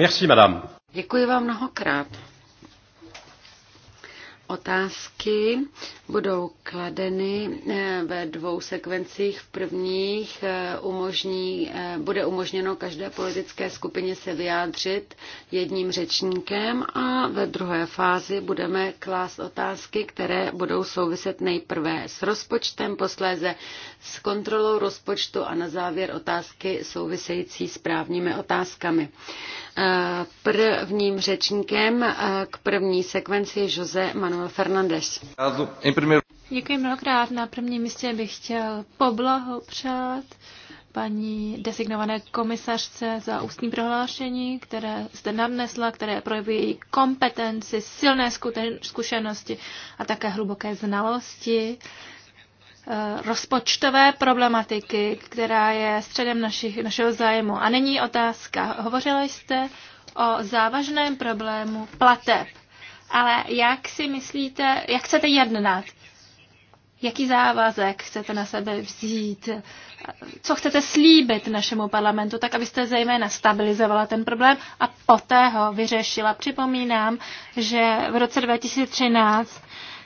Merci, madame. Děkuji vám mnohokrát. Otázky budou kladeny eh, ve dvou sekvencích. V prvních eh, umožní, eh, bude umožněno každé politické skupině se vyjádřit jedním řečníkem a ve druhé fázi budeme klást otázky, které budou souviset nejprve s rozpočtem, posléze s kontrolou rozpočtu a na závěr otázky související s právními otázkami. Prvním řečníkem k první sekvenci je Jose Manuel Fernandez. Děkuji mnohokrát. Na prvním místě bych chtěl poblahopřát paní designované komisařce za ústní prohlášení, které zde nadnesla, které projevuje její kompetenci, silné zkušenosti a také hluboké znalosti eh, rozpočtové problematiky, která je středem našich, našeho zájmu. A není otázka. Hovořila jste o závažném problému plateb ale jak si myslíte, jak chcete jednat? Jaký závazek chcete na sebe vzít? Co chcete slíbit našemu parlamentu, tak abyste zejména stabilizovala ten problém a poté ho vyřešila? Připomínám, že v roce 2013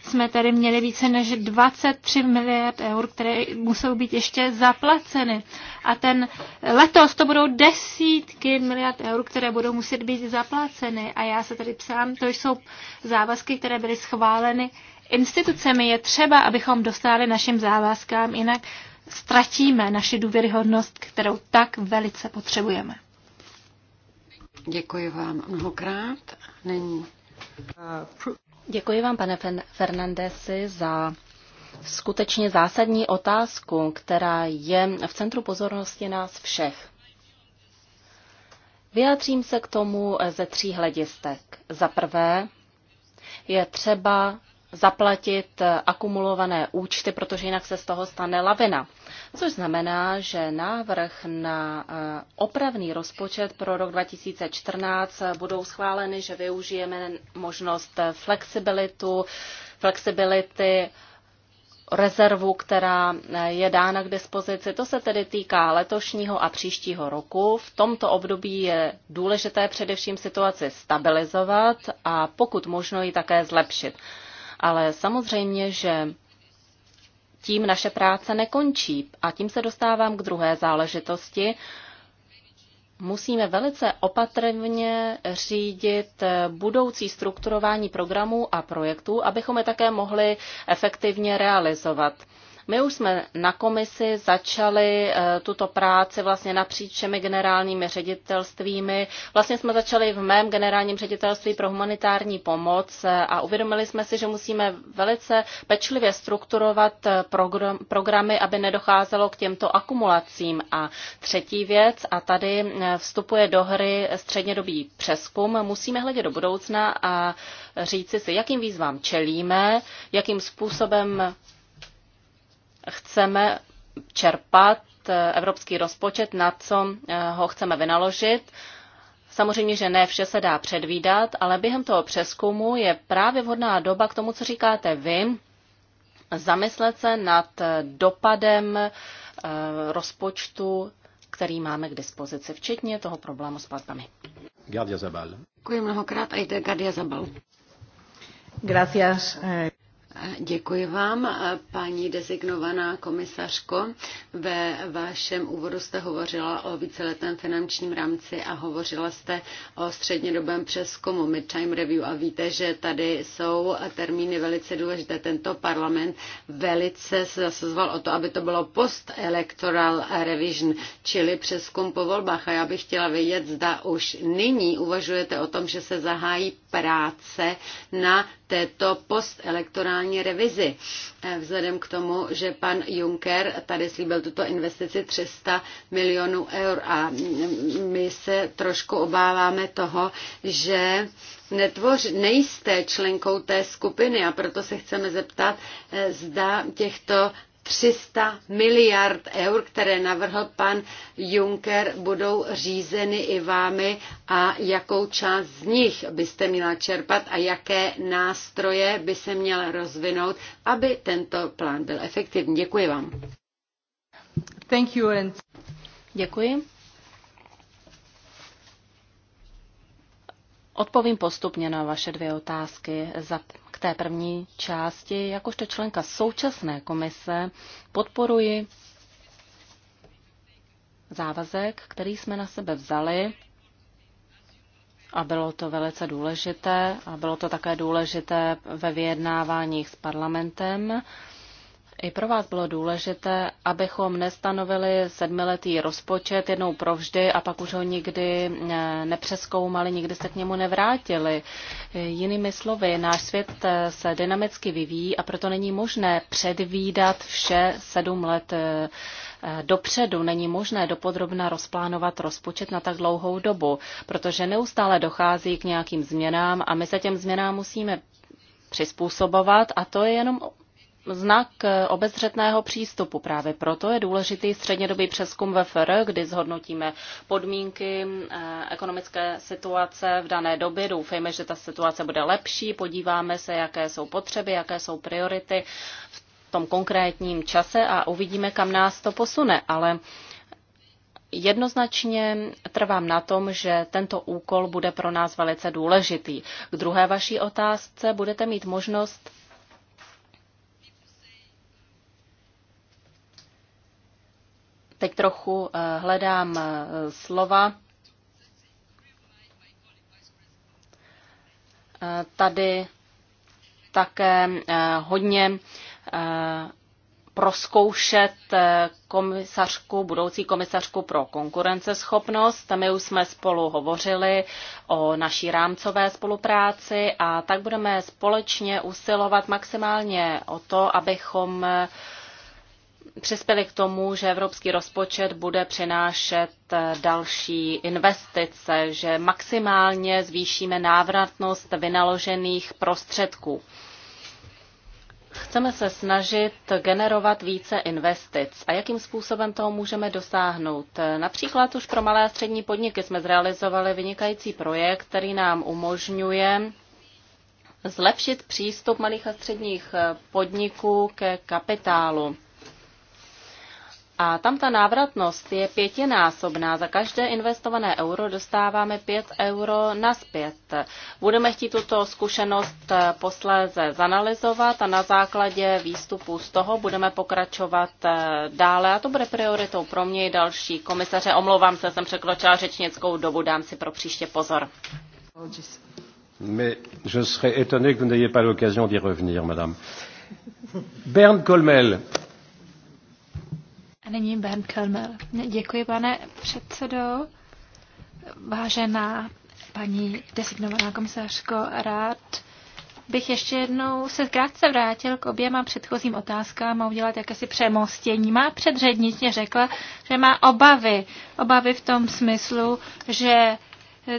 jsme tady měli více než 23 miliard eur, které musou být ještě zaplaceny. A ten letos to budou desítky miliard eur, které budou muset být zaplaceny. A já se tady psám, to jsou závazky, které byly schváleny institucemi. Je třeba, abychom dostali našim závazkám, jinak ztratíme naši důvěryhodnost, kterou tak velice potřebujeme. Děkuji vám mnohokrát. Není. Uh, Děkuji vám, pane Fernandesi, za skutečně zásadní otázku, která je v centru pozornosti nás všech. Vyjádřím se k tomu ze tří hledistek. Za prvé je třeba zaplatit akumulované účty, protože jinak se z toho stane lavina což znamená, že návrh na eh, opravný rozpočet pro rok 2014 eh, budou schváleny, že využijeme možnost flexibilitu, flexibility rezervu, která eh, je dána k dispozici. To se tedy týká letošního a příštího roku. V tomto období je důležité především situaci stabilizovat a pokud možno ji také zlepšit. Ale samozřejmě, že tím naše práce nekončí. A tím se dostávám k druhé záležitosti. Musíme velice opatrně řídit budoucí strukturování programů a projektů, abychom je také mohli efektivně realizovat. My už jsme na komisi začali eh, tuto práci vlastně napříč všemi generálními ředitelstvími. Vlastně jsme začali v mém generálním ředitelství pro humanitární pomoc eh, a uvědomili jsme si, že musíme velice pečlivě strukturovat eh, programy, aby nedocházelo k těmto akumulacím. A třetí věc, a tady vstupuje do hry střednědobý přeskum, musíme hledět do budoucna a říci si, jakým výzvám čelíme, jakým způsobem chceme čerpat eh, evropský rozpočet, na co eh, ho chceme vynaložit. Samozřejmě, že ne vše se dá předvídat, ale během toho přeskumu je právě vhodná doba k tomu, co říkáte vy, zamyslet se nad eh, dopadem rozpočtu, který máme k dispozici, včetně toho problému s platbami. Gadia Zabal. Děkuji mnohokrát a jde Gadia Zabal. Gracias. Děkuji vám, paní designovaná komisařko. Ve vašem úvodu jste hovořila o víceletém finančním rámci a hovořila jste o střednědobém přeskumu Midtime Review a víte, že tady jsou termíny velice důležité. Tento parlament velice se zasazoval o to, aby to bylo post-electoral revision, čili přeskum po volbách. A já bych chtěla vědět, zda už nyní uvažujete o tom, že se zahájí práce na této postelektorální revizi. Eh, vzhledem k tomu, že pan Juncker tady slíbil tuto investici 300 milionů eur a my se trošku obáváme toho, že netvoř, nejste členkou té skupiny a proto se chceme zeptat, eh, zda těchto 300 miliard eur, které navrhl pan Juncker, budou řízeny i vámi a jakou část z nich byste měla čerpat a jaké nástroje by se měl rozvinout, aby tento plán byl efektivní. Děkuji vám. Thank you and... Děkuji. Odpovím postupně na vaše dvě otázky. Za té první části, jakožto členka současné komise, podporuji závazek, který jsme na sebe vzali a bylo to velice důležité a bylo to také důležité ve vyjednáváních s parlamentem i pro vás bylo důležité, abychom nestanovili sedmiletý rozpočet jednou provždy a pak už ho nikdy eh, nepřeskoumali, nikdy se k němu nevrátili. Jinými slovy, náš svět eh, se dynamicky vyvíjí a proto není možné předvídat vše sedm let eh, dopředu není možné dopodrobna rozplánovat rozpočet na tak dlouhou dobu, protože neustále dochází k nějakým změnám a my se těm změnám musíme přizpůsobovat a to je jenom znak eh, obezřetného přístupu. Právě proto je důležitý střednědobý přeskum ve FR, kdy zhodnotíme podmínky eh, ekonomické situace v dané době. Doufejme, že ta situace bude lepší, podíváme se, jaké jsou potřeby, jaké jsou priority v tom konkrétním čase a uvidíme, kam nás to posune. Ale Jednoznačně trvám na tom, že tento úkol bude pro nás velice důležitý. K druhé vaší otázce budete mít možnost Teď trochu eh, hledám eh, slova. Eh, tady také hodně proskoušet komisařku, budoucí komisařku pro konkurenceschopnost. My už jsme spolu hovořili o naší rámcové spolupráci a tak budeme společně usilovat maximálně o to, abychom přispěli k tomu, že evropský rozpočet bude přinášet eh, další investice, že maximálně zvýšíme návratnost vynaložených prostředků. Chceme se snažit generovat více investic. A jakým způsobem toho můžeme dosáhnout? Například už pro malé a střední podniky jsme zrealizovali vynikající projekt, který nám umožňuje zlepšit přístup malých a středních eh, podniků ke kapitálu. A tam ta návratnost je pětinásobná. Za každé investované euro dostáváme pět euro naspět. Budeme chtít tuto zkušenost eh, posléze zanalizovat a na základě výstupu z toho budeme pokračovat eh, dále. A to bude prioritou pro mě i další komisaře. Omlouvám se, jsem překročila řečnickou dobu, dám si pro příště pozor. Mais je serais étonné que vous n'ayez pas l'occasion d'y revenir, madame. Bernd Colmel. A nyní Bernd Kelmer. Děkuji, pane předsedo. Vážená paní designovaná komisařko, rád bych ještě jednou se krátce vrátil k oběma předchozím otázkám a udělat jakési přemostění. Má předřednice řekla, že má obavy. Obavy v tom smyslu, že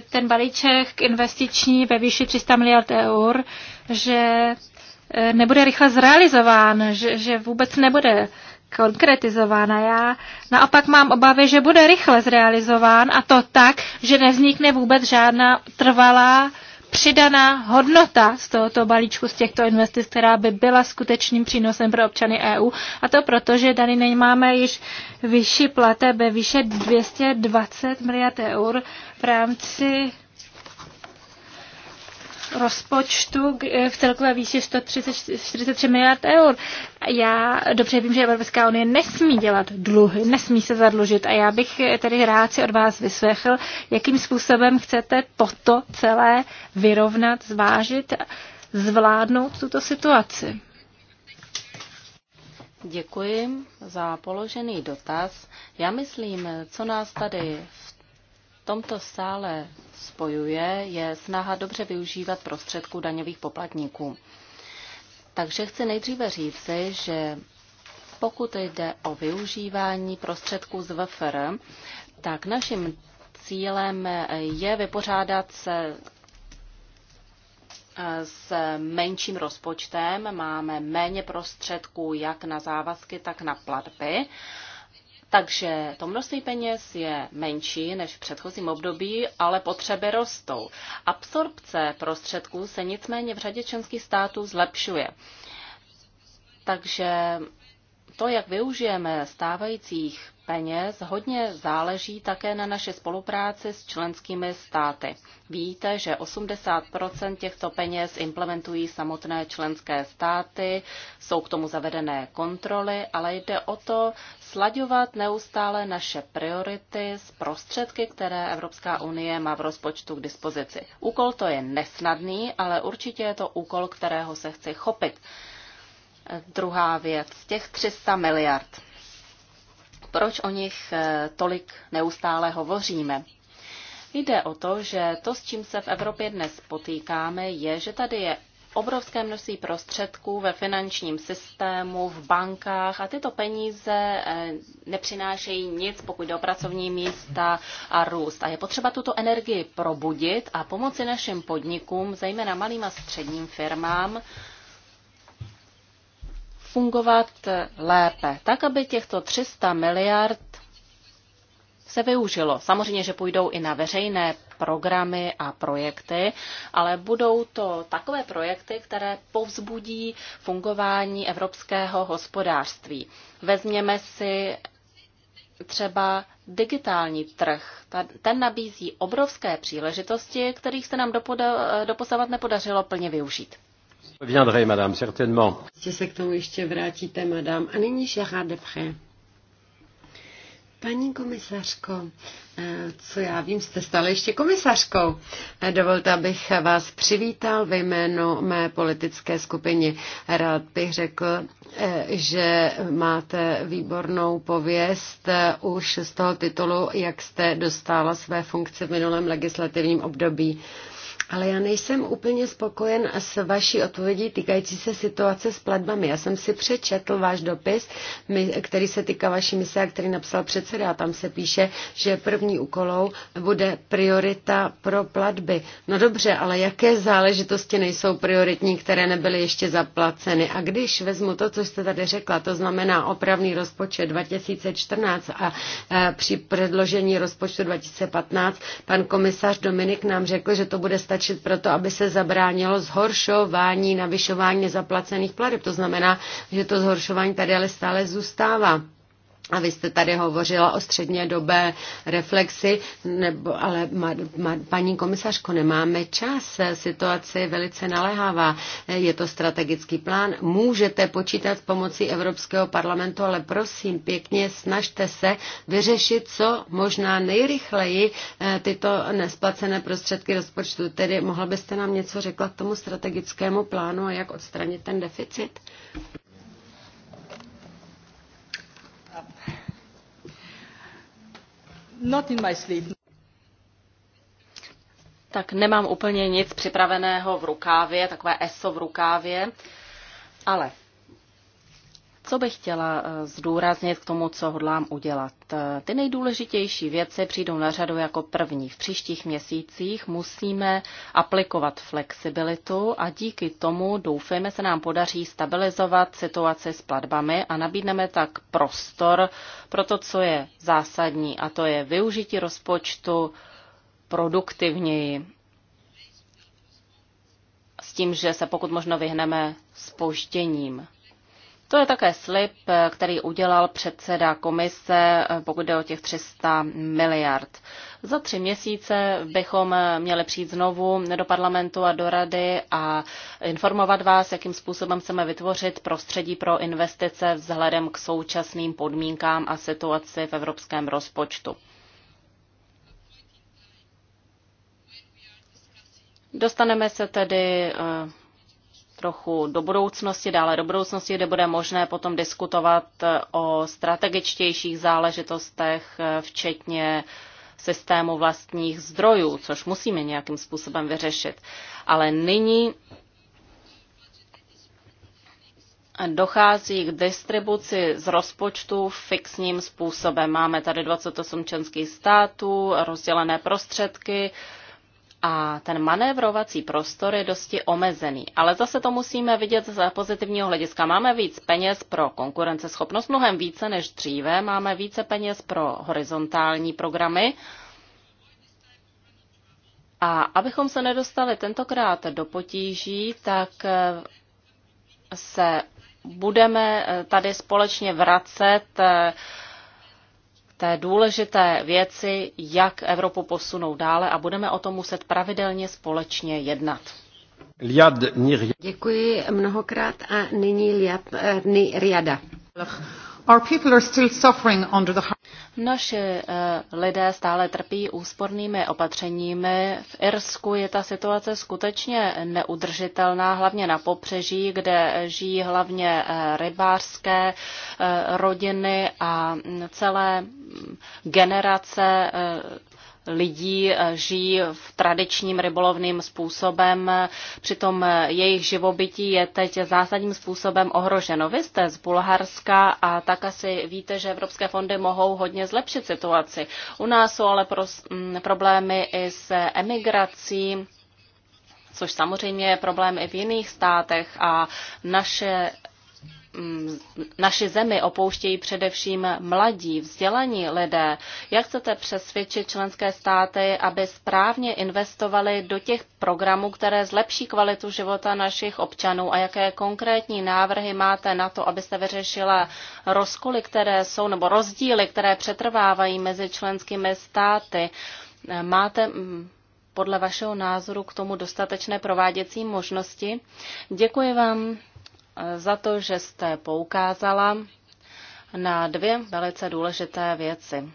ten balíček investiční ve výši 300 miliard eur, že eh, nebude rychle zrealizován, že, že vůbec nebude konkretizována. Já naopak mám obavy, že bude rychle zrealizován a to tak, že nevznikne vůbec žádná trvalá přidaná hodnota z tohoto balíčku, z těchto investic, která by byla skutečným přínosem pro občany EU. A to proto, že tady nemáme již vyšší plate ve výše 220 miliard eur v rámci rozpočtu eh, v celkové výši 143 miliard eur. Já dobře vím, že Evropská unie nesmí dělat dluhy, nesmí se zadlužit a já bych eh, tedy rád si od vás vyslechl, jakým způsobem chcete toto celé vyrovnat, zvážit, zvládnout tuto situaci. Děkuji za položený dotaz. Já myslím, co nás tady v tomto sále spojuje, je snaha dobře využívat prostředků daňových poplatníků. Takže chci nejdříve říci, že pokud jde o využívání prostředků z VFR, tak naším cílem je vypořádat se s menším rozpočtem. Máme méně prostředků jak na závazky, tak na platby. Takže to množství peněz je menší než v předchozím období, ale potřeby rostou. Absorpce prostředků se nicméně v řadě členských států zlepšuje. Takže to, jak využijeme stávajících peněz, hodně záleží také na naše spolupráci s členskými státy. Víte, že 80 těchto peněz implementují samotné členské státy, jsou k tomu zavedené kontroly, ale jde o to slaďovat neustále naše priority s prostředky, které Evropská unie má v rozpočtu k dispozici. Úkol to je nesnadný, ale určitě je to úkol, kterého se chci chopit. Druhá věc, těch 300 miliard. Proč o nich eh, tolik neustále hovoříme? Jde o to, že to, s čím se v Evropě dnes potýkáme, je, že tady je obrovské množství prostředků ve finančním systému, v bankách a tyto peníze eh, nepřinášejí nic, pokud jde o pracovní místa a růst. A je potřeba tuto energii probudit a pomoci našim podnikům, zejména malým a středním firmám, fungovat lépe, tak aby těchto 300 miliard se využilo. Samozřejmě, že půjdou i na veřejné programy a projekty, ale budou to takové projekty, které povzbudí fungování evropského hospodářství. Vezměme si třeba digitální trh. Ten nabízí obrovské příležitosti, kterých se nám doposavat nepodařilo plně využít. Viendrai, madame, certainement. Ještě se k tomu ještě vrátíte, madame. A nyní Gérard Depré. Paní komisařko, eh, co já vím, jste stále ještě komisařkou. Eh, dovolte, abych vás přivítal ve jménu mé politické skupiny. Rád bych řekl, eh, že máte výbornou pověst už z toho titulu, jak jste dostala své funkce v minulém legislativním období. Ale já nejsem úplně spokojen s vaší odpovědí týkající se situace s platbami. Já jsem si přečetl váš dopis, který se týká vaší mise a který napsal předseda. A tam se píše, že první úkolou bude priorita pro platby. No dobře, ale jaké záležitosti nejsou prioritní, které nebyly ještě zaplaceny? A když vezmu to, co jste tady řekla, to znamená opravný rozpočet 2014 a e, při předložení rozpočtu 2015, pan komisař Dominik nám řekl, že to bude stačit pro to, aby se zabránilo zhoršování, navyšování nezaplacených plateb. To znamená, že to zhoršování tady ale stále zůstává. A vy jste tady hovořila o středně dobé reflexi, nebo, ale ma, ma, paní komisařko, nemáme čas, situace je velice naléhavá, je to strategický plán, můžete počítat s pomocí Evropského parlamentu, ale prosím pěkně, snažte se vyřešit co možná nejrychleji eh, tyto nesplacené prostředky rozpočtu. Tedy mohla byste nám něco řekla k tomu strategickému plánu a jak odstranit ten deficit? Tak nemám úplně nic připraveného v rukávě, takové ESO v rukávě, ale co bych chtěla eh, zdůraznit k tomu, co hodlám udělat? Eh, ty nejdůležitější věci přijdou na řadu jako první. V příštích měsících musíme aplikovat flexibilitu a díky tomu doufejme se nám podaří stabilizovat situaci s platbami a nabídneme tak prostor pro to, co je zásadní, a to je využití rozpočtu produktivněji s tím, že se pokud možno vyhneme spožděním. To je také slib, který udělal předseda komise, pokud jde o těch 300 miliard. Za tři měsíce bychom měli přijít znovu do parlamentu a do rady a informovat vás, jakým způsobem chceme vytvořit prostředí pro investice vzhledem k současným podmínkám a situaci v evropském rozpočtu. Dostaneme se tedy eh, trochu do budoucnosti, dále do budoucnosti, kde bude možné potom diskutovat eh, o strategičtějších záležitostech, eh, včetně systému vlastních zdrojů, což musíme nějakým způsobem vyřešit. Ale nyní dochází k distribuci z rozpočtu fixním způsobem. Máme tady 28 členských států, rozdělené prostředky, a ten manévrovací prostor je dosti omezený. Ale zase to musíme vidět z pozitivního hlediska. Máme víc peněz pro konkurenceschopnost, mnohem více než dříve. Máme více peněz pro horizontální programy. A abychom se nedostali tentokrát do potíží, tak eh, se budeme eh, tady společně vracet eh, té důležité věci, jak Evropu posunout dále a budeme o tom muset pravidelně společně jednat. Liad Děkuji mnohokrát a nyní Liad eh, Riada. Our people are still suffering under the naše eh, lidé stále trpí úspornými opatřeními. V Irsku je ta situace skutečně neudržitelná, hlavně na popřeží, kde žijí hlavně eh, rybářské eh, rodiny a mm, celé mm, generace lidí eh, žijí v tradičním rybolovným způsobem, eh, přitom jejich živobytí je teď zásadním způsobem ohroženo. Vy jste z Bulharska a tak asi víte, že evropské fondy mohou hodně zlepšit situaci. U nás jsou ale pro, m, mm, problémy i s emigrací, což samozřejmě je problém i v jiných státech a naše Mm, naši zemi opouštějí především mladí, vzdělaní lidé. Jak chcete přesvědčit členské státy, aby správně investovali do těch programů, které zlepší kvalitu života našich občanů a jaké konkrétní návrhy máte na to, abyste vyřešila rozkoly, které jsou, nebo rozdíly, které přetrvávají mezi členskými státy? Máte mm, podle vašeho názoru k tomu dostatečné prováděcí možnosti? Děkuji vám za to, že jste poukázala na dvě velice důležité věci.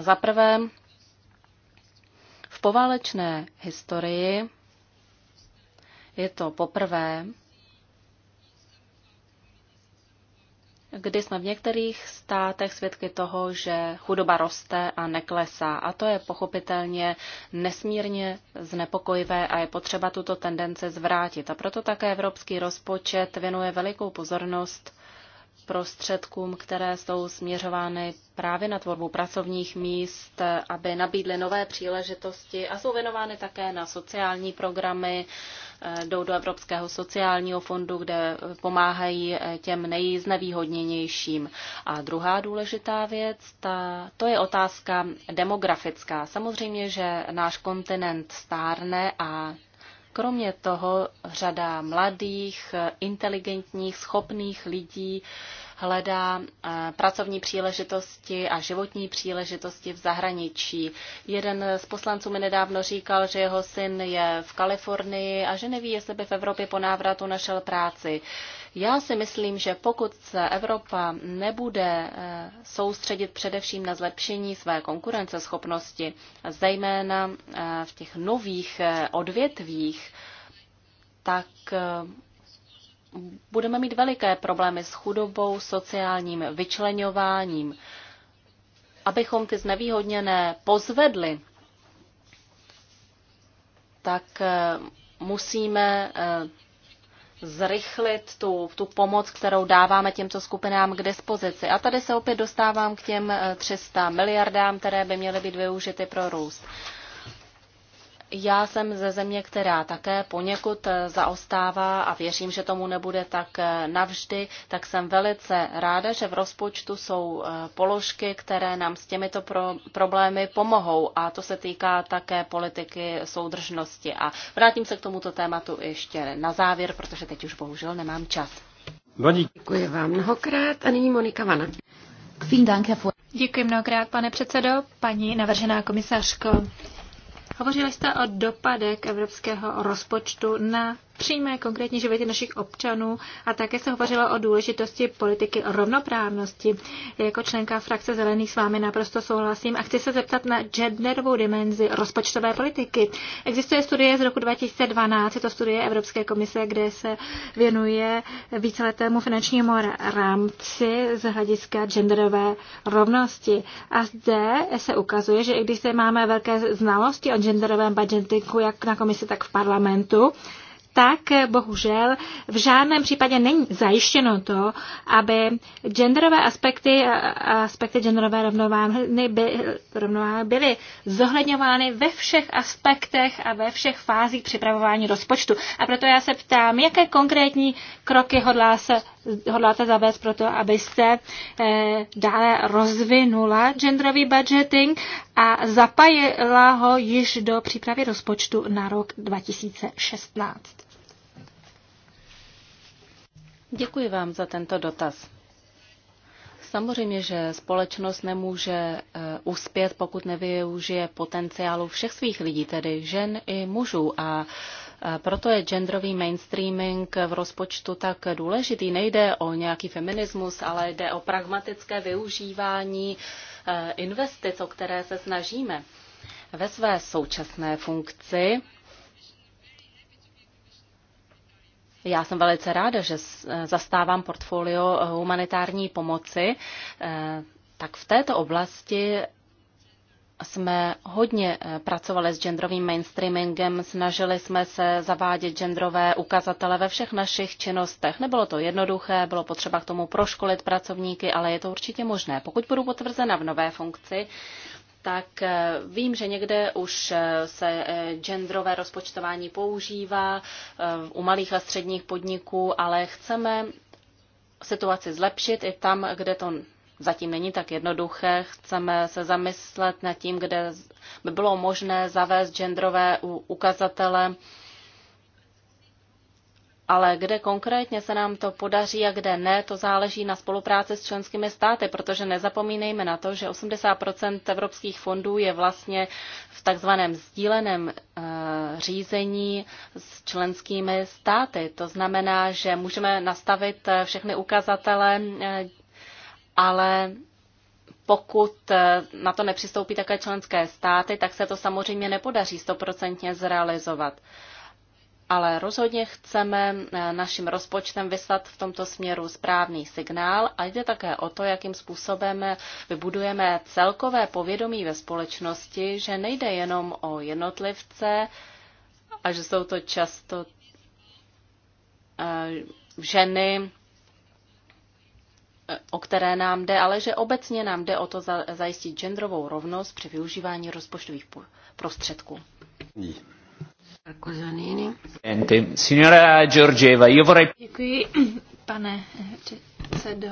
Za prvé, v poválečné historii je to poprvé, kdy jsme v některých státech svědky toho, že chudoba roste a neklesá. A to je pochopitelně nesmírně znepokojivé a je potřeba tuto tendence zvrátit. A proto také evropský rozpočet věnuje velikou pozornost prostředkům, které jsou směřovány právě na tvorbu pracovních míst, aby nabídly nové příležitosti a jsou věnovány také na sociální programy, eh, jdou do Evropského sociálního fondu, kde pomáhají eh, těm nejznevýhodněnějším. A druhá důležitá věc, ta, to je otázka demografická. Samozřejmě, že náš kontinent stárne a Kromě toho řada mladých, inteligentních, schopných lidí hledá eh, pracovní příležitosti a životní příležitosti v zahraničí. Jeden z poslanců mi nedávno říkal, že jeho syn je v Kalifornii a že neví, jestli by v Evropě po návratu našel práci. Já si myslím, že pokud se Evropa nebude eh, soustředit především na zlepšení své konkurenceschopnosti, zejména eh, v těch nových eh, odvětvích, tak budeme mít veliké problémy s chudobou, sociálním vyčleňováním. Abychom ty znevýhodněné pozvedli, tak musíme zrychlit tu, tu pomoc, kterou dáváme těmto skupinám k dispozici. A tady se opět dostávám k těm 300 eh, miliardám, které by měly být využity pro růst. Já jsem ze země, která také poněkud eh, zaostává a věřím, že tomu nebude tak eh, navždy, tak jsem velice ráda, že v rozpočtu jsou eh, položky, které nám s těmito pro- problémy pomohou a to se týká také politiky soudržnosti. A vrátím se k tomuto tématu ještě na závěr, protože teď už bohužel nemám čas. Děkuji vám mnohokrát a nyní Monika Vana. Děkuji mnohokrát, pane předsedo, paní navržená komisařko. Hovořili jste o dopadech evropského rozpočtu na přímé konkrétní životy našich občanů a také se hovořilo o důležitosti politiky rovnoprávnosti. Jako členka frakce Zelených s vámi naprosto souhlasím a chci se zeptat na genderovou dimenzi rozpočtové politiky. Existuje studie z roku 2012, je to studie Evropské komise, kde se věnuje víceletému finančnímu rámci z hlediska genderové rovnosti. A zde se ukazuje, že i když se máme velké znalosti o genderovém budgetingu, jak na komisi, tak v parlamentu, tak bohužel v žádném případě není zajištěno to, aby genderové aspekty a aspekty genderové rovnováhy by, rovnováhy byly zohledňovány ve všech aspektech a ve všech fázích připravování rozpočtu. A proto já se ptám, jaké konkrétní kroky hodlá se, hodláte zavést pro to, abyste eh, dále rozvinula genderový budgeting a zapojila ho již do přípravy rozpočtu na rok 2016. Děkuji vám za tento dotaz. Samozřejmě, že společnost nemůže eh, uspět, pokud nevyužije potenciálu všech svých lidí, tedy žen i mužů. A eh, proto je genderový mainstreaming v rozpočtu tak důležitý. Nejde o nějaký feminismus, ale jde o pragmatické využívání eh, investic, o které se snažíme. Ve své současné funkci Já jsem velice ráda, že eh, zastávám portfolio humanitární pomoci. Eh, tak v této oblasti jsme hodně eh, pracovali s genderovým mainstreamingem, snažili jsme se zavádět genderové ukazatele ve všech našich činnostech. Nebylo to jednoduché, bylo potřeba k tomu proškolit pracovníky, ale je to určitě možné. Pokud budu potvrzena v nové funkci, tak eh, vím, že někde už eh, se eh, genderové rozpočtování používá u malých a středních podniků, ale chceme situaci zlepšit i tam, kde to zatím není tak jednoduché. Chceme se zamyslet nad tím, kde by bylo možné zavést genderové ukazatele ale kde konkrétně se nám to podaří a kde ne, to záleží na spolupráci s členskými státy, protože nezapomínejme na to, že 80 evropských fondů je vlastně v takzvaném sdíleném eh, řízení s členskými státy. To znamená, že můžeme nastavit eh, všechny ukazatele, eh, ale pokud na to nepřistoupí také členské státy, tak se to samozřejmě nepodaří stoprocentně zrealizovat ale rozhodně chceme eh, naším rozpočtem vyslat v tomto směru správný signál a jde také o to, jakým způsobem vybudujeme celkové povědomí ve společnosti, že nejde jenom o jednotlivce a že jsou to často eh, ženy, eh, o které nám jde, ale že obecně nám jde o to zajistit genderovou rovnost při využívání rozpočtových prostředků. Kozanini. Signora Georgieva, io vorrei... Děkuji, pane předsedo.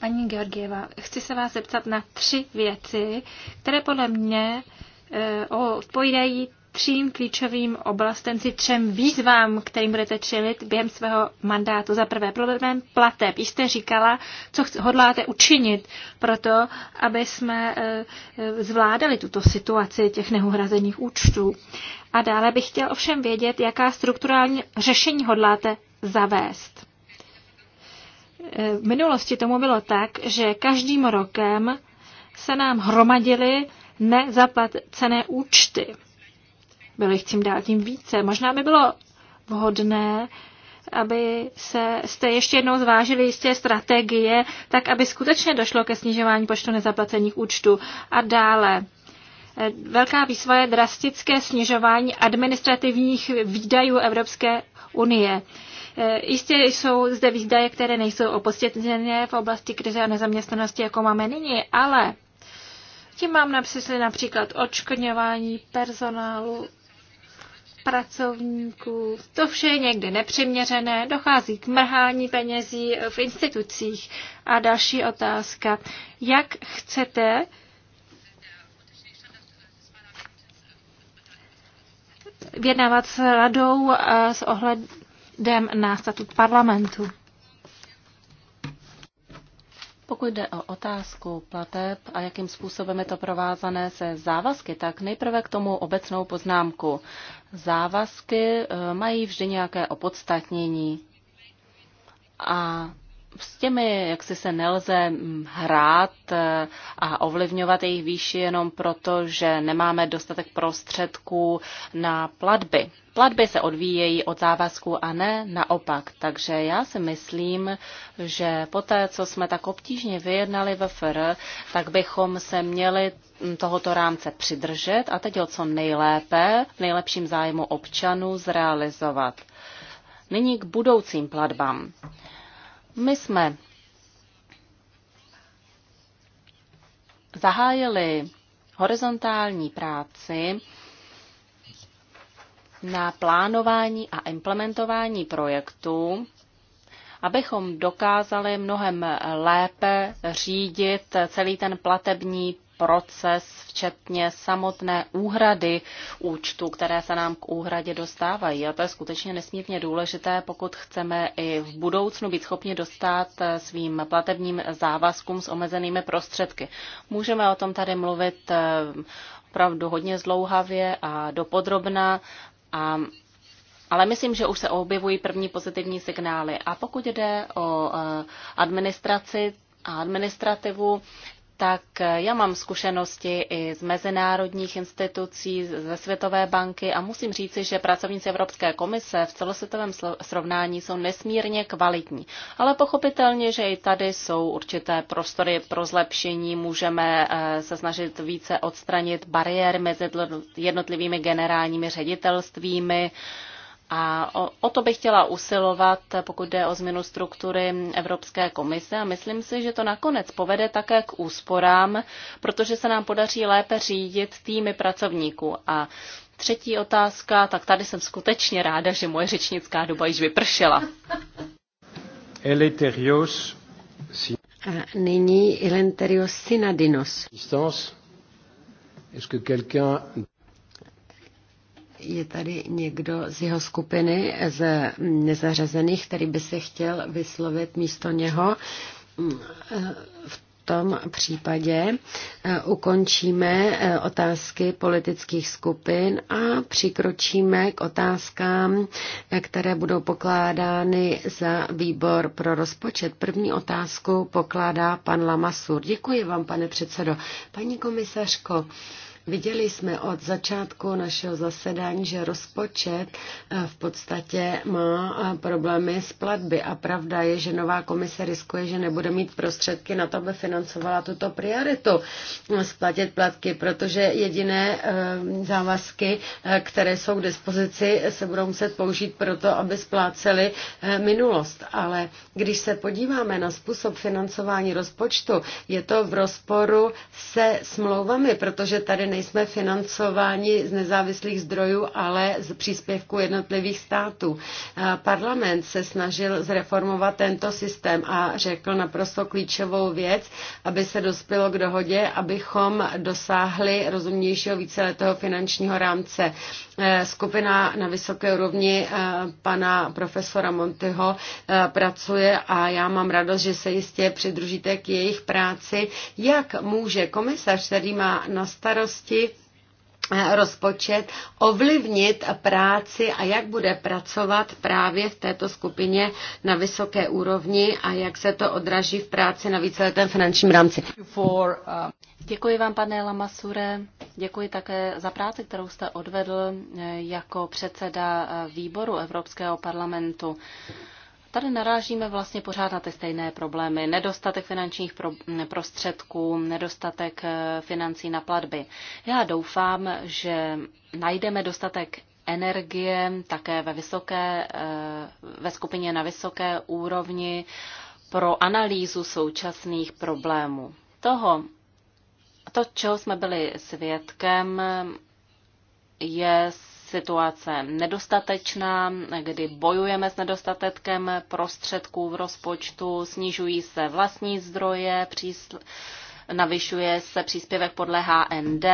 Paní Georgieva, chci se vás zeptat na tři věci, které podle mě eh, odpovídají třím klíčovým oblastem, si třem výzvám, kterým budete čelit během svého mandátu. Za prvé problém plateb. jste říkala, co hodláte učinit pro to, aby jsme e, e, zvládali tuto situaci těch neuhrazených účtů. A dále bych chtěl ovšem vědět, jaká strukturální řešení hodláte zavést. E, v minulosti tomu bylo tak, že každým rokem se nám hromadily nezaplacené účty byli jich tím dál tím více. Možná by bylo vhodné, aby se jste ještě jednou zvážili jistě strategie, tak aby skutečně došlo ke snižování počtu nezaplacených účtů. A dále, eh, velká výzva je drastické snižování administrativních výdajů Evropské unie. Eh, jistě jsou zde výdaje, které nejsou opodstatněné v oblasti krize a nezaměstnanosti, jako máme nyní, ale tím mám na například odškodňování personálu pracovníků. To vše je někdy nepřiměřené, dochází k mrhání penězí v institucích. A další otázka. Jak chcete vyjednávat s radou a s ohledem na statut parlamentu? Pokud jde o otázku plateb a jakým způsobem je to provázané se závazky, tak nejprve k tomu obecnou poznámku. Závazky eh, mají vždy nějaké opodstatnění. A s těmi, jak si se nelze mm, hrát eh, a ovlivňovat jejich výši jenom proto, že nemáme dostatek prostředků na platby. Platby se odvíjejí od závazku a ne naopak. Takže já si myslím, že po té, co jsme tak obtížně vyjednali ve FR, tak bychom se měli mm, tohoto rámce přidržet a teď ho co nejlépe, v nejlepším zájmu občanů, zrealizovat. Nyní k budoucím platbám. My jsme zahájili horizontální práci na plánování a implementování projektů, abychom dokázali mnohem lépe řídit celý ten platební proces, včetně samotné úhrady účtu, které se nám k úhradě dostávají. A to je skutečně nesmírně důležité, pokud chceme i v budoucnu být schopni dostat svým platebním závazkům s omezenými prostředky. Můžeme o tom tady mluvit eh, opravdu hodně zlouhavě a dopodrobná. A ale myslím, že už se objevují první pozitivní signály. A pokud jde o eh, administraci a administrativu, tak eh, já mám zkušenosti i z mezinárodních institucí, ze Světové banky a musím říci, že pracovníci Evropské komise v celosvětovém srovnání jsou nesmírně kvalitní. Ale pochopitelně, že i tady jsou určité prostory pro zlepšení, můžeme eh, se snažit více odstranit bariér mezi jednotlivými generálními ředitelstvími, a o, o to bych chtěla usilovat, pokud jde o změnu struktury Evropské komise. A myslím si, že to nakonec povede také k úsporám, protože se nám podaří lépe řídit týmy pracovníků. A třetí otázka, tak tady jsem skutečně ráda, že moje řečnická doba již vypršela. A nyní Elenterios Synadinos. Est-ce que quelqu'un je tady někdo z jeho skupiny, z nezařazených, který by se chtěl vyslovit místo něho? V tom případě eh, ukončíme eh, otázky politických skupin a přikročíme k otázkám, eh, které budou pokládány za výbor pro rozpočet. První otázku pokládá pan Lamasur. Děkuji vám, pane předsedo. Paní komisařko, Viděli jsme od začátku našeho zasedání, že rozpočet eh, v podstatě má eh, problémy s platby a pravda je, že nová komise riskuje, že nebude mít prostředky na to, aby financovala tuto prioritu eh, splatit platky, protože jediné závazky, které jsou k dispozici, se budou muset použít pro to, aby spláceli minulost. Ale když se podíváme na způsob financování rozpočtu, je to v rozporu se smlouvami, protože tady ne nejsme financováni z nezávislých zdrojů, ale z příspěvku jednotlivých států. Parlament se snažil zreformovat tento systém a řekl naprosto klíčovou věc, aby se dospělo k dohodě, abychom dosáhli rozumnějšího víceletého finančního rámce. E, skupina na vysoké úrovni e, pana profesora Montyho e, pracuje a já mám radost, že se jistě přidružíte k jejich práci. Jak může komisař, který má na starosti oblasti eh, rozpočet ovlivnit práci a jak bude pracovat právě v této skupině na vysoké úrovni a jak se to odraží v práci na víceletém finančním rámci. Eh, děkuji vám, pane Lamasure. Děkuji také za práci, kterou jste odvedl eh, jako předseda výboru Evropského parlamentu. Tady narážíme vlastně pořád na ty stejné problémy. Nedostatek finančních pro, prostředků, nedostatek e, financí na platby. Já doufám, že najdeme dostatek energie také ve, vysoké, e, ve skupině na vysoké úrovni pro analýzu současných problémů. Toho, to, čeho jsme byli svědkem, je situace nedostatečná, kdy bojujeme s nedostatkem prostředků v rozpočtu, snižují se vlastní zdroje, přísl navyšuje se příspěvek podle HND.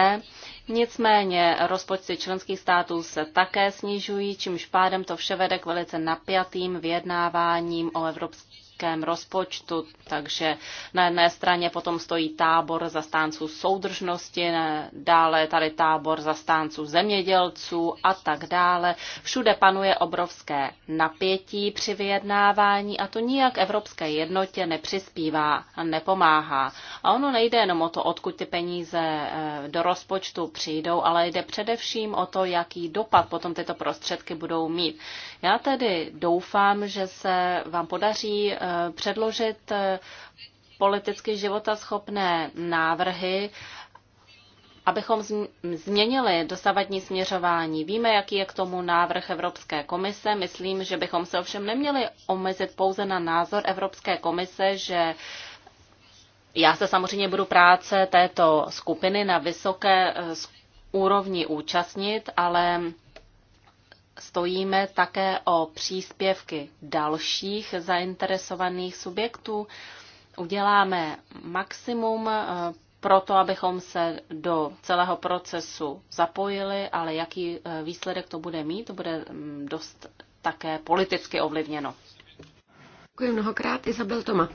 Nicméně rozpočty členských států se také snižují, čímž pádem to vše vede k velice napjatým vyjednáváním o evropských evropském rozpočtu, takže na jedné straně potom stojí tábor zastánců soudržnosti, dále tady tábor zastánců zemědělců a tak dále. Všude panuje obrovské napětí při vyjednávání a to nijak evropské jednotě nepřispívá a nepomáhá. A ono nejde jenom o to, odkud ty peníze eh, do rozpočtu přijdou, ale jde především o to, jaký dopad potom tyto prostředky budou mít. Já tedy doufám, že se vám podaří eh, Eh, předložit eh, politicky životaschopné návrhy, abychom změnili dosavadní směřování. Víme, jaký je k tomu návrh Evropské komise. Myslím, že bychom se ovšem neměli omezit pouze na názor Evropské komise, že já se samozřejmě budu práce této skupiny na vysoké eh, úrovni účastnit, ale stojíme také o příspěvky dalších zainteresovaných subjektů. Uděláme maximum eh, pro to, abychom se do celého procesu zapojili, ale jaký eh, výsledek to bude mít, to bude mm, dost také politicky ovlivněno. Děkuji mnohokrát, Isabel Toma.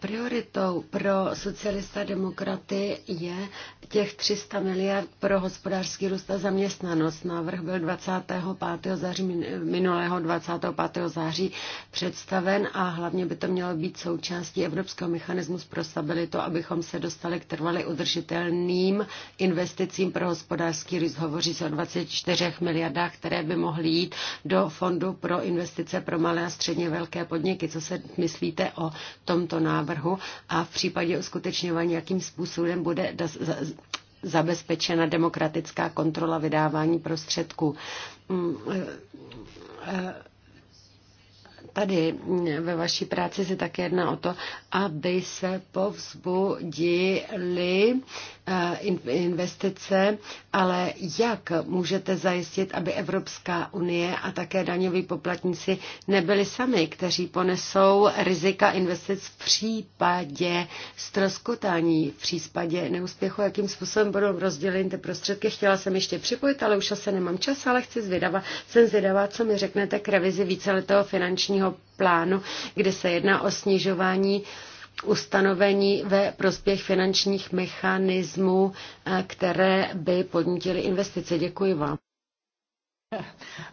Prioritou pro socialista demokraty je těch 300 miliard pro hospodářský růst a zaměstnanost. Návrh byl 25. září, minulého 25. září představen a hlavně by to mělo být součástí Evropského mechanismu pro stabilitu, abychom se dostali k trvale udržitelným investicím pro hospodářský růst. Hovoří se o 24 miliardách, které by mohly jít do fondu pro investice pro malé a středně velké podniky. Co se myslíte o tomto návrhu? návrhu a v případě uskutečňování, jakým způsobem bude zabezpečena demokratická kontrola vydávání prostředků mm, eh, eh, tady ve vaší práci se také jedná o to, aby se povzbudili eh, investice, ale jak můžete zajistit, aby Evropská unie a také daňoví poplatníci nebyli sami, kteří ponesou rizika investic v případě ztroskotání, v případě neúspěchu, jakým způsobem budou rozděleny ty prostředky. Chtěla jsem ještě připojit, ale už asi nemám čas, ale chci zvědavá, jsem zvědavá, co mi řeknete k revizi víceletého finančního akčního plánu, kde se jedná o snižování ustanovení ve prospěch finančních mechanismů, eh, které by podnítily investice. Děkuji vám.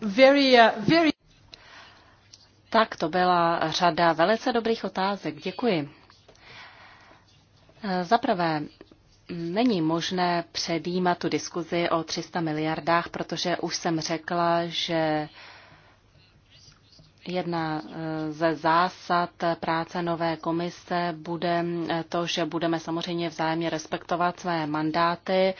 Very, uh, very... Tak to byla řada velice dobrých otázek. Děkuji. Eh, za prvé, není možné předjímat tu diskuzi o 300 miliardách, protože už jsem řekla, že Jedna eh, ze zásad práce nové komise bude eh, to, že budeme samozřejmě vzájemně respektovat své mandáty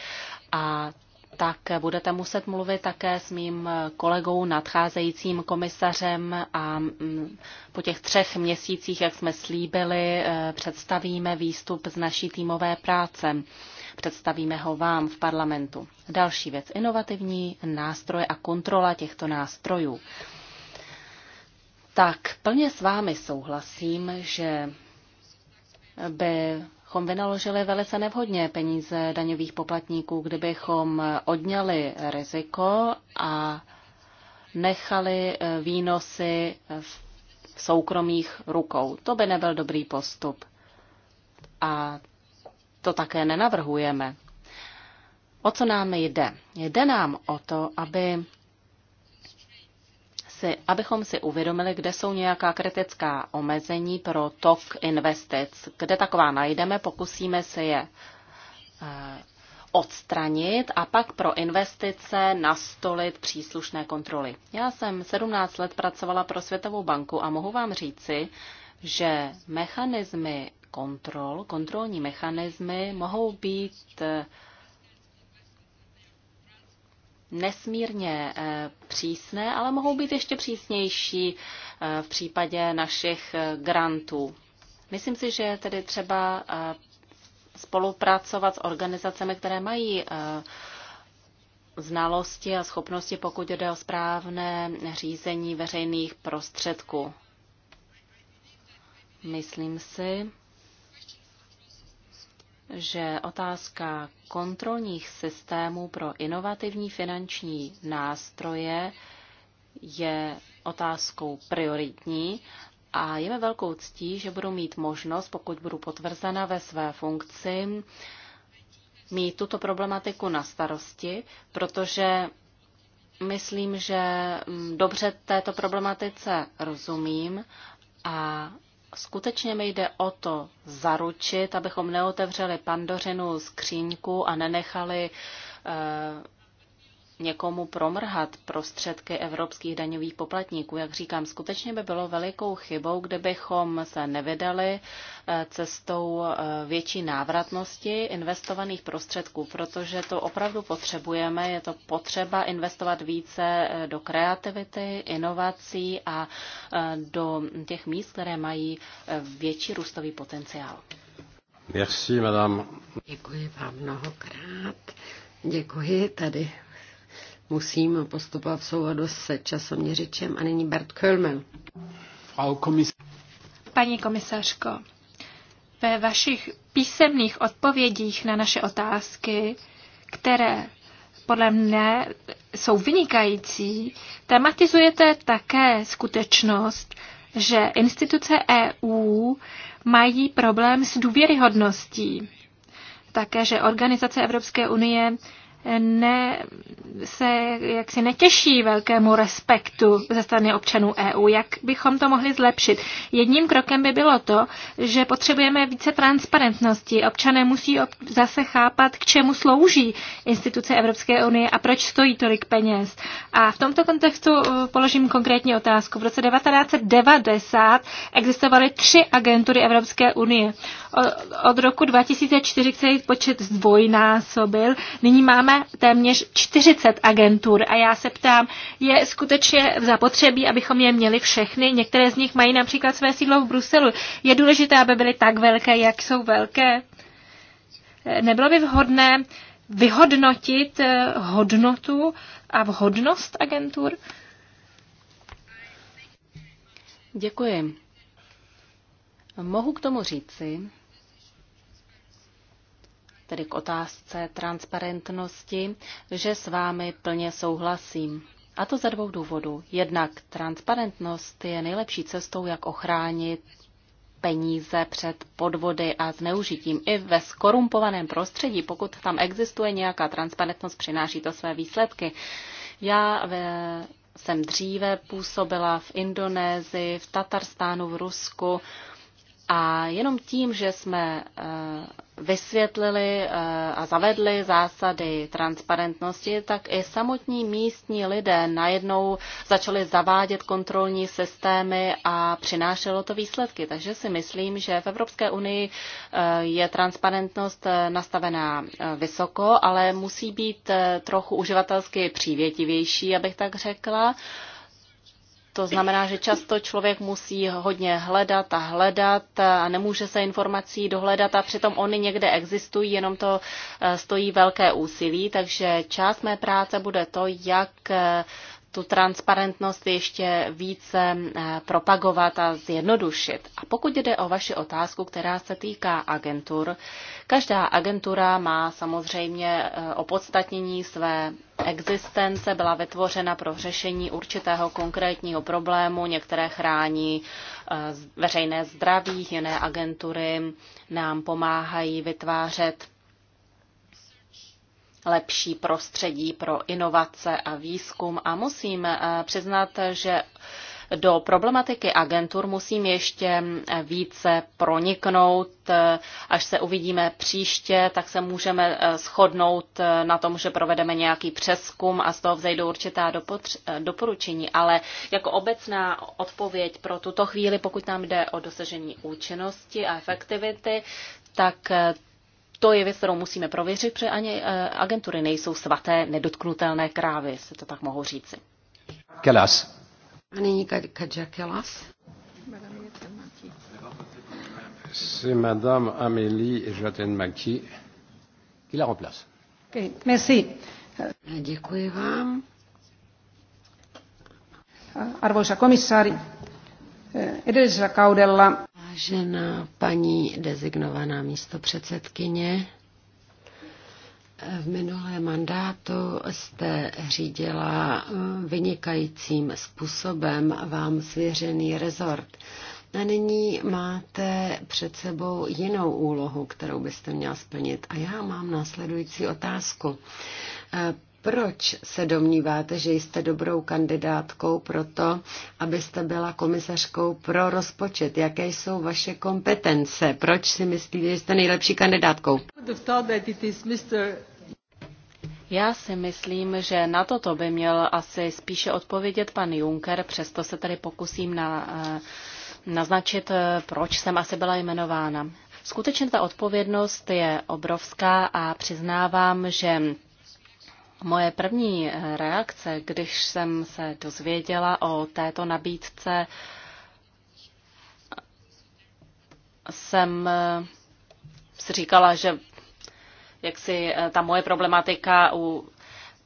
a tak budete muset mluvit také s mým kolegou, nadcházejícím komisařem a mm, po těch třech měsících, jak jsme slíbili, eh, představíme výstup z naší týmové práce. Představíme ho vám v parlamentu. Další věc, inovativní nástroje a kontrola těchto nástrojů tak plně s vámi souhlasím, že bychom vynaložili velice nevhodně peníze daňových poplatníků, kdybychom odňali riziko a nechali eh, výnosy v soukromých rukou. To by nebyl dobrý postup. A to také nenavrhujeme. O co nám jde? Jde nám o to, aby si, abychom si uvědomili, kde jsou nějaká kritická omezení pro tok investic. Kde taková najdeme, pokusíme si je eh, odstranit a pak pro investice nastolit příslušné kontroly. Já jsem 17 let pracovala pro Světovou banku a mohu vám říci, že mechanismy kontrol, kontrolní mechanismy mohou být eh, nesmírně eh, přísné, ale mohou být ještě přísnější eh, v případě našich eh, grantů. Myslím si, že tedy třeba spolupracovat s organizacemi, které mají znalosti a schopnosti, pokud jde o správné řízení veřejných prostředků. Myslím si, že otázka kontrolních systémů pro inovativní finanční nástroje je otázkou prioritní a je mi velkou ctí, že budu mít možnost, pokud budu potvrzena ve své funkci, mít tuto problematiku na starosti, protože myslím, že mm, dobře této problematice rozumím a skutečně mi jde o to zaručit, abychom neotevřeli pandořinu skříňku a nenechali eh, někomu promrhat prostředky evropských daňových poplatníků. Jak říkám, skutečně by bylo velikou chybou, kdybychom se nevydali eh, cestou eh, větší návratnosti investovaných prostředků, protože to opravdu potřebujeme. Je to potřeba investovat více eh, do kreativity, inovací a do těch míst, které mají větší růstový potenciál. Merci, madame. Děkuji vám mnohokrát. Děkuji tady musím postupovat v souladu se časoměřičem a nyní Bert Kölmel. Paní komisařko, ve vašich písemných odpovědích na naše otázky, které podle mne jsou vynikající, tematizujete také skutečnost, že instituce EU mají problém s důvěryhodností. Také, že organizace Evropské unie ne, se jaksi netěší velkému respektu ze strany občanů EU. Jak bychom to mohli zlepšit? Jedním krokem by bylo to, že potřebujeme více transparentnosti. Občané musí zase chápat, k čemu slouží instituce Evropské unie a proč stojí tolik peněz. A v tomto kontextu uh, položím konkrétní otázku. V roce 1990 existovaly tři agentury Evropské unie. Od roku 2004 se jejich počet zdvojnásobil. Nyní máme téměř 40 agentur a já se ptám, je skutečně zapotřebí, abychom je měli všechny? Některé z nich mají například své sídlo v Bruselu. Je důležité, aby byly tak velké, jak jsou velké? Nebylo by vhodné vyhodnotit eh, hodnotu a vhodnost agentur? Děkuji. Mohu k tomu říci, tedy k otázce transparentnosti, že s vámi plně souhlasím. A to ze dvou důvodů. Jednak transparentnost je nejlepší cestou, jak ochránit peníze před podvody a zneužitím. I ve skorumpovaném prostředí, pokud tam existuje nějaká transparentnost, přináší to své výsledky. Já ve, jsem dříve působila v Indonésii, v Tatarstánu, v Rusku a jenom tím, že jsme eh, vysvětlili eh, a zavedli zásady transparentnosti, tak i samotní místní lidé najednou začali zavádět kontrolní systémy a přinášelo to výsledky. Takže si myslím, že v Evropské unii eh, je transparentnost nastavená vysoko, ale musí být trochu uživatelsky přívětivější, abych tak řekla to znamená, že často člověk musí hodně hledat a hledat a nemůže se informací dohledat a přitom oni někde existují, jenom to eh, stojí velké úsilí, takže část mé práce bude to, jak eh, tu transparentnost ještě více eh, propagovat a zjednodušit. A pokud jde o vaši otázku, která se týká agentur, každá agentura má samozřejmě eh, opodstatnění své existence, byla vytvořena pro řešení určitého konkrétního problému, některé chrání eh, veřejné zdraví, jiné agentury nám pomáhají vytvářet lepší prostředí pro inovace a výzkum a musím eh, přiznat, že do problematiky agentur musím ještě eh, více proniknout. Eh, až se uvidíme příště, tak se můžeme shodnout na tom, že provedeme nějaký přeskum a z toho vzejdou určitá doporučení. Ale jako obecná odpověď pro tuto chvíli, pokud nám jde o dosažení účinnosti a efektivity, tak to je věc, kterou musíme prověřit, protože ani eh, agentury nejsou svaté, nedotknutelné krávy, se to tak mohou říci. Kelas. A nyní Kadža Kelas. C'est Madame Amélie Jaten-Maki qui la remplace. Okay, merci. Děkuji vám. Arvoisa komissaari, eh, edellisellä kaudella Vážená paní dezignovaná místo předsedkyně, v minulém mandátu jste řídila vynikajícím způsobem vám svěřený rezort. A nyní máte před sebou jinou úlohu, kterou byste měla splnit. A já mám následující otázku. Proč se domníváte, že jste dobrou kandidátkou pro to, abyste byla komisařkou pro rozpočet? Jaké jsou vaše kompetence? Proč si myslíte, že jste nejlepší kandidátkou? Já si myslím, že na toto by měl asi spíše odpovědět pan Juncker, přesto se tady pokusím na, eh, naznačit, eh, proč jsem asi byla jmenována. Skutečně ta odpovědnost je obrovská a přiznávám, že Moje první eh, reakce, když jsem se dozvěděla o této nabídce, jsem eh, si říkala, že jak si eh, ta moje problematika u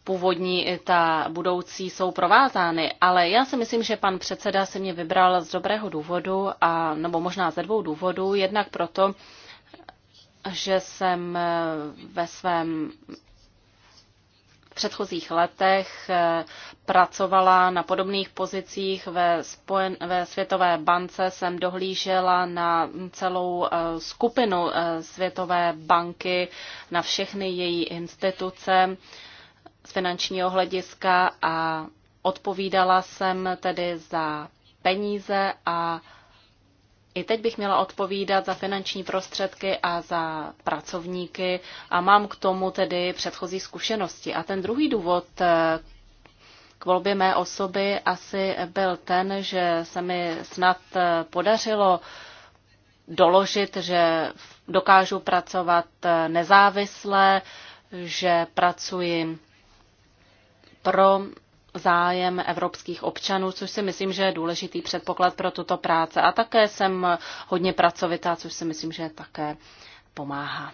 původní i ta budoucí jsou provázány, ale já si myslím, že pan předseda si mě vybral z dobrého důvodu, a, nebo možná ze dvou důvodů. Jednak proto, že jsem ve svém v předchozích letech eh, pracovala na podobných pozicích ve, spojen, ve Světové bance, jsem dohlížela na celou eh, skupinu eh, Světové banky, na všechny její instituce z finančního hlediska a odpovídala jsem tedy za peníze a i teď bych měla odpovídat za finanční prostředky a za pracovníky a mám k tomu tedy předchozí zkušenosti. A ten druhý důvod eh, k volbě mé osoby asi byl ten, že se mi snad eh, podařilo doložit, že dokážu pracovat eh, nezávisle, že pracuji pro zájem evropských občanů, což si myslím, že je důležitý předpoklad pro tuto práce. A také jsem hodně pracovitá, což si myslím, že také pomáhá.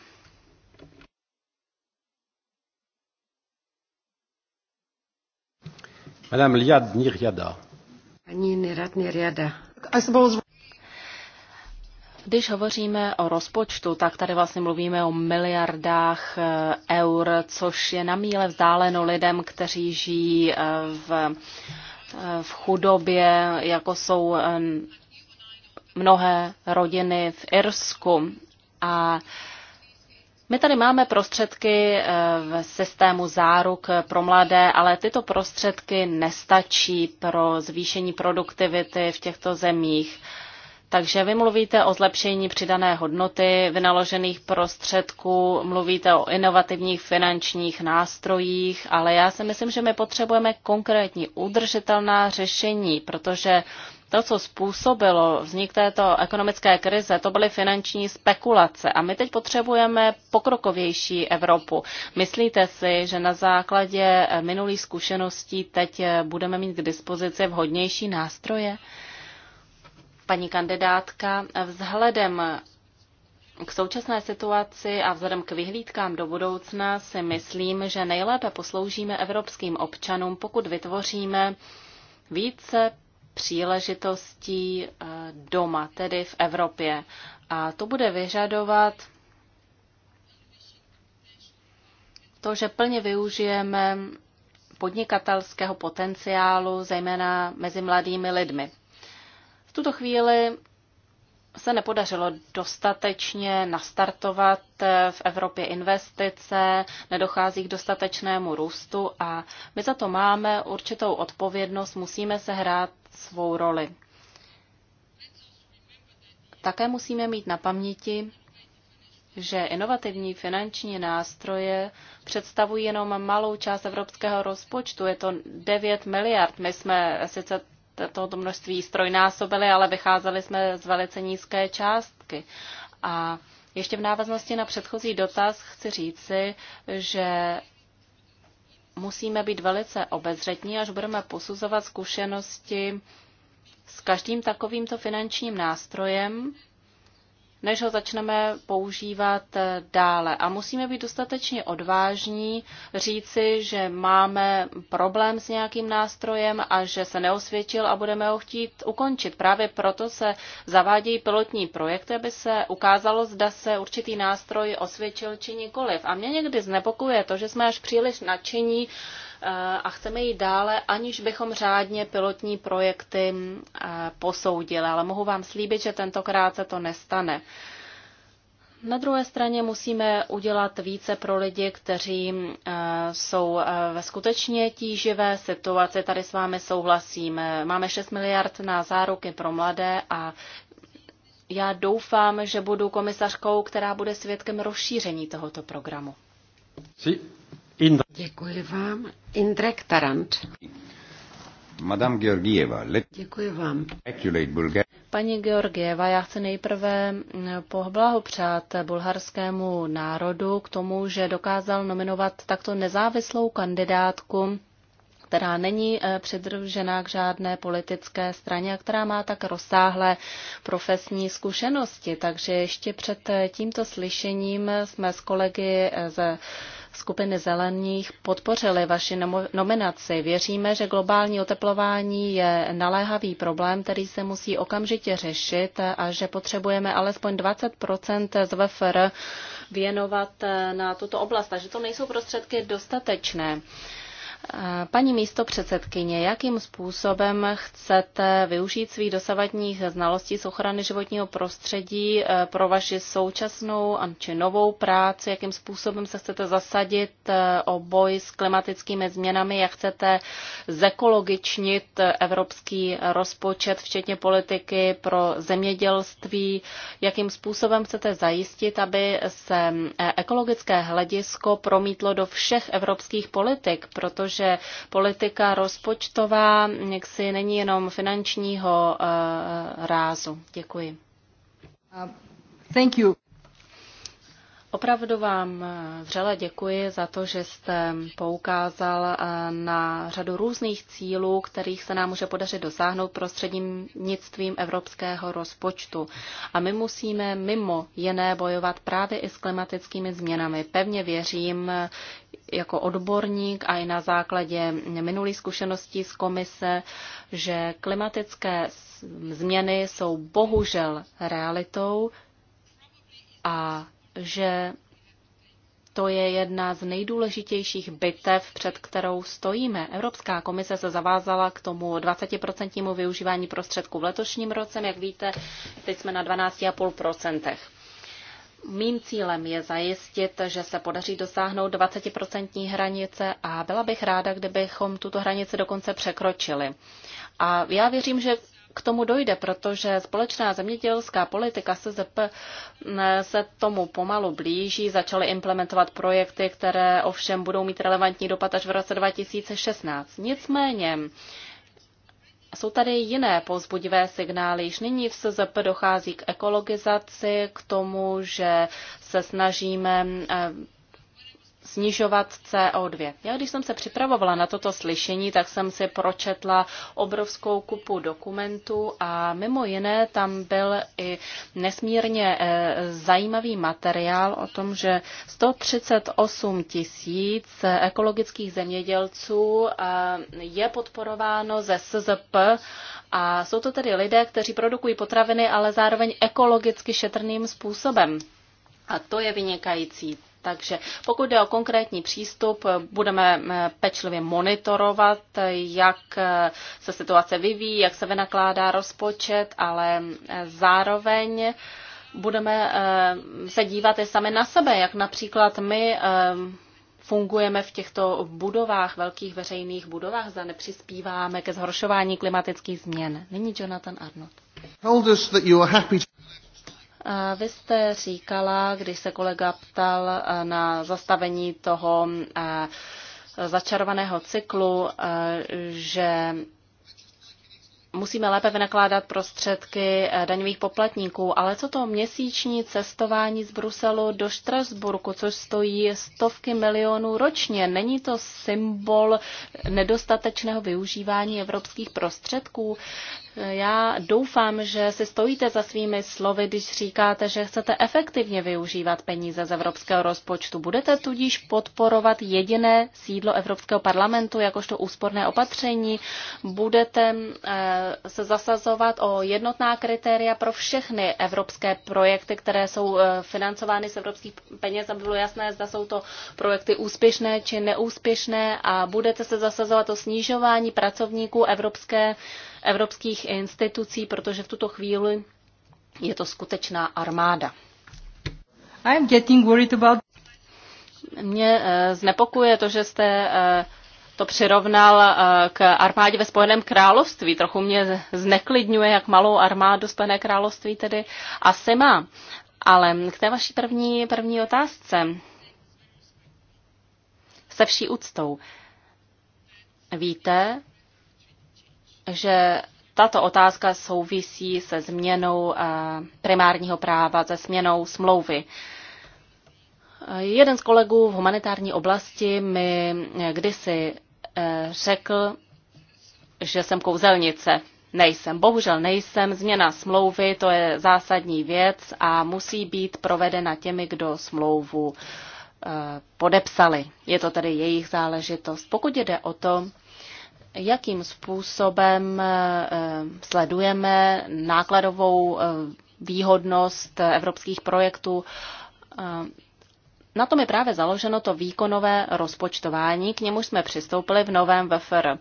Madame Liad Niriada. Paní Nirad Niriada. Když hovoříme o rozpočtu, tak tady vlastně mluvíme o miliardách eh, eur, což je na míle vzdáleno lidem, kteří žijí eh, v, eh, v chudobě, jako jsou mnohé rodiny v Irsku. A my tady máme prostředky v systému záruk pro mladé, ale tyto prostředky nestačí pro zvýšení produktivity v těchto zemích. Takže vy mluvíte o zlepšení přidané hodnoty vynaložených prostředků, mluvíte o inovativních finančních nástrojích, ale já si myslím, že my potřebujeme konkrétní udržitelná řešení, protože to, co způsobilo vznik této ekonomické krize, to byly finanční spekulace a my teď potřebujeme pokrokovější Evropu. Myslíte si, že na základě minulých zkušeností teď budeme mít k dispozici vhodnější nástroje? Paní kandidátka, vzhledem k současné situaci a vzhledem k vyhlídkám do budoucna si myslím, že nejlépe posloužíme evropským občanům, pokud vytvoříme více příležitostí eh, doma, tedy v Evropě. A to bude vyžadovat to, že plně využijeme podnikatelského potenciálu, zejména mezi mladými lidmi tuto chvíli se nepodařilo dostatečně nastartovat v Evropě investice, nedochází k dostatečnému růstu a my za to máme určitou odpovědnost, musíme se hrát svou roli. Také musíme mít na paměti, že inovativní finanční nástroje představují jenom malou část evropského rozpočtu. Je to 9 miliard. My jsme sice tohoto množství strojnásobili, ale vycházeli jsme z velice nízké částky. A ještě v návaznosti na předchozí dotaz chci říci, že musíme být velice obezřetní, až budeme posuzovat zkušenosti s každým takovýmto finančním nástrojem, než ho začneme používat dále. A musíme být dostatečně odvážní říci, že máme problém s nějakým nástrojem a že se neosvědčil a budeme ho chtít ukončit. Právě proto se zavádějí pilotní projekty, aby se ukázalo, zda se určitý nástroj osvědčil či nikoliv. A mě někdy znepokuje to, že jsme až příliš nadšení Eh, a chceme jít dále, aniž bychom řádně pilotní projekty eh, posoudili. Ale mohu vám slíbit, že tentokrát se to nestane. Na druhé straně musíme udělat více pro lidi, kteří eh, jsou ve skutečně tíživé situaci. Tady s vámi souhlasím. Máme 6 miliard na záruky pro mladé a já doufám, že budu komisařkou, která bude svědkem rozšíření tohoto programu. Sí, Indra. Děkuji vám. Indrek Tarant. Madame Georgieva, let... Děkuji vám. Paní Georgieva, já chci nejprve poblahopřát bulharskému národu k tomu, že dokázal nominovat takto nezávislou kandidátku která není e, přidružená k žádné politické straně a která má tak rozsáhlé profesní zkušenosti. Takže ještě před e, tímto slyšením jsme s kolegy e, ze skupiny zelených podpořili vaši nominaci. Věříme, že globální oteplování je naléhavý problém, který se musí okamžitě řešit a že potřebujeme alespoň 20 z VFR věnovat na tuto oblast takže to nejsou prostředky dostatečné. Paní místo předsedkyně, jakým způsobem chcete využít svých dosavadních znalostí z ochrany životního prostředí eh, pro vaši současnou či novou práci? Jakým způsobem se chcete zasadit eh, o boj s klimatickými změnami? Jak chcete zekologičnit eh, evropský rozpočet, včetně politiky pro zemědělství? Jakým způsobem chcete zajistit, aby se ekologické hledisko promítlo do všech evropských politik? Protože že politika rozpočtová jaksi není jenom finančního eh, rázu. Děkuji. Uh, thank you. Opravdu vám eh, vřele děkuji za to, že jste poukázal eh, na řadu různých cílů, kterých se nám může podařit dosáhnout prostřednictvím evropského rozpočtu. A my musíme mimo jiné bojovat právě i s klimatickými změnami. Pevně věřím, eh, jako odborník a i na základě minulých zkušeností z komise, že klimatické změny jsou bohužel realitou a že to je jedna z nejdůležitějších bitev, před kterou stojíme. Evropská komise se zavázala k tomu 20% využívání prostředků v letošním roce. Jak víte, teď jsme na 12,5%. Mým cílem je zajistit, že se podaří dosáhnout 20% hranice a byla bych ráda, kdybychom tuto hranici dokonce překročili. A já věřím, že k tomu dojde, protože společná zemědělská politika SZP mm, se tomu pomalu blíží. Začaly implementovat projekty, které ovšem budou mít relevantní dopad až v roce 2016. Nicméně, jsou tady jiné pozbudivé signály. Již nyní v SZP dochází k ekologizaci, k tomu, že se snažíme eh, snižovat CO2. Já když jsem se připravovala na toto slyšení, tak jsem si pročetla obrovskou kupu dokumentů a mimo jiné tam byl i nesmírně eh, zajímavý materiál o tom, že 138 tisíc eh, ekologických zemědělců eh, je podporováno ze SZP a jsou to tedy lidé, kteří produkují potraviny, ale zároveň ekologicky šetrným způsobem. A to je vynikající. Takže pokud jde o konkrétní přístup, budeme eh, pečlivě monitorovat, jak eh, se situace vyvíjí, jak se vynakládá rozpočet, ale eh, zároveň budeme se dívat i sami na sebe, jak například my fungujeme v těchto budovách, velkých veřejných budovách, za nepřispíváme ke zhoršování klimatických změn. Není Jonathan Arnott. Vy jste říkala, když se kolega ptal e, na zastavení toho e, e, začarovaného cyklu, že musíme lépe vynakládat prostředky eh, daňových poplatníků, ale co to měsíční cestování z Bruselu do Štrasburku, což stojí stovky milionů ročně, není to symbol nedostatečného využívání evropských prostředků? Eh, já doufám, že si stojíte za svými slovy, když říkáte, že chcete efektivně využívat peníze z evropského rozpočtu. Budete tudíž podporovat jediné sídlo Evropského parlamentu jakožto úsporné opatření? Budete eh, Eh, se zasazovat o jednotná kritéria pro všechny evropské projekty, které jsou eh, financovány z evropských peněz, aby bylo jasné, zda jsou to projekty úspěšné či neúspěšné a budete se zasazovat o snižování pracovníků evropské, evropských institucí, protože v tuto chvíli je to skutečná armáda. I'm getting worried about... Mě eh, znepokuje to, že jste to přirovnal eh, k armádě ve Spojeném království. Trochu mě zneklidňuje, jak malou armádu Spojené království tedy asi má. Ale k té vaší první, první otázce. Se vší úctou. Víte, že tato otázka souvisí se změnou eh, primárního práva, se změnou smlouvy. Jeden z kolegů v humanitární oblasti mi kdysi Eh, řekl, že jsem kouzelnice. Nejsem, bohužel nejsem. Změna smlouvy to je zásadní věc a musí být provedena těmi, kdo smlouvu eh, podepsali. Je to tedy jejich záležitost. Pokud jde o to, jakým způsobem eh, sledujeme nákladovou výhodnost evropských projektů, na tom je právě založeno to výkonové rozpočtování, k němu jsme přistoupili v novém VFR.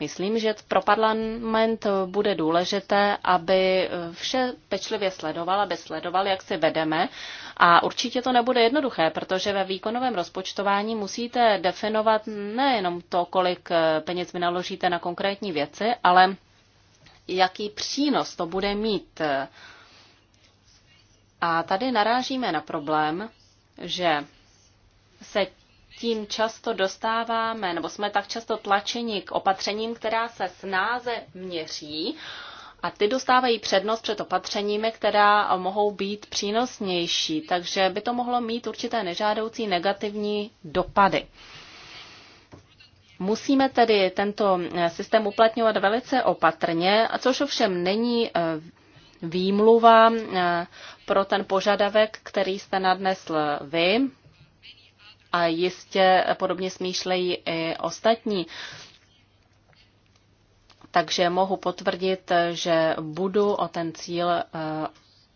Myslím, že pro parlament bude důležité, aby vše pečlivě sledoval, aby sledoval, jak si vedeme. A určitě to nebude jednoduché, protože ve výkonovém rozpočtování musíte definovat nejenom to, kolik peněz vynaložíte na konkrétní věci, ale jaký přínos to bude mít. A tady narážíme na problém, že se tím často dostáváme, nebo jsme tak často tlačeni k opatřením, která se snáze měří a ty dostávají přednost před opatřeními, která mohou být přínosnější, takže by to mohlo mít určité nežádoucí negativní dopady. Musíme tedy tento systém uplatňovat velice opatrně, a což ovšem není eh, výmluva eh, pro ten požadavek, který jste nadnesl vy, a jistě podobně smýšlejí i ostatní. Takže mohu potvrdit, že budu o ten cíl, eh,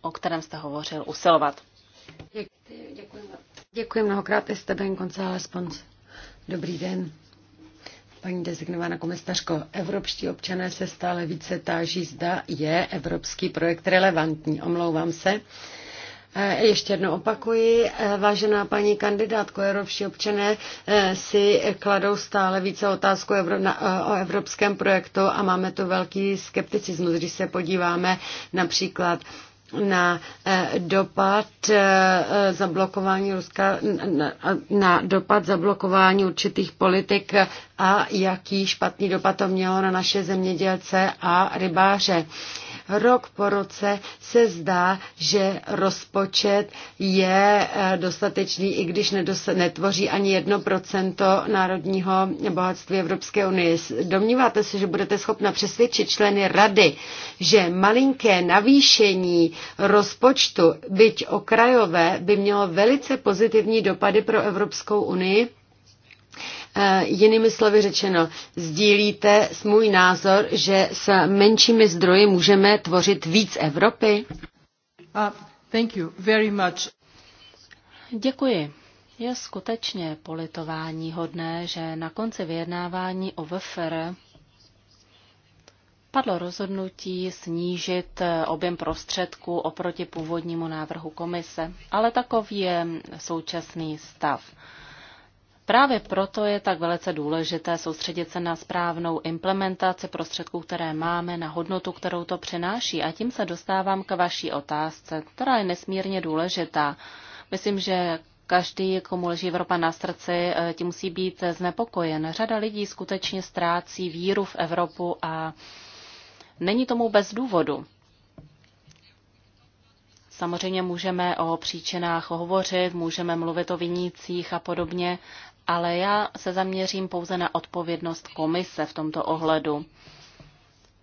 o kterém jste hovořil, usilovat. Děkuji, děkuji, děkuji mnohokrát, Esteban González Pons. Dobrý den. Paní designovaná komisařko, evropští občané se stále více táží, zda je evropský projekt relevantní. Omlouvám se Eh, ještě jednou opakuji, eh, vážená paní kandidátko, evropští občané eh, si kladou stále více otázku o evropském projektu a máme tu velký skepticismus, když se podíváme například na dopad zablokování Ruska, na dopad zablokování určitých politik a jaký špatný dopad to mělo na naše zemědělce a rybáře rok po roce se zdá, že rozpočet je eh, dostatečný, i když netvoří ani 1% národního bohatství Evropské unie. Domníváte se, že budete schopna přesvědčit členy rady, že malinké navýšení rozpočtu, byť okrajové, by mělo velice pozitivní dopady pro Evropskou unii? Eh, jinými slovy řečeno, sdílíte s můj názor, že s menšími zdroji můžeme tvořit víc Evropy? Uh, thank you very much. Děkuji. Je skutečně politování hodné, že na konci vyjednávání o VFR padlo rozhodnutí snížit eh, objem prostředků oproti původnímu návrhu komise, ale takový je současný stav. Právě proto je tak velice důležité soustředit se na správnou implementaci prostředků, které máme, na hodnotu, kterou to přináší. A tím se dostávám k vaší otázce, která je nesmírně důležitá. Myslím, že každý, komu leží Evropa na srdci, eh, tím musí být znepokojen. Řada lidí skutečně ztrácí víru v Evropu a není tomu bez důvodu. Samozřejmě můžeme o příčinách hovořit, můžeme mluvit o vinících a podobně, ale já se zaměřím pouze na odpovědnost komise v tomto ohledu.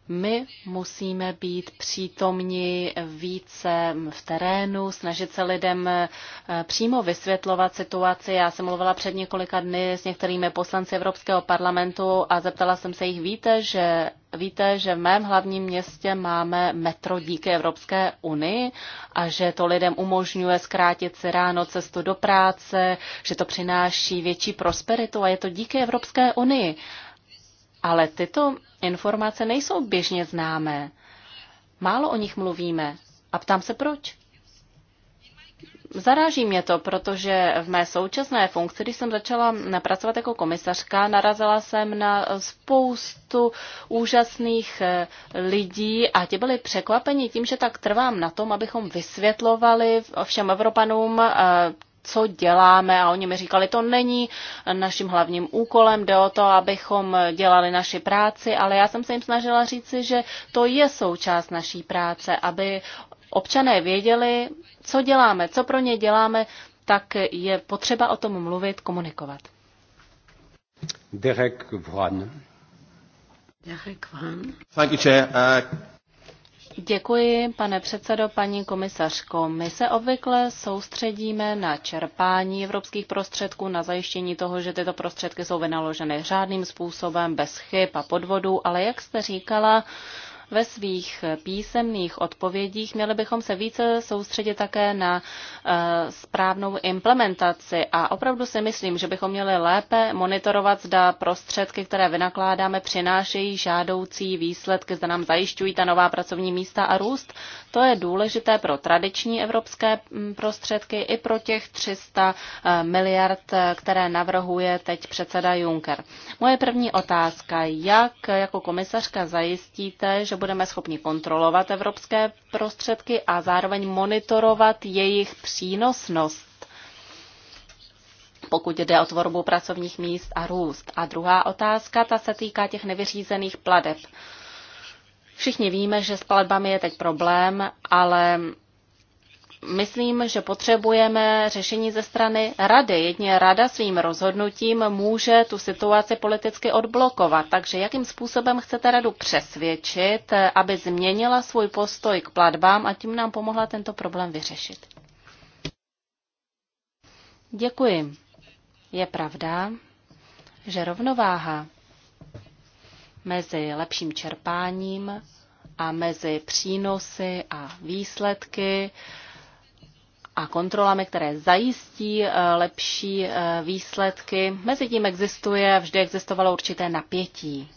My musíme být přítomni více v terénu, snažit se lidem eh, přímo vysvětlovat situaci. Já jsem mluvila před několika dny s některými poslanci Evropského parlamentu a zeptala jsem se jich, víte, že Víte, že v mém hlavním městě máme metro díky Evropské unii a že to lidem umožňuje zkrátit si ráno cestu do práce, že to přináší větší prosperitu a je to díky Evropské unii. Ale tyto informace nejsou běžně známé. Málo o nich mluvíme. A ptám se proč. Zaráží mě to, protože v mé současné funkci, když jsem začala pracovat jako komisařka, narazila jsem na spoustu úžasných eh, lidí a ti byli překvapeni tím, že tak trvám na tom, abychom vysvětlovali všem Evropanům eh, co děláme a oni mi říkali, to není naším hlavním úkolem, jde o to, abychom dělali naši práci, ale já jsem se jim snažila říci, že to je součást naší práce, aby občané věděli, co děláme, co pro ně děláme, tak je potřeba o tom mluvit, komunikovat. Derek Vran. Derek Vran. Thank you, Chair. Uh... Děkuji, pane předsedo, paní komisařko. My se obvykle soustředíme na čerpání evropských prostředků, na zajištění toho, že tyto prostředky jsou vynaloženy řádným způsobem, bez chyb a podvodů, ale jak jste říkala, ve svých písemných odpovědích. Měli bychom se více soustředit také na eh, správnou implementaci a opravdu si myslím, že bychom měli lépe monitorovat, zda prostředky, které vynakládáme, přinášejí žádoucí výsledky, zda nám zajišťují ta nová pracovní místa a růst. To je důležité pro tradiční evropské mm, prostředky i pro těch 300 eh, miliard, které navrhuje teď předseda Juncker. Moje první otázka, jak jako komisařka zajistíte, že budeme schopni kontrolovat evropské prostředky a zároveň monitorovat jejich přínosnost pokud jde o tvorbu pracovních míst a růst. A druhá otázka, ta se týká těch nevyřízených pladeb. Všichni víme, že s platbami je teď problém, ale myslím, že potřebujeme řešení ze strany rady. Jedně rada svým rozhodnutím může tu situaci politicky odblokovat. Takže jakým způsobem chcete radu přesvědčit, aby změnila svůj postoj k platbám a tím nám pomohla tento problém vyřešit? Děkuji. Je pravda, že rovnováha mezi lepším čerpáním a mezi přínosy a výsledky a kontrolami, které zajistí eh, lepší eh, výsledky. Mezitím existuje, vždy existovalo určité napětí.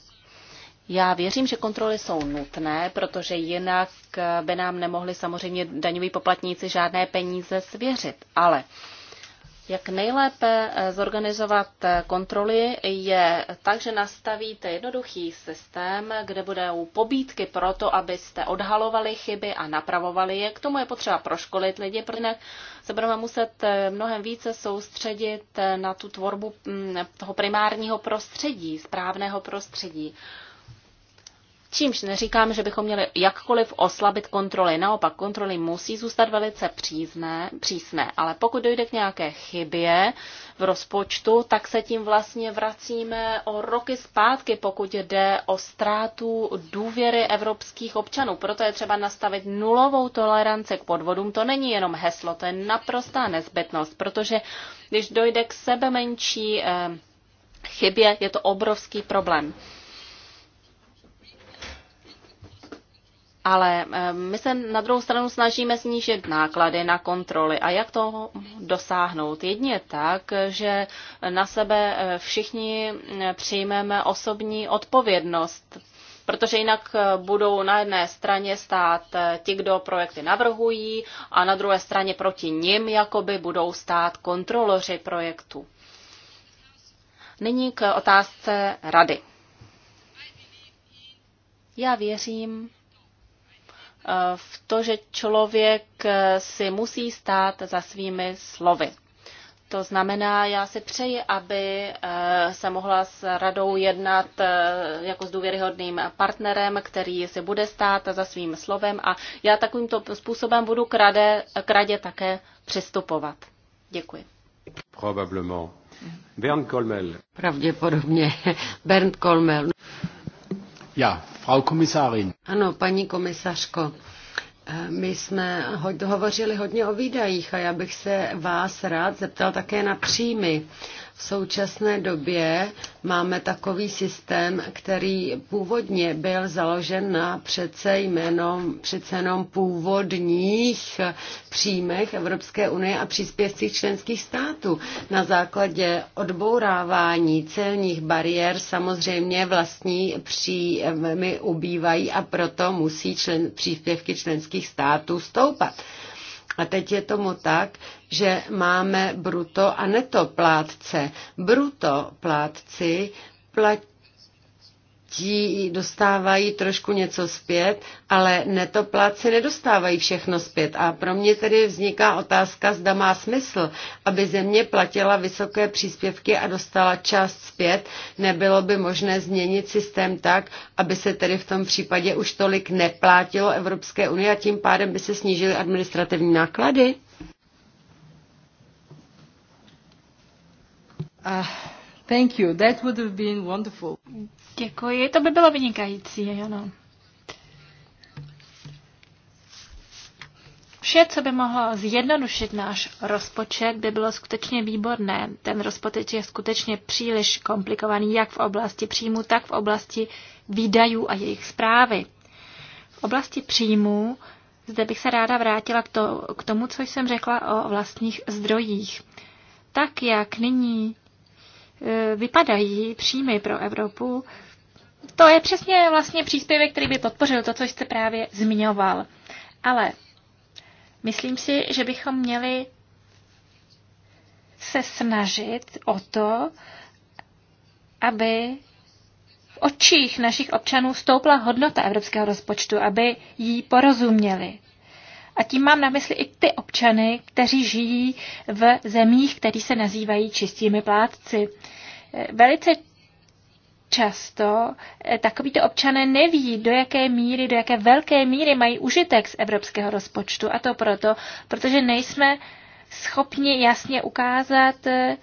Já věřím, že kontroly jsou nutné, protože jinak eh, by nám nemohli samozřejmě daňoví poplatníci žádné peníze svěřit. Ale jak nejlépe eh, zorganizovat eh, kontroly je tak, že nastavíte jednoduchý systém, kde budou pobídky pro to, abyste odhalovali chyby a napravovali je. K tomu je potřeba proškolit lidi, protože jinak se budeme muset eh, mnohem více soustředit na tu tvorbu mm, toho primárního prostředí, správného prostředí. Čímž neříkám, že bychom měli jakkoliv oslabit kontroly. Naopak, kontroly musí zůstat velice přízné, přísné, ale pokud dojde k nějaké chybě v rozpočtu, tak se tím vlastně vracíme o roky zpátky, pokud jde o ztrátu důvěry evropských občanů. Proto je třeba nastavit nulovou toleranci k podvodům. To není jenom heslo, to je naprostá nezbytnost, protože když dojde k sebe menší eh, chybě, je to obrovský problém. Ale eh, my se na druhou stranu snažíme snížit náklady na kontroly. A jak to dosáhnout? Jedně tak, že na sebe eh, všichni eh, přijmeme osobní odpovědnost. Protože jinak budou na jedné straně stát ti, kdo projekty navrhují, a na druhé straně proti nim jakoby budou stát kontroloři projektu. Nyní k otázce rady. Já věřím, v to, že člověk si musí stát za svými slovy. To znamená, já si přeji, aby eh, se mohla s radou jednat eh, jako s důvěryhodným partnerem, který se bude stát za svým slovem a já takovýmto způsobem budu k, rade, k radě také přistupovat. Děkuji. Probablement. Bernd Kolmel. Pravděpodobně. Bernd Kolmel. Já. Frau Kommissarin. Ano, paní komisařko. Eh, my jsme hovořili hodně o výdajích a já bych se vás rád zeptal také na příjmy. V současné době máme takový systém, který původně byl založen na přece, jménom, přece jenom původních příjmech Evropské unie a příspěvcích členských států. Na základě odbourávání celních bariér samozřejmě vlastní příjmy ubývají a proto musí člen, příspěvky členských států stoupat. A teď je tomu tak, že máme bruto a neto plátce. Bruto plátci platí ti dostávají trošku něco zpět, ale netopláci nedostávají všechno zpět. A pro mě tedy vzniká otázka, zda má smysl, aby země platila vysoké příspěvky a dostala část zpět. Nebylo by možné změnit systém tak, aby se tedy v tom případě už tolik neplátilo Evropské unie a tím pádem by se snížily administrativní náklady? Uh. Thank you. That would have been wonderful. Děkuji, to by bylo vynikající, ano. Vše, co by mohlo zjednodušit náš rozpočet, by bylo skutečně výborné. Ten rozpočet je skutečně příliš komplikovaný, jak v oblasti příjmu, tak v oblasti výdajů a jejich zprávy. V oblasti příjmů zde bych se ráda vrátila k, k tomu, co jsem řekla o vlastních zdrojích. Tak, jak nyní Eh, vypadají příjmy pro Evropu, to je přesně vlastně příspěvek, který by podpořil to, co jste právě zmiňoval. Ale myslím si, že bychom měli se snažit o to, aby v očích našich občanů stoupla hodnota evropského rozpočtu, aby jí porozuměli. A tím mám na mysli i ty občany, kteří žijí v zemích, které se nazývají čistými plátci. Velice často eh, takovýto občané neví, do jaké míry, do jaké velké míry mají užitek z evropského rozpočtu. A to proto, protože nejsme schopni jasně ukázat, eh,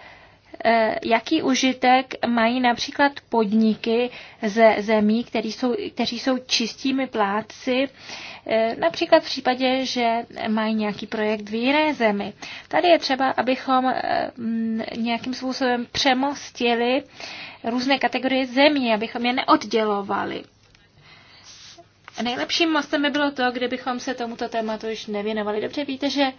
Eh, jaký užitek mají například podniky ze zemí, který jsou, kteří jsou čistými plátci, eh, například v případě, že mají nějaký projekt v jiné zemi. Tady je třeba, abychom eh, mm, nějakým způsobem přemostili různé kategorie zemí, abychom je neoddělovali. Nejlepším mostem by bylo to, kdybychom se tomuto tématu již nevěnovali. Dobře víte, že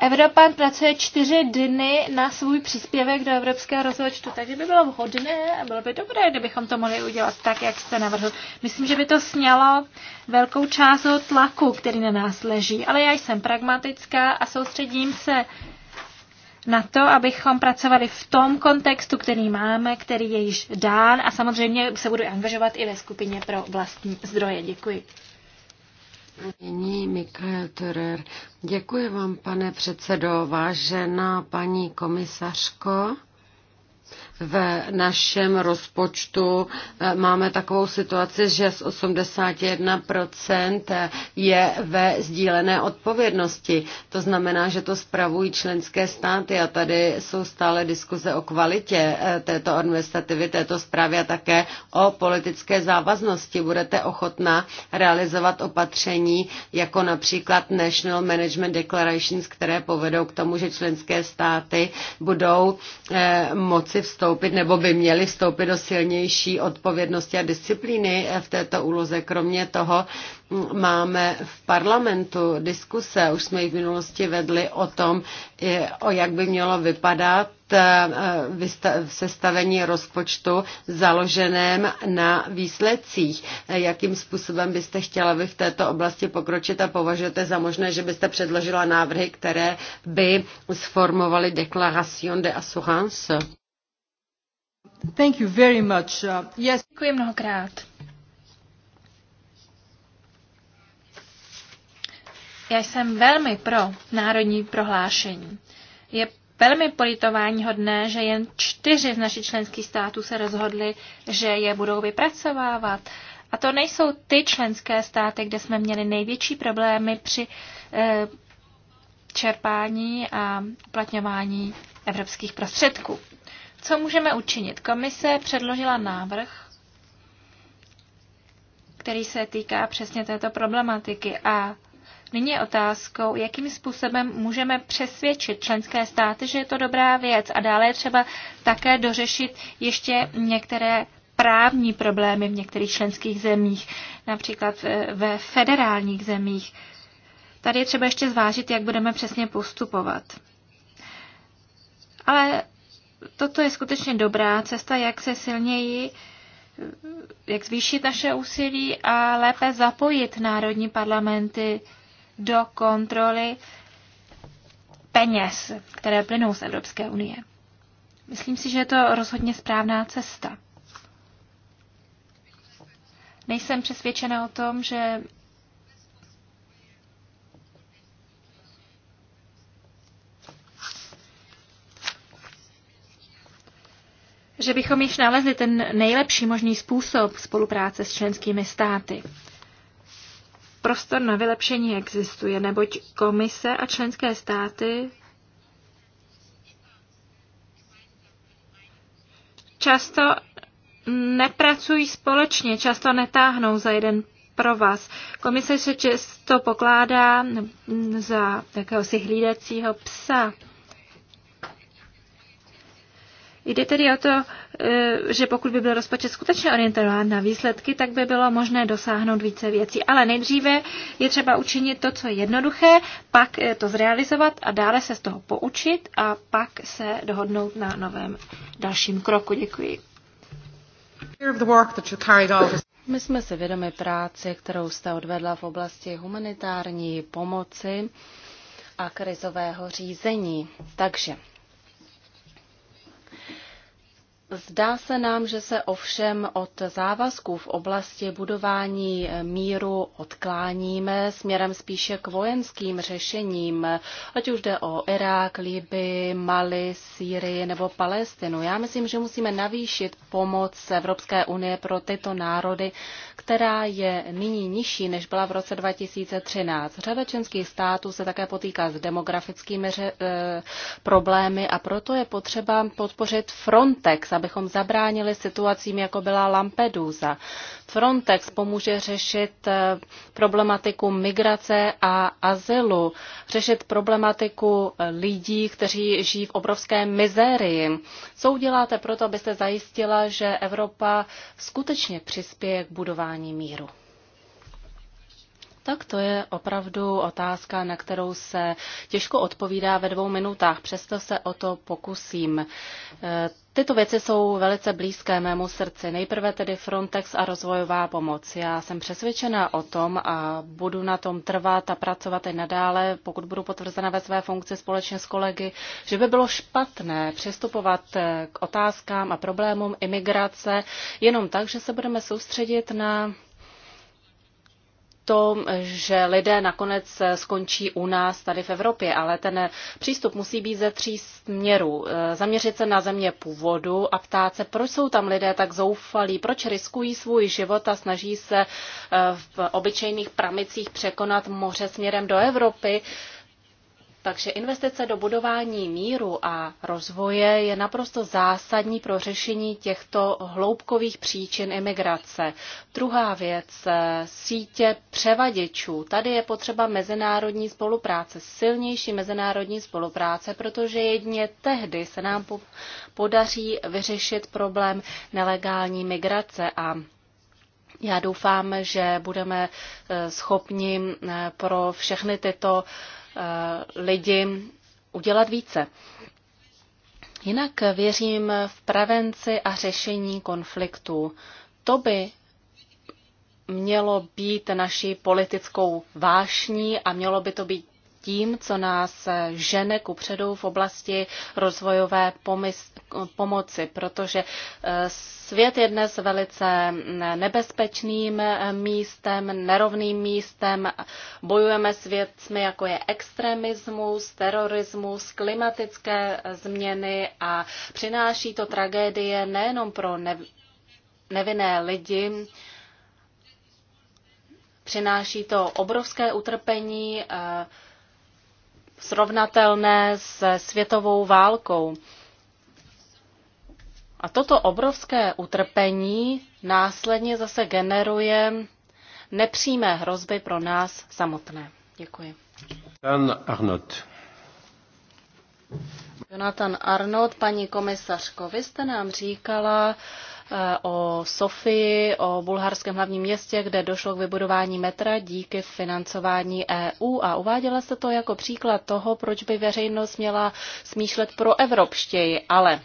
Evropan pracuje čtyři dny na svůj příspěvek do evropského rozpočtu, takže by bylo vhodné a bylo by dobré, kdybychom to mohli udělat tak, jak jste navrhl. Myslím, že by to snělo velkou část tlaku, který na nás leží, ale já jsem pragmatická a soustředím se na to, abychom pracovali v tom kontextu, který máme, který je již dán a samozřejmě se budu angažovat i ve skupině pro vlastní zdroje. Děkuji. Nyní Mikael Törer. Děkuji vám, pane předsedo, vážená paní komisařko v našem rozpočtu eh, máme takovou situaci, že z 81% je ve sdílené odpovědnosti. To znamená, že to spravují členské státy a tady jsou stále diskuze o kvalitě eh, této administrativy, této zprávy a také o politické závaznosti. Budete ochotná realizovat opatření jako například National Management Declarations, které povedou k tomu, že členské státy budou eh, moci vstoupit vstoupit nebo by měli vstoupit do silnější odpovědnosti a disciplíny v této úloze. Kromě toho máme v parlamentu diskuse, už jsme ji v minulosti vedli o tom, o jak by mělo vypadat e, e, sestavení rozpočtu založeném na výsledcích. E, jakým způsobem byste chtěla vy v této oblasti pokročit a považujete za možné, že byste předložila návrhy, které by sformovaly Declaration de Assurance? Thank you very much. Uh, yes. Děkuji mnohokrát. Já jsem velmi pro národní prohlášení. Je velmi politování hodné, že jen čtyři z našich členských států se rozhodli, že je budou vypracovávat. A to nejsou ty členské státy, kde jsme měli největší problémy při e, čerpání a uplatňování evropských prostředků. Co můžeme učinit? Komise předložila návrh, který se týká přesně této problematiky a Nyní je otázkou, jakým způsobem můžeme přesvědčit členské státy, že je to dobrá věc a dále je třeba také dořešit ještě některé právní problémy v některých členských zemích, například ve federálních zemích. Tady je třeba ještě zvážit, jak budeme přesně postupovat. Ale toto je skutečně dobrá cesta, jak se silněji jak zvýšit naše úsilí a lépe zapojit národní parlamenty do kontroly peněz, které plynou z Evropské unie. Myslím si, že je to rozhodně správná cesta. Nejsem přesvědčena o tom, že že bychom již nalezli ten nejlepší možný způsob spolupráce s členskými státy. Prostor na vylepšení existuje, neboť komise a členské státy často nepracují společně, často netáhnou za jeden pro vás. Komise se často pokládá za takového si hlídacího psa. Jde tedy o to, e, že pokud by byl rozpočet skutečně orientován na výsledky, tak by bylo možné dosáhnout více věcí. Ale nejdříve je třeba učinit to, co je jednoduché, pak e, to zrealizovat a dále se z toho poučit a pak se dohodnout na novém dalším kroku. Děkuji. My jsme si vědomi práce, kterou jste odvedla v oblasti humanitární pomoci a krizového řízení. Takže Zdá se nám, že se ovšem od závazků v oblasti budování míru odkláníme směrem spíše k vojenským řešením, ať už jde o Irák, Liby, Mali, Sýrii nebo Palestinu. Já myslím, že musíme navýšit pomoc Evropské unie pro tyto národy, která je nyní nižší, než byla v roce 2013. Řada členských států se také potýká s demografickými ře- e, problémy a proto je potřeba podpořit Frontex abychom zabránili situacím, jako byla Lampedusa. Frontex pomůže řešit eh, problematiku migrace a azylu, řešit problematiku eh, lidí, kteří žijí v obrovské mizérii. Co uděláte proto, abyste zajistila, že Evropa skutečně přispěje k budování míru? tak to je opravdu otázka, na kterou se těžko odpovídá ve dvou minutách, přesto se o to pokusím. E, tyto věci jsou velice blízké mému srdci. Nejprve tedy Frontex a rozvojová pomoc. Já jsem přesvědčena o tom a budu na tom trvat a pracovat i nadále, pokud budu potvrzena ve své funkci společně s kolegy, že by bylo špatné přistupovat k otázkám a problémům imigrace jenom tak, že se budeme soustředit na to, že lidé nakonec skončí u nás tady v Evropě, ale ten přístup musí být ze tří směrů. Zaměřit se na země původu a ptát se, proč jsou tam lidé tak zoufalí, proč riskují svůj život a snaží se v obyčejných pramicích překonat moře směrem do Evropy. Takže investice do budování míru a rozvoje je naprosto zásadní pro řešení těchto hloubkových příčin imigrace. Druhá věc, eh, sítě převaděčů. Tady je potřeba mezinárodní spolupráce, silnější mezinárodní spolupráce, protože jedně tehdy se nám podaří vyřešit problém nelegální migrace a já doufám, že budeme eh, schopni eh, pro všechny tyto Eh, lidi udělat více. Jinak věřím v prevenci a řešení konfliktů. To by mělo být naší politickou vášní a mělo by to být tím, co nás eh, žene ku předu v oblasti rozvojové pomoci, protože eh, svět je dnes velice mm, nebezpečným eh, místem, nerovným místem. Bojujeme s věcmi, jako je extremismus, terorismus, klimatické změny a přináší to tragédie nejenom pro nevinné lidi, přináší to obrovské utrpení, srovnatelné se světovou válkou. A toto obrovské utrpení následně zase generuje nepřímé hrozby pro nás samotné. Děkuji. Jonathan Arnott. Jonathan Arnott, paní komisařko, vy jste nám říkala, o Sofii, o bulharském hlavním městě, kde došlo k vybudování metra díky financování EU a uváděla se to jako příklad toho, proč by veřejnost měla smýšlet pro evropštěji, ale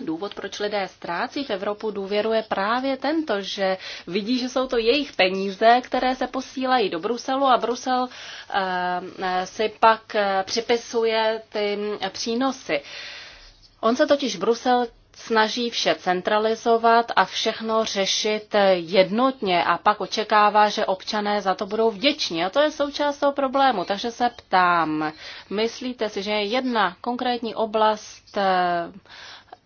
Důvod, proč lidé ztrácí v Evropu důvěru, je právě tento, že vidí, že jsou to jejich peníze, které se posílají do Bruselu a Brusel eh, si pak eh, připisuje ty přínosy. On se totiž Brusel snaží vše centralizovat a všechno řešit jednotně a pak očekává, že občané za to budou vděční. A to je součást toho problému. Takže se ptám, myslíte si, že je jedna konkrétní oblast eh,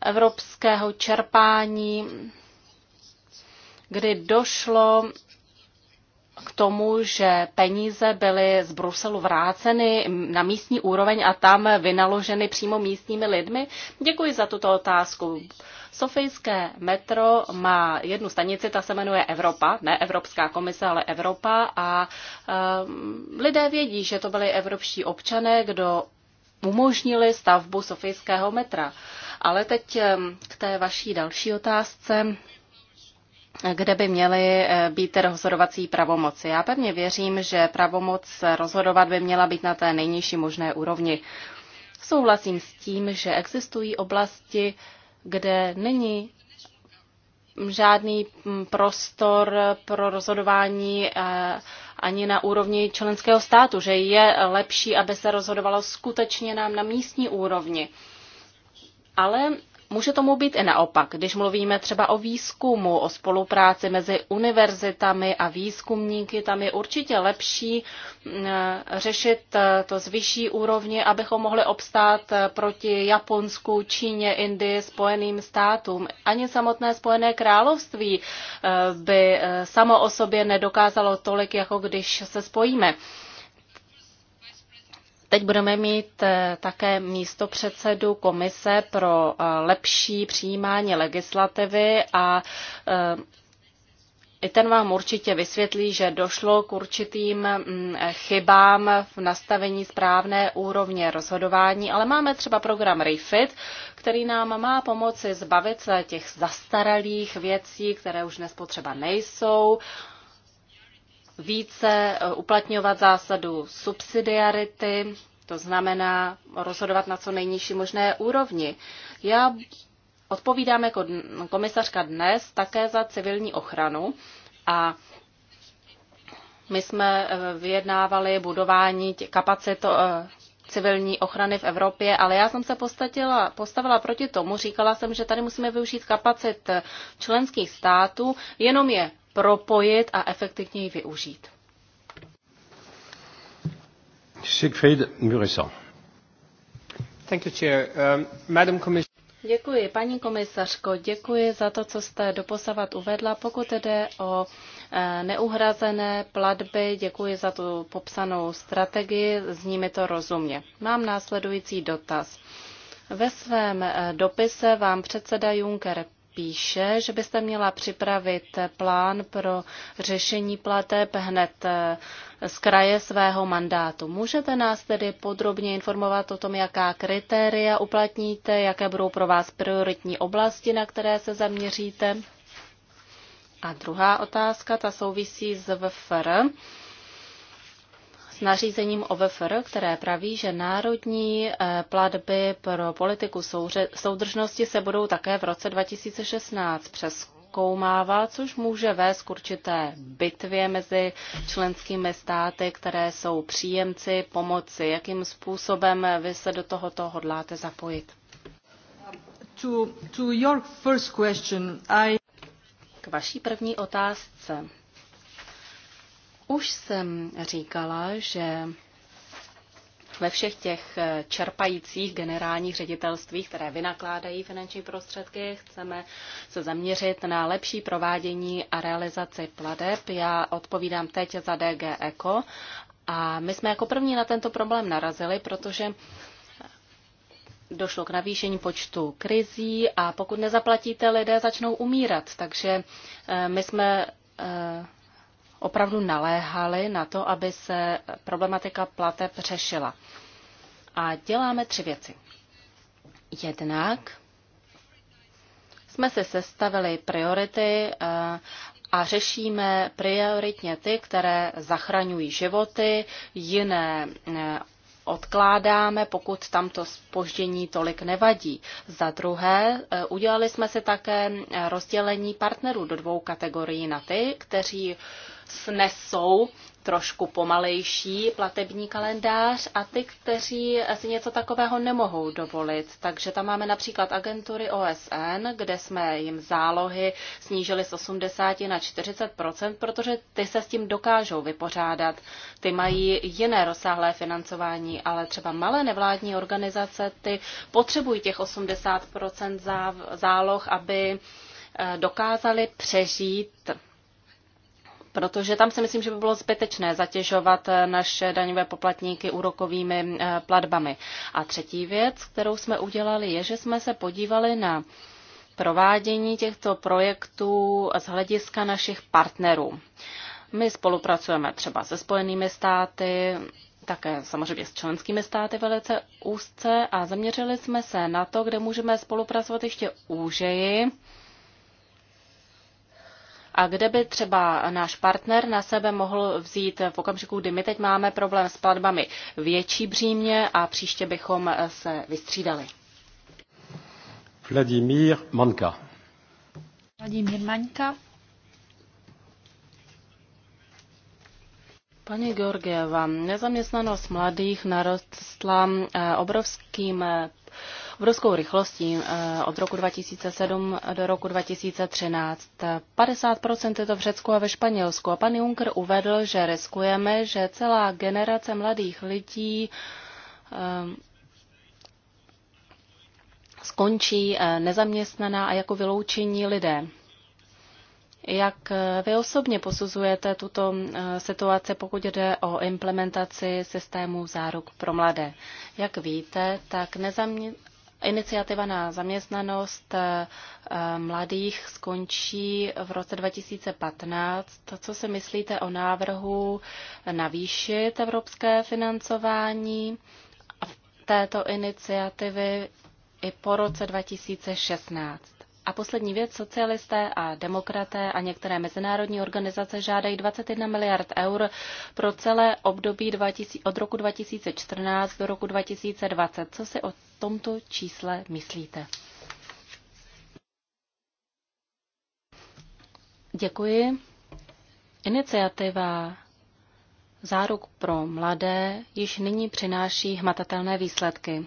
evropského čerpání, kdy došlo k tomu, že peníze byly z Bruselu vráceny na místní úroveň a tam vynaloženy přímo místními lidmi? Děkuji za tuto otázku. Sofijské metro má jednu stanici, ta se jmenuje Evropa, ne Evropská komise, ale Evropa a um, lidé vědí, že to byli evropští občané, kdo umožnili stavbu Sofijského metra. Ale teď ehm, k té vaší další otázce kde by měly eh, být rozhodovací pravomoci. Já pevně věřím, že pravomoc rozhodovat by měla být na té nejnižší možné úrovni. Souhlasím s tím, že existují oblasti, kde není žádný mm, prostor pro rozhodování eh, ani na úrovni členského státu, že je lepší, aby se rozhodovalo skutečně nám na místní úrovni. Ale Může tomu být i naopak, když mluvíme třeba o výzkumu, o spolupráci mezi univerzitami a výzkumníky, tam je určitě lepší mm, řešit eh, to z vyšší úrovně, abychom mohli obstát eh, proti Japonsku, Číně, Indii, Spojeným státům. Ani samotné Spojené království eh, by samo o sobě nedokázalo tolik, jako když se spojíme. Teď budeme mít eh, také místo předsedu Komise pro eh, lepší přijímání legislativy a eh, i ten vám určitě vysvětlí, že došlo k určitým mm, chybám v nastavení správné úrovně rozhodování, ale máme třeba program REFIT, který nám má pomoci zbavit se těch zastaralých věcí, které už dnes potřeba nejsou, více eh, uplatňovat zásadu subsidiarity, to znamená rozhodovat na co nejnižší možné úrovni. Já odpovídám jako komisařka dnes také za civilní ochranu a my jsme eh, vyjednávali budování kapacit eh, civilní ochrany v Evropě, ale já jsem se postavila, postavila proti tomu. Říkala jsem, že tady musíme využít kapacit členských států, jenom je propojit a efektivněji využít. Siegfried Muresan. Thank you, Chair. Um, Madam Commission. Děkuji, paní komisařko, děkuji za to, co jste doposavat uvedla. Pokud jde o eh, neuhrazené platby, děkuji za tu popsanou strategii, zní mi to rozumně. Mám následující dotaz. Ve svém eh, dopise vám předseda Juncker píše, že byste měla připravit plán pro řešení plateb hned eh, z kraje svého mandátu. Můžete nás tedy podrobně informovat o tom, jaká kritéria uplatníte, jaké budou pro vás prioritní oblasti, na které se zaměříte? A druhá otázka, ta souvisí s VFR nařízením OVFR, které praví, že národní eh, platby pro politiku soudržnosti se budou také v roce 2016 přeskoumávat, což může vést k určité bitvě mezi členskými státy, které jsou příjemci pomoci. Jakým způsobem vy se do tohoto hodláte zapojit? To, to your first question, I... K vaší první otázce. Už jsem říkala, že ve všech těch eh, čerpajících generálních ředitelstvích, které vynakládají finanční prostředky, chceme se zaměřit na lepší provádění a realizaci pladeb. Já odpovídám teď za DG Eco a my jsme jako první na tento problém narazili, protože došlo k navýšení počtu krizí a pokud nezaplatíte, lidé začnou umírat. Takže eh, my jsme eh, opravdu naléhali na to, aby se problematika plateb řešila. A děláme tři věci. Jednak jsme si sestavili priority eh, a řešíme prioritně ty, které zachraňují životy, jiné eh, odkládáme, pokud tam to spoždění tolik nevadí. Za druhé, eh, udělali jsme si také rozdělení partnerů do dvou kategorií na ty, kteří snesou trošku pomalejší platební kalendář a ty, kteří si něco takového nemohou dovolit. Takže tam máme například agentury OSN, kde jsme jim zálohy snížili z 80 na 40 protože ty se s tím dokážou vypořádat. Ty mají jiné rozsáhlé financování, ale třeba malé nevládní organizace, ty potřebují těch 80 záloh, aby eh, dokázali přežít protože tam si myslím, že by bylo zbytečné zatěžovat naše daňové poplatníky úrokovými eh, platbami. A třetí věc, kterou jsme udělali, je, že jsme se podívali na provádění těchto projektů z hlediska našich partnerů. My spolupracujeme třeba se Spojenými státy, také samozřejmě s členskými státy velice úzce a zaměřili jsme se na to, kde můžeme spolupracovat ještě úžeji a kde by třeba náš partner na sebe mohl vzít v okamžiku, kdy my teď máme problém s platbami větší břímě a příště bychom se vystřídali. Vladimír Manka. Vladimír Manka. Paní Georgieva, nezaměstnanost mladých narostla eh, obrovským eh, obrovskou rychlostí eh, od roku 2007 do roku 2013. 50% je to v Řecku a ve Španělsku. A pan Juncker uvedl, že riskujeme, že celá generace mladých lidí eh, skončí eh, nezaměstnaná a jako vyloučení lidé. Jak vy osobně posuzujete tuto situaci, pokud jde o implementaci systému záruk pro mladé? Jak víte, tak nezamě- iniciativa na zaměstnanost eh, eh, mladých skončí v roce 2015. Co si myslíte o návrhu navýšit evropské financování této iniciativy i po roce 2016? A poslední věc, socialisté a demokraté a některé mezinárodní organizace žádají 21 miliard eur pro celé období 2000, od roku 2014 do roku 2020. Co si o tomto čísle myslíte? Děkuji. Iniciativa záruk pro mladé již nyní přináší hmatatelné výsledky.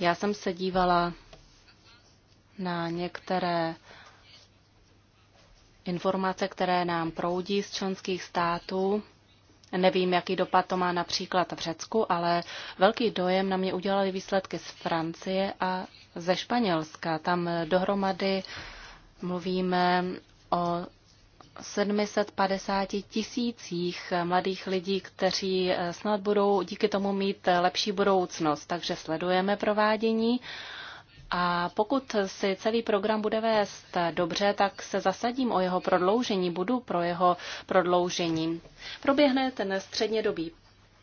Já jsem se dívala na některé informace, které nám proudí z členských států. Nevím, jaký dopad to má například v Řecku, ale velký dojem na mě udělali výsledky z Francie a ze Španělska. Tam dohromady mluvíme o 750 tisících mladých lidí, kteří snad budou díky tomu mít lepší budoucnost. Takže sledujeme provádění a pokud si celý program bude vést dobře, tak se zasadím o jeho prodloužení, budu pro jeho prodloužení. Proběhne ten střednědobý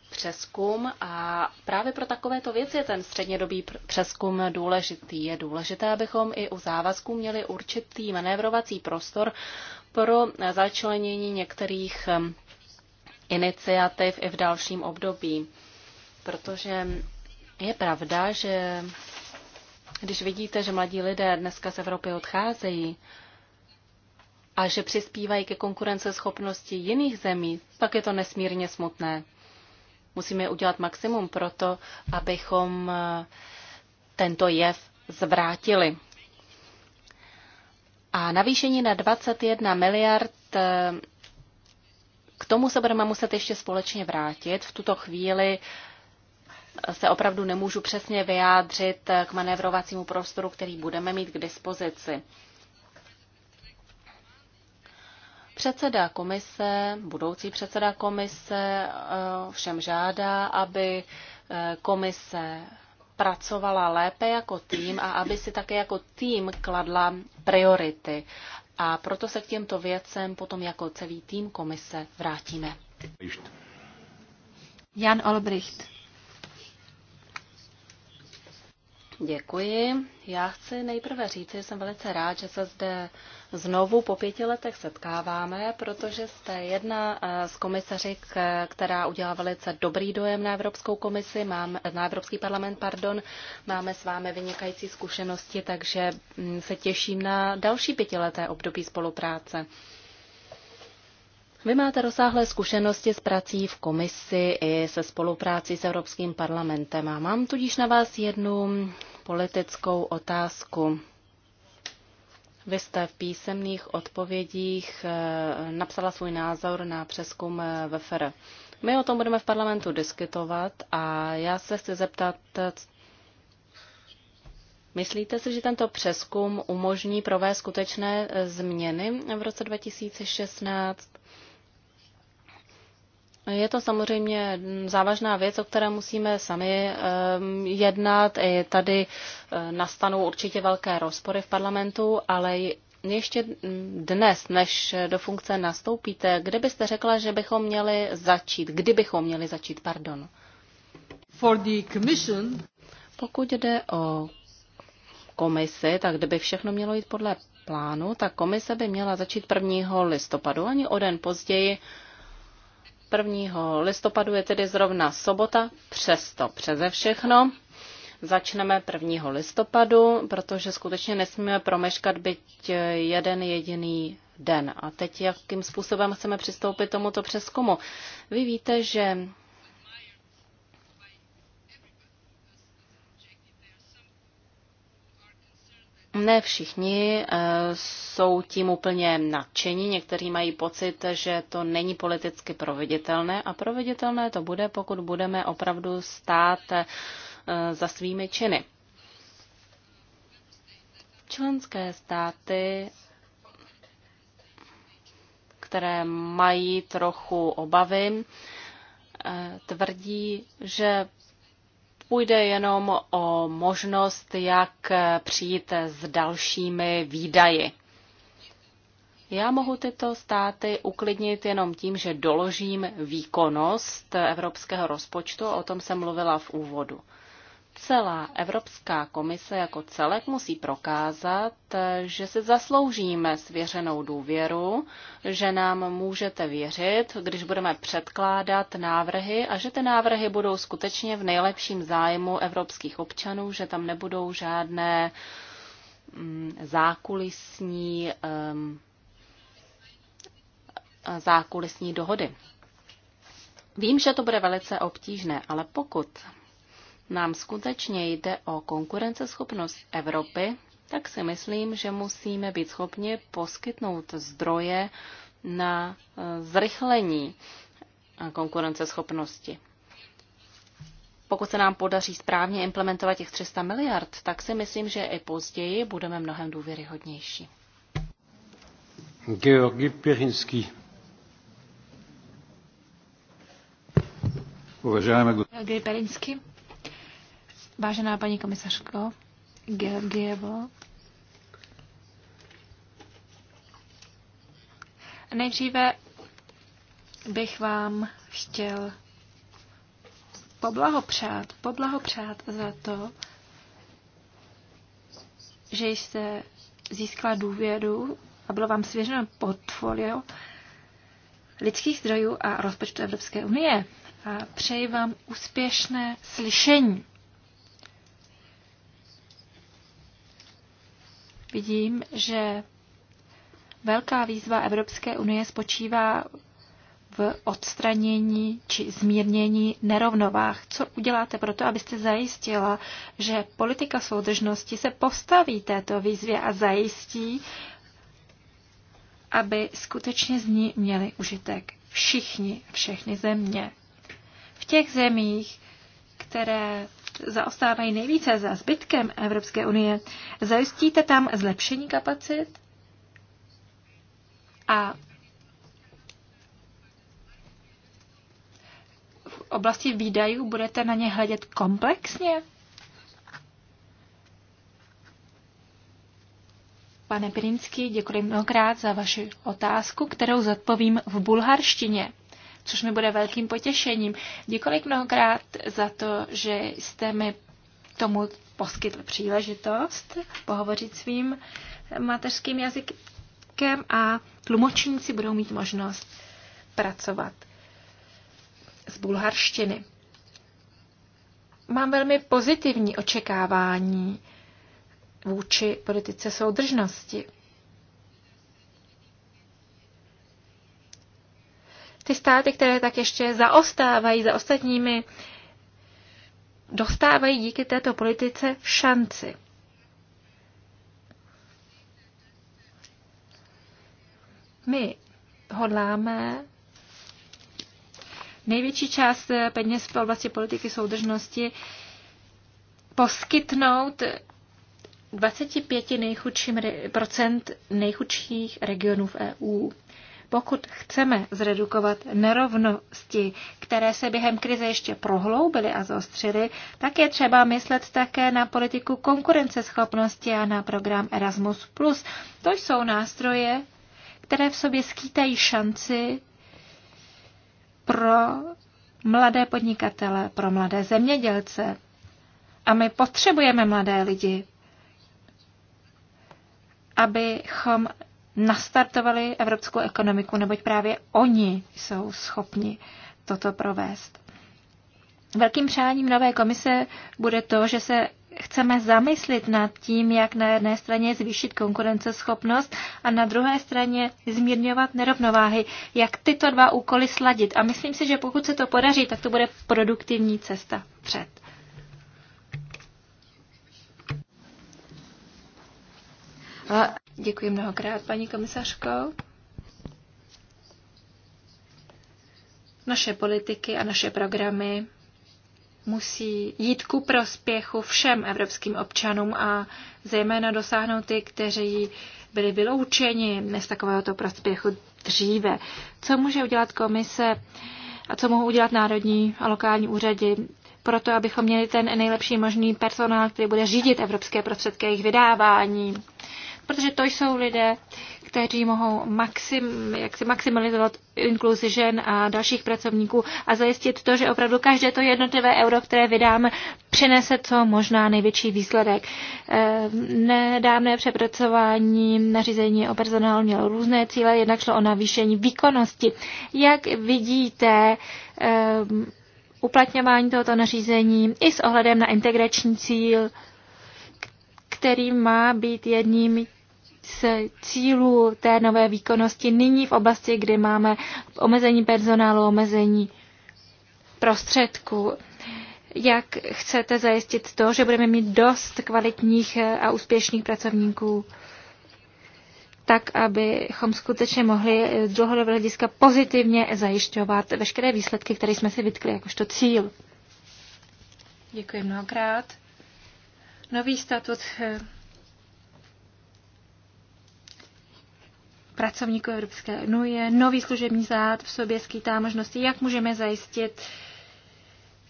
přeskum a právě pro takovéto věci je ten střednědobý přeskum důležitý. Je důležité, abychom i u závazků měli určitý manévrovací prostor pro začlenění některých iniciativ i v dalším období. Protože je pravda, že když vidíte, že mladí lidé dneska z Evropy odcházejí a že přispívají ke konkurenceschopnosti jiných zemí, pak je to nesmírně smutné. Musíme udělat maximum pro to, abychom eh, tento jev zvrátili. A navýšení na 21 miliard, eh, k tomu se budeme muset ještě společně vrátit. V tuto chvíli se opravdu nemůžu přesně vyjádřit k manévrovacímu prostoru, který budeme mít k dispozici. Předseda komise, budoucí předseda komise eh, všem žádá, aby eh, komise pracovala lépe jako tým a aby si také jako tým kladla priority. A proto se k těmto věcem potom jako celý tým komise vrátíme. Jan Olbricht. Děkuji. Já chci nejprve říct, že jsem velice rád, že se zde znovu po pěti letech setkáváme, protože jste jedna eh, z komisaři, která udělá velice dobrý dojem na Evropskou komisi, mám, na Evropský parlament, pardon. Máme s vámi vynikající zkušenosti, takže mm, se těším na další pětileté období spolupráce. Vy máte rozsáhlé zkušenosti s prací v komisi i se spolupráci s Evropským parlamentem a mám tudíž na vás jednu politickou otázku. Vy jste v písemných odpovědích eh, napsala svůj názor na přeskum eh, VFR. My o tom budeme v parlamentu diskutovat a já se chci zeptat, myslíte si, že tento přeskum umožní provést skutečné eh, změny v roce 2016? Je to samozřejmě závažná věc, o které musíme sami ehm, jednat. I tady eh, nastanou určitě velké rozpory v parlamentu, ale ještě dnes, než do funkce nastoupíte, kde byste řekla, že bychom měli začít? Kdybychom měli začít, pardon? For the commission. Pokud jde o komisi, tak kdyby všechno mělo jít podle plánu, tak komise by měla začít 1. listopadu, ani o den později, 1. listopadu je tedy zrovna sobota, přesto přeze všechno začneme 1. listopadu, protože skutečně nesmíme promeškat byť jeden jediný den. A teď jakým způsobem chceme přistoupit tomuto přeskumu? Vy víte, že ne všichni eh, jsou tím úplně nadšení, někteří mají pocit, že to není politicky proveditelné a proveditelné to bude, pokud budeme opravdu stát eh, za svými činy. Členské státy, které mají trochu obavy, eh, tvrdí, že nepůjde jenom o možnost, jak přijít s dalšími výdaji. Já mohu tyto státy uklidnit jenom tím, že doložím výkonnost evropského rozpočtu, o tom jsem mluvila v úvodu celá Evropská komise jako celek musí prokázat, že si zasloužíme svěřenou důvěru, že nám můžete věřit, když budeme předkládat návrhy a že ty návrhy budou skutečně v nejlepším zájmu evropských občanů, že tam nebudou žádné mm, zákulisní, zákulisní dohody. Vím, že to bude velice obtížné, ale pokud nám skutečně jde o konkurenceschopnost Evropy, tak si myslím, že musíme být schopni poskytnout zdroje na eh, zrychlení eh, konkurenceschopnosti. Pokud se nám podaří správně implementovat těch 300 miliard, tak si myslím, že i později budeme mnohem důvěryhodnější. Georgi Pirinský. Uvažujeme... Georgi Pirinský. Vážená paní komisařko Georgievo, nejdříve bych vám chtěl poblahopřát, poblahopřát za to, že jste získala důvěru a bylo vám svěřeno portfolio lidských zdrojů a rozpočtu Evropské unie. A přeji vám úspěšné slyšení. vidím, že velká výzva Evropské unie spočívá v odstranění či zmírnění nerovnovách. Co uděláte pro to, abyste zajistila, že politika soudržnosti se postaví této výzvě a zajistí, aby skutečně z ní měli užitek všichni, všechny země. V těch zemích, které zaostávají nejvíce za zbytkem Evropské unie. Zajistíte tam zlepšení kapacit? A v oblasti výdajů budete na ně hledět komplexně? Pane Pirinský, děkuji mnohokrát za vaši otázku, kterou zodpovím v bulharštině což mi bude velkým potěšením. Děkuji mnohokrát za to, že jste mi tomu poskytl příležitost pohovořit svým mateřským jazykem a tlumočníci budou mít možnost pracovat z bulharštiny. Mám velmi pozitivní očekávání vůči politice soudržnosti. ty státy, které tak ještě zaostávají za ostatními, dostávají díky této politice šanci. My hodláme největší část peněz v oblasti politiky soudržnosti poskytnout 25 nejchudším, procent nejchudších regionů v EU. Pokud chceme zredukovat nerovnosti, které se během krize ještě prohloubily a zostřily, tak je třeba myslet také na politiku konkurenceschopnosti a na program Erasmus. To jsou nástroje, které v sobě skýtají šanci pro mladé podnikatele, pro mladé zemědělce. A my potřebujeme mladé lidi, abychom nastartovali evropskou ekonomiku, neboť právě oni jsou schopni toto provést. Velkým přáním nové komise bude to, že se chceme zamyslit nad tím, jak na jedné straně zvýšit konkurenceschopnost a na druhé straně zmírňovat nerovnováhy, jak tyto dva úkoly sladit. A myslím si, že pokud se to podaří, tak to bude produktivní cesta před. A děkuji mnohokrát, paní komisařko. Naše politiky a naše programy musí jít ku prospěchu všem evropským občanům a zejména dosáhnout ty, kteří byli vyloučeni z takovéhoto prospěchu dříve. Co může udělat komise a co mohou udělat národní a lokální úřady proto, abychom měli ten nejlepší možný personál, který bude řídit evropské prostředky jejich vydávání? protože to jsou lidé, kteří mohou maxim, jak si maximalizovat inkluzi žen a dalších pracovníků a zajistit to, že opravdu každé to jednotlivé euro, které vydáme, přinese co možná největší výsledek. Eh, nedávné přepracování nařízení o personál mělo různé cíle, jednak šlo o navýšení výkonnosti. Jak vidíte, eh, uplatňování tohoto nařízení i s ohledem na integrační cíl který má být jedním z cílů té nové výkonnosti nyní v oblasti, kdy máme omezení personálu, omezení prostředků. Jak chcete zajistit to, že budeme mít dost kvalitních a úspěšných pracovníků, tak abychom skutečně mohli z dlouhodobého hlediska pozitivně zajišťovat veškeré výsledky, které jsme si vytkli jakožto cíl? Děkuji mnohokrát. Nový statut eh, pracovníků Evropské unie, nový služební zád v sobě skýtá možnosti, jak můžeme zajistit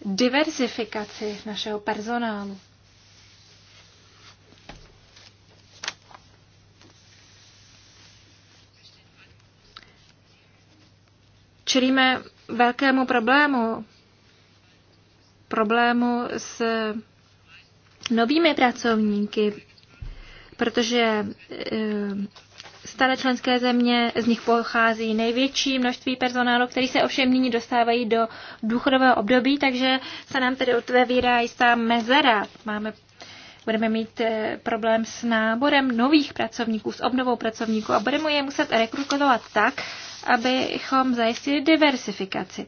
diversifikaci našeho personálu. Čelíme velkému problému, problému s novými pracovníky, protože eh, staré členské země, z nich pochází největší množství personálu, který se ovšem nyní dostávají do důchodového období, takže se nám tedy otevírá jistá mezera. Máme budeme mít eh, problém s náborem nových pracovníků, s obnovou pracovníků a budeme je muset rekrutovat tak, abychom zajistili diversifikaci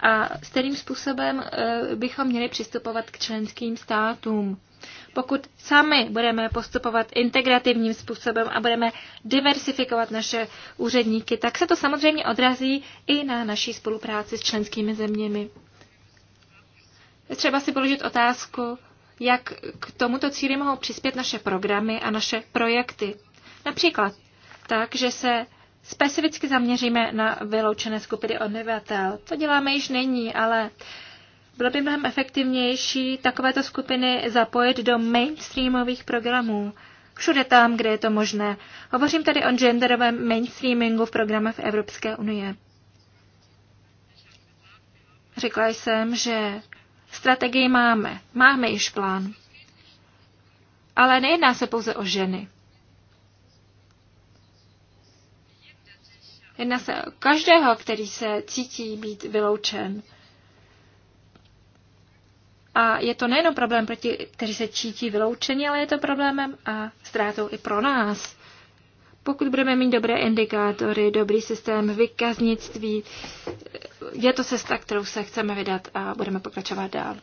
a s kterým způsobem eh, bychom měli přistupovat k členským státům. Pokud sami budeme postupovat integrativním způsobem a budeme diversifikovat naše úředníky, tak se to samozřejmě odrazí i na naší spolupráci s členskými zeměmi. Je třeba si položit otázku, jak k tomuto cíli mohou přispět naše programy a naše projekty. Například tak, že se specificky zaměříme na vyloučené skupiny obyvatel. To děláme již nyní, ale bylo by mnohem efektivnější takovéto skupiny zapojit do mainstreamových programů. Všude tam, kde je to možné. Hovořím tady o genderovém mainstreamingu v programech Evropské unie. Řekla jsem, že strategii máme. Máme již plán. Ale nejedná se pouze o ženy. Jedná se o každého, který se cítí být vyloučen. A je to nejenom problém pro ti, kteří se cítí vyloučeni, ale je to problémem a ztrátou i pro nás. Pokud budeme mít dobré indikátory, dobrý systém vykaznictví, je to cesta, kterou se chceme vydat a budeme pokračovat dál.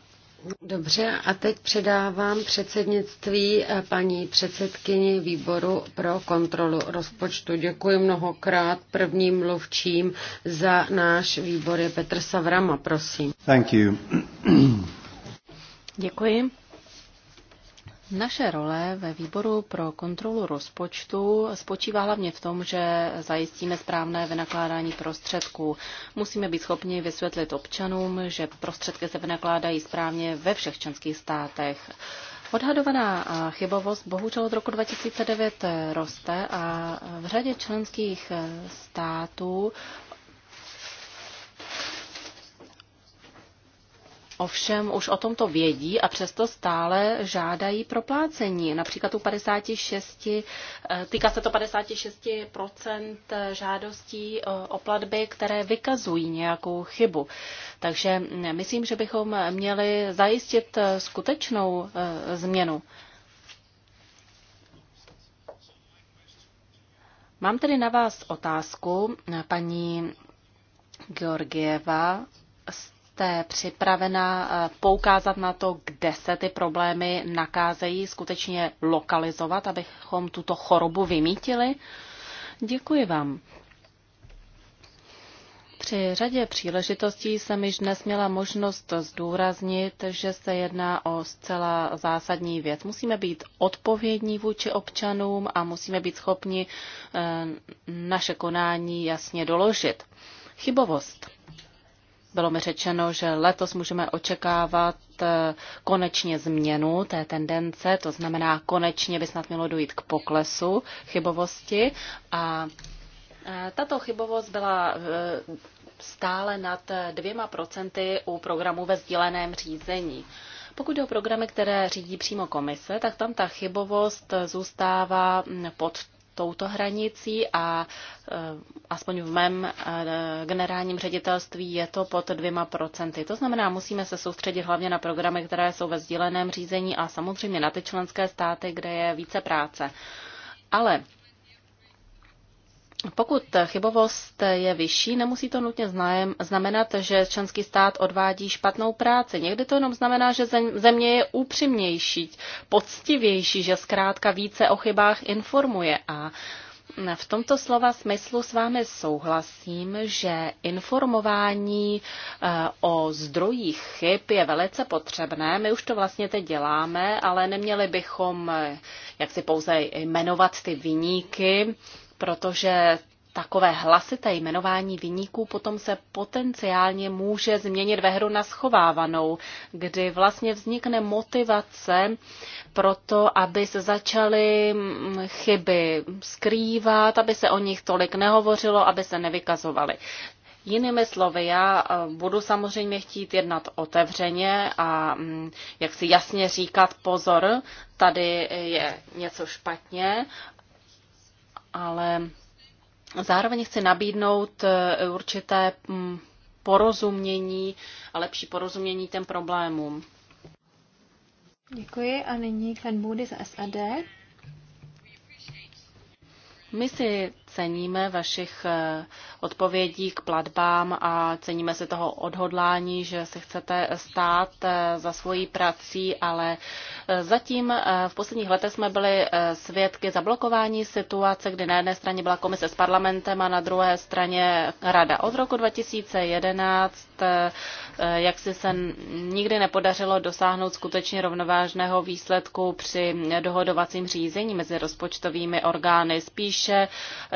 Dobře, a teď předávám předsednictví eh, paní předsedkyni výboru pro kontrolu rozpočtu. Děkuji mnohokrát prvním mluvčím za náš výbor je Petr Savrama, prosím. Thank you. Děkuji. Naše role ve výboru pro kontrolu rozpočtu spočívá hlavně v tom, že zajistíme správné vynakládání prostředků. Musíme být schopni vysvětlit občanům, že prostředky se vynakládají správně ve všech členských státech. Odhadovaná chybovost bohužel od roku 2009 roste a v řadě členských států Ovšem už o tomto vědí a přesto stále žádají proplácení. Například u 56, eh, týká se to 56 eh, žádostí o platby, které vykazují nějakou chybu. Takže mm, myslím, že bychom měli zajistit eh, skutečnou změnu. Mám tedy na vás otázku, paní Georgieva jste připravena eh, poukázat na to, kde se ty problémy nakázejí, skutečně lokalizovat, abychom tuto chorobu vymítili? Děkuji vám. Při řadě příležitostí jsem již dnes měla možnost zdůraznit, že se jedná o zcela zásadní věc. Musíme být odpovědní vůči občanům a musíme být schopni eh, naše konání jasně doložit. Chybovost. Bylo mi řečeno, že letos můžeme očekávat eh, konečně změnu té tendence, to znamená, konečně by snad mělo dojít k poklesu chybovosti. A eh, tato chybovost byla eh, stále nad dvěma procenty u programů ve sdíleném řízení. Pokud jde o programy, které řídí přímo komise, tak tam ta chybovost zůstává mm, pod touto hranicí a eh, aspoň v mém eh, generálním ředitelství je to pod dvěma procenty. To znamená, musíme se soustředit hlavně na programy, které jsou ve sdíleném řízení a samozřejmě na ty členské státy, kde je více práce. Ale pokud chybovost je vyšší, nemusí to nutně znamenat, že členský stát odvádí špatnou práci. Někdy to jenom znamená, že země je upřímnější, poctivější, že zkrátka více o chybách informuje. A v tomto slova smyslu s vámi souhlasím, že informování eh, o zdrojích chyb je velice potřebné. My už to vlastně teď děláme, ale neměli bychom eh, jak si pouze jmenovat ty vyníky, protože takové hlasité jmenování vyníků potom se potenciálně může změnit ve hru na schovávanou, kdy vlastně vznikne motivace pro to, aby se začaly mm, chyby skrývat, aby se o nich tolik nehovořilo, aby se nevykazovaly. Jinými slovy, já eh, budu samozřejmě chtít jednat otevřeně a mm, jak si jasně říkat pozor, tady je něco špatně ale zároveň chci nabídnout eh, určité mm, porozumění a lepší porozumění těm problémům. Děkuji a nyní Ken Moody z SAD. My si ceníme vašich eh, odpovědí k platbám a ceníme se toho odhodlání, že si chcete stát eh, za svojí prací, ale eh, zatím v posledních letech jsme byli svědky zablokování situace, kdy na jedné straně byla komise s parlamentem a na druhé straně rada. Od roku 2011 jak si se nikdy nepodařilo dosáhnout skutečně rovnovážného výsledku při dohodovacím řízení mezi rozpočtovými orgány. Spíše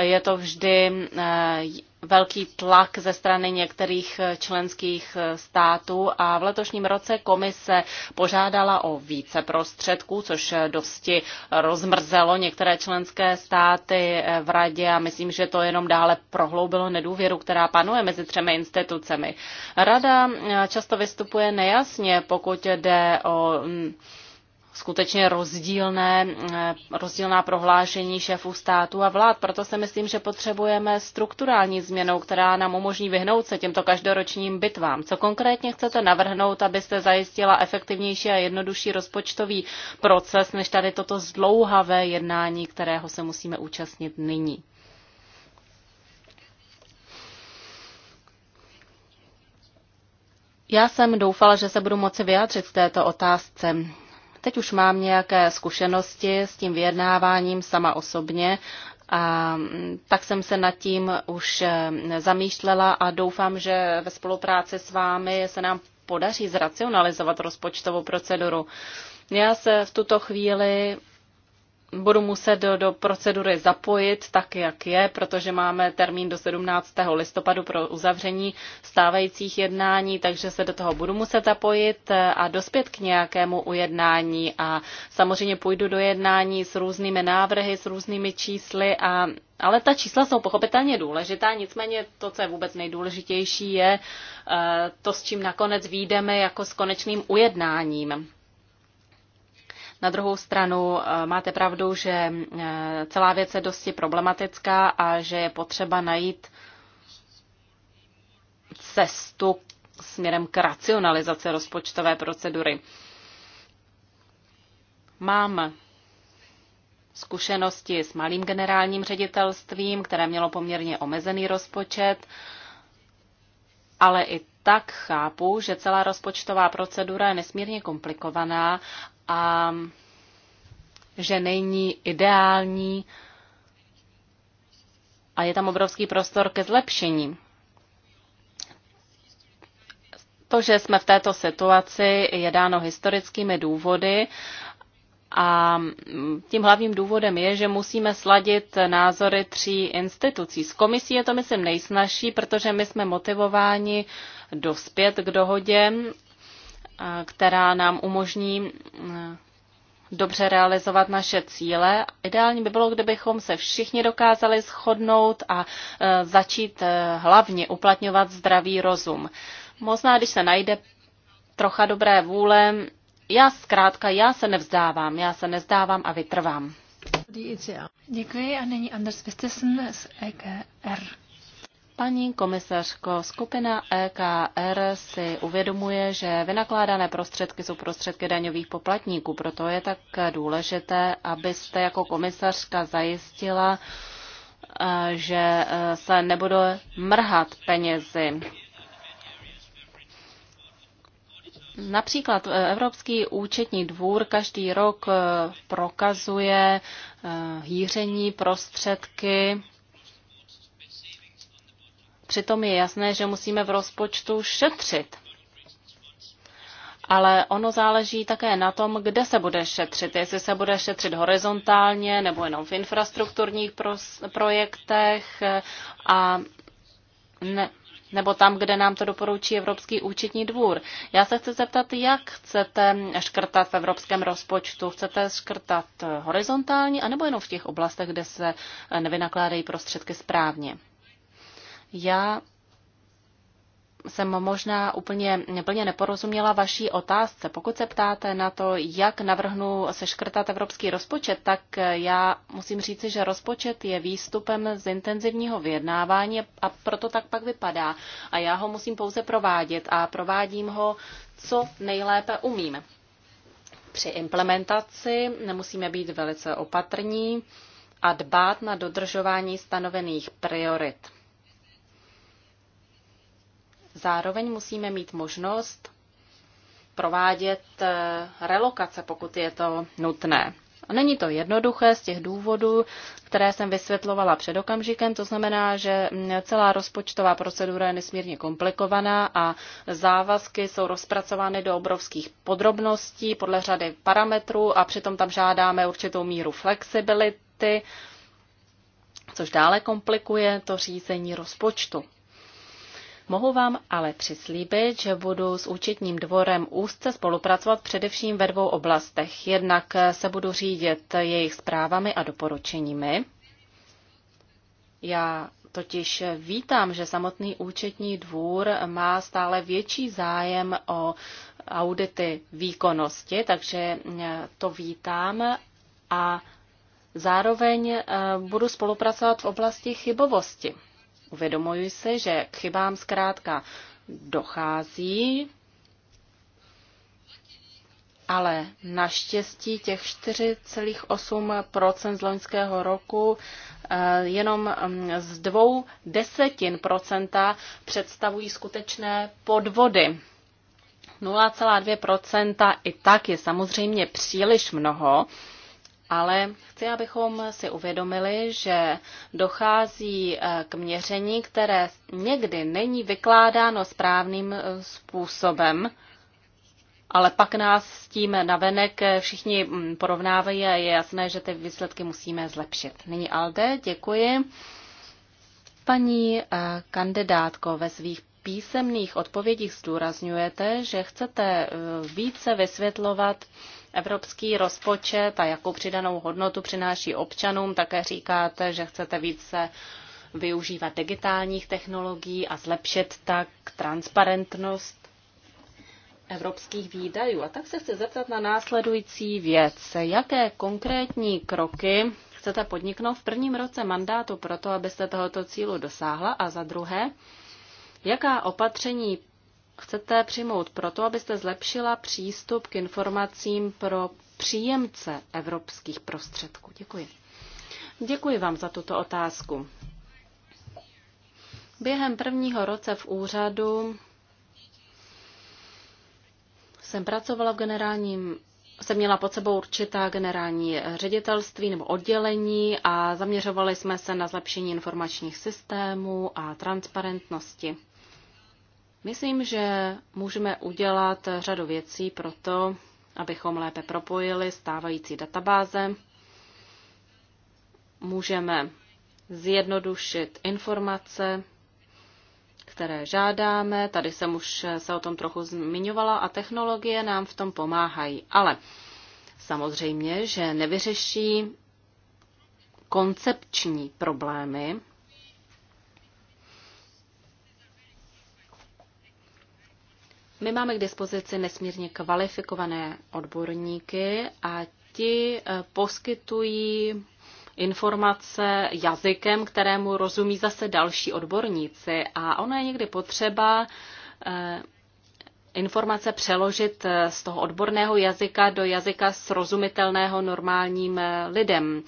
je to vždy eh, velký tlak ze strany některých eh, členských eh, států a v letošním roce komise požádala o více prostředků, což dosti rozmrzelo některé členské státy v radě a myslím, že to jenom dále prohloubilo nedůvěru, která panuje mezi třemi institucemi. Rada často vystupuje nejasně, pokud jde o mm, skutečně rozdílné, eh, rozdílná prohlášení šéfů státu a vlád. Proto si myslím, že potřebujeme strukturální změnu, která nám umožní vyhnout se těmto každoročním bitvám. Co konkrétně chcete navrhnout, abyste zajistila efektivnější a jednodušší rozpočtový proces, než tady toto zdlouhavé jednání, kterého se musíme účastnit nyní? Já jsem doufala, že se budu moci vyjádřit k této otázce. Teď už mám nějaké zkušenosti s tím vyjednáváním sama osobně, a mm, tak jsem se nad tím už eh, zamýšlela a doufám, že ve spolupráci s vámi se nám podaří zracionalizovat rozpočtovou proceduru. Já se v tuto chvíli budu muset do, do procedury zapojit tak, jak je, protože máme termín do 17. listopadu pro uzavření stávajících jednání, takže se do toho budu muset zapojit a dospět k nějakému ujednání. A samozřejmě půjdu do jednání s různými návrhy, s různými čísly, a, ale ta čísla jsou pochopitelně důležitá, nicméně to, co je vůbec nejdůležitější, je eh, to, s čím nakonec výjdeme jako s konečným ujednáním. Na druhou stranu eh, máte pravdu, že eh, celá věc je dosti problematická a že je potřeba najít cestu směrem k racionalizaci rozpočtové procedury. Mám zkušenosti s malým generálním ředitelstvím, které mělo poměrně omezený rozpočet, ale i tak chápu, že celá rozpočtová procedura je nesmírně komplikovaná a že není ideální a je tam obrovský prostor ke zlepšení. To, že jsme v této situaci, je dáno historickými důvody a tím hlavním důvodem je, že musíme sladit názory tří institucí. S komisí je to, myslím, nejsnažší, protože my jsme motivováni dospět k dohodě která nám umožní mm, dobře realizovat naše cíle. Ideální by bylo, kdybychom se všichni dokázali shodnout a e, začít e, hlavně uplatňovat zdravý rozum. Možná, když se najde trocha dobré vůle, já zkrátka, já se nevzdávám, já se nezdávám a vytrvám. Děkuji a nyní Anders Vistesen z EGR. Paní komisařko, skupina EKR si uvědomuje, že vynakládané prostředky jsou prostředky daňových poplatníků, proto je tak důležité, abyste jako komisařka zajistila, eh, že eh, se nebudou mrhat penězi. Například eh, Evropský účetní dvůr každý rok prokazuje hýření prostředky Přitom je jasné, že musíme v rozpočtu šetřit. Ale ono záleží také na tom, kde se bude šetřit. Jestli se bude šetřit horizontálně nebo jenom v infrastrukturních projektech eh, a ne, nebo tam, kde nám to doporučí Evropský účetní dvůr. Já se chci zeptat, jak chcete škrtat v evropském rozpočtu. Chcete škrtat horizontálně, anebo jenom v těch oblastech, kde se eh, nevynakládají prostředky správně? Já jsem možná úplně, úplně neporozuměla vaší otázce. Pokud se ptáte na to, jak navrhnu seškrtat evropský rozpočet, tak já musím říci, že rozpočet je výstupem z intenzivního vyjednávání a proto tak pak vypadá. A já ho musím pouze provádět a provádím ho, co nejlépe umím. Při implementaci nemusíme být velice opatrní a dbát na dodržování stanovených priorit. Zároveň musíme mít možnost provádět eh, relokace, pokud je to nutné. A Není to jednoduché z těch důvodů, které jsem vysvětlovala před okamžikem, to znamená, že mm, celá rozpočtová procedura je nesmírně komplikovaná a závazky jsou rozpracovány do obrovských podrobností podle řady parametrů a přitom tam žádáme určitou míru flexibility, což dále komplikuje to řízení rozpočtu. Mohu vám ale přislíbit, že budu s účetním dvorem úzce spolupracovat především ve dvou oblastech. Jednak se budu řídit jejich zprávami a doporučeními. Já totiž vítám, že samotný účetní dvůr má stále větší zájem o audity výkonnosti, takže to vítám a zároveň eh, budu spolupracovat v oblasti chybovosti. Uvědomuji se, že k chybám zkrátka dochází, ale naštěstí těch 4,8 z loňského roku eh, jenom mm, z dvou desetin procenta představují skutečné podvody. 0,2 i tak je samozřejmě příliš mnoho, ale chci, abychom si uvědomili, že dochází eh, k měření, které někdy není vykládáno správným eh, způsobem, ale pak nás s tím navenek eh, všichni mm, porovnávají a je jasné, že ty výsledky musíme zlepšit. Nyní Alde, děkuji. Paní kandidátko, ve svých písemných odpovědích zdůrazňujete, že chcete více vysvětlovat evropský rozpočet a jakou přidanou hodnotu přináší občanům. Také říkáte, že chcete více využívat digitálních technologií a zlepšit tak transparentnost evropských výdajů. A tak se chci zeptat na následující věc. Jaké konkrétní kroky chcete podniknout v prvním roce mandátu pro to, abyste tohoto cílu dosáhla? A za druhé, jaká opatření chcete přijmout proto, abyste zlepšila přístup k informacím pro příjemce evropských prostředků? Děkuji. Děkuji vám za tuto otázku. Během prvního roce v úřadu jsem pracovala v generálním jsem měla pod sebou určitá generální ředitelství nebo oddělení a zaměřovali jsme se na zlepšení informačních systémů a transparentnosti. Myslím, že můžeme udělat řadu věcí pro to, abychom lépe propojili stávající databáze. Můžeme zjednodušit informace, které žádáme. Tady jsem už se o tom trochu zmiňovala a technologie nám v tom pomáhají. Ale samozřejmě, že nevyřeší koncepční problémy, My máme k dispozici nesmírně kvalifikované odborníky a ti eh, poskytují informace jazykem, kterému rozumí zase další odborníci. A ono je někdy potřeba eh, informace přeložit eh, z toho odborného jazyka do jazyka srozumitelného normálním lidem.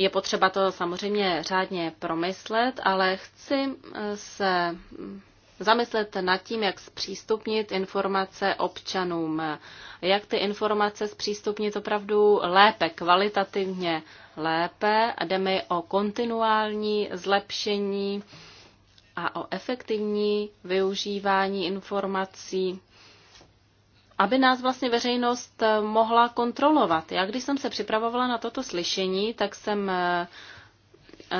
Je potřeba to samozřejmě řádně promyslet, ale chci eh, se zamyslet nad tím, jak zpřístupnit informace občanům, jak ty informace zpřístupnit opravdu lépe, kvalitativně lépe a jde mi o kontinuální zlepšení a o efektivní využívání informací aby nás vlastně veřejnost eh, mohla kontrolovat. Já když jsem se připravovala na toto slyšení, tak jsem eh, eh,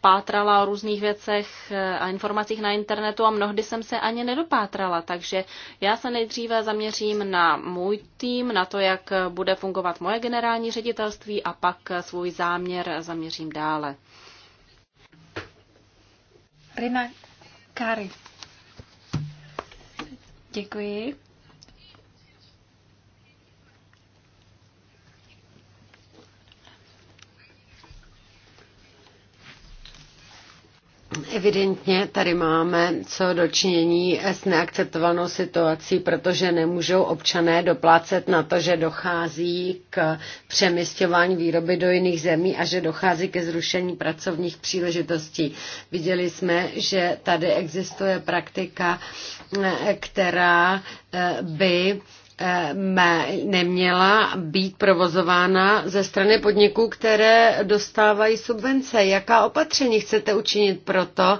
pátrala o různých věcech a informacích na internetu a mnohdy jsem se ani nedopátrala. Takže já se nejdříve zaměřím na můj tým, na to, jak bude fungovat moje generální ředitelství a pak svůj záměr zaměřím dále. Rina Kari. Děkuji. Evidentně tady máme co dočinění s neakceptovanou situací, protože nemůžou občané doplácet na to, že dochází k přemysťování výroby do jiných zemí a že dochází ke zrušení pracovních příležitostí. Viděli jsme, že tady existuje praktika, eh, která eh, by neměla být provozována ze strany podniků, které dostávají subvence. Jaká opatření chcete učinit proto,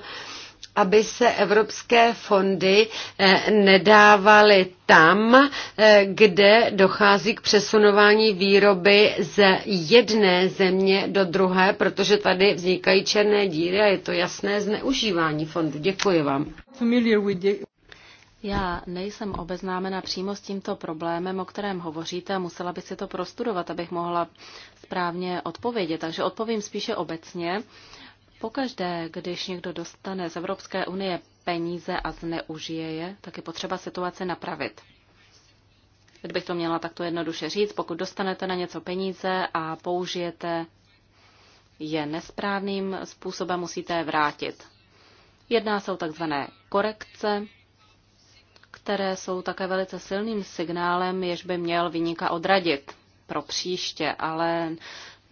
aby se evropské fondy eh, nedávaly tam, eh, kde dochází k přesunování výroby z jedné země do druhé, protože tady vznikají černé díry a je to jasné zneužívání fondu. Děkuji vám. Já nejsem obeznámena přímo s tímto problémem, o kterém hovoříte a musela bych si to prostudovat, abych mohla správně odpovědět. Takže odpovím spíše obecně. Pokaždé, když někdo dostane z Evropské unie peníze a zneužije je, tak je potřeba situaci napravit. Kdybych to měla takto jednoduše říct, pokud dostanete na něco peníze a použijete je nesprávným způsobem, musíte je vrátit. Jedná se o takzvané korekce, které jsou také velice silným signálem, jež by měl vyníka odradit pro příště, ale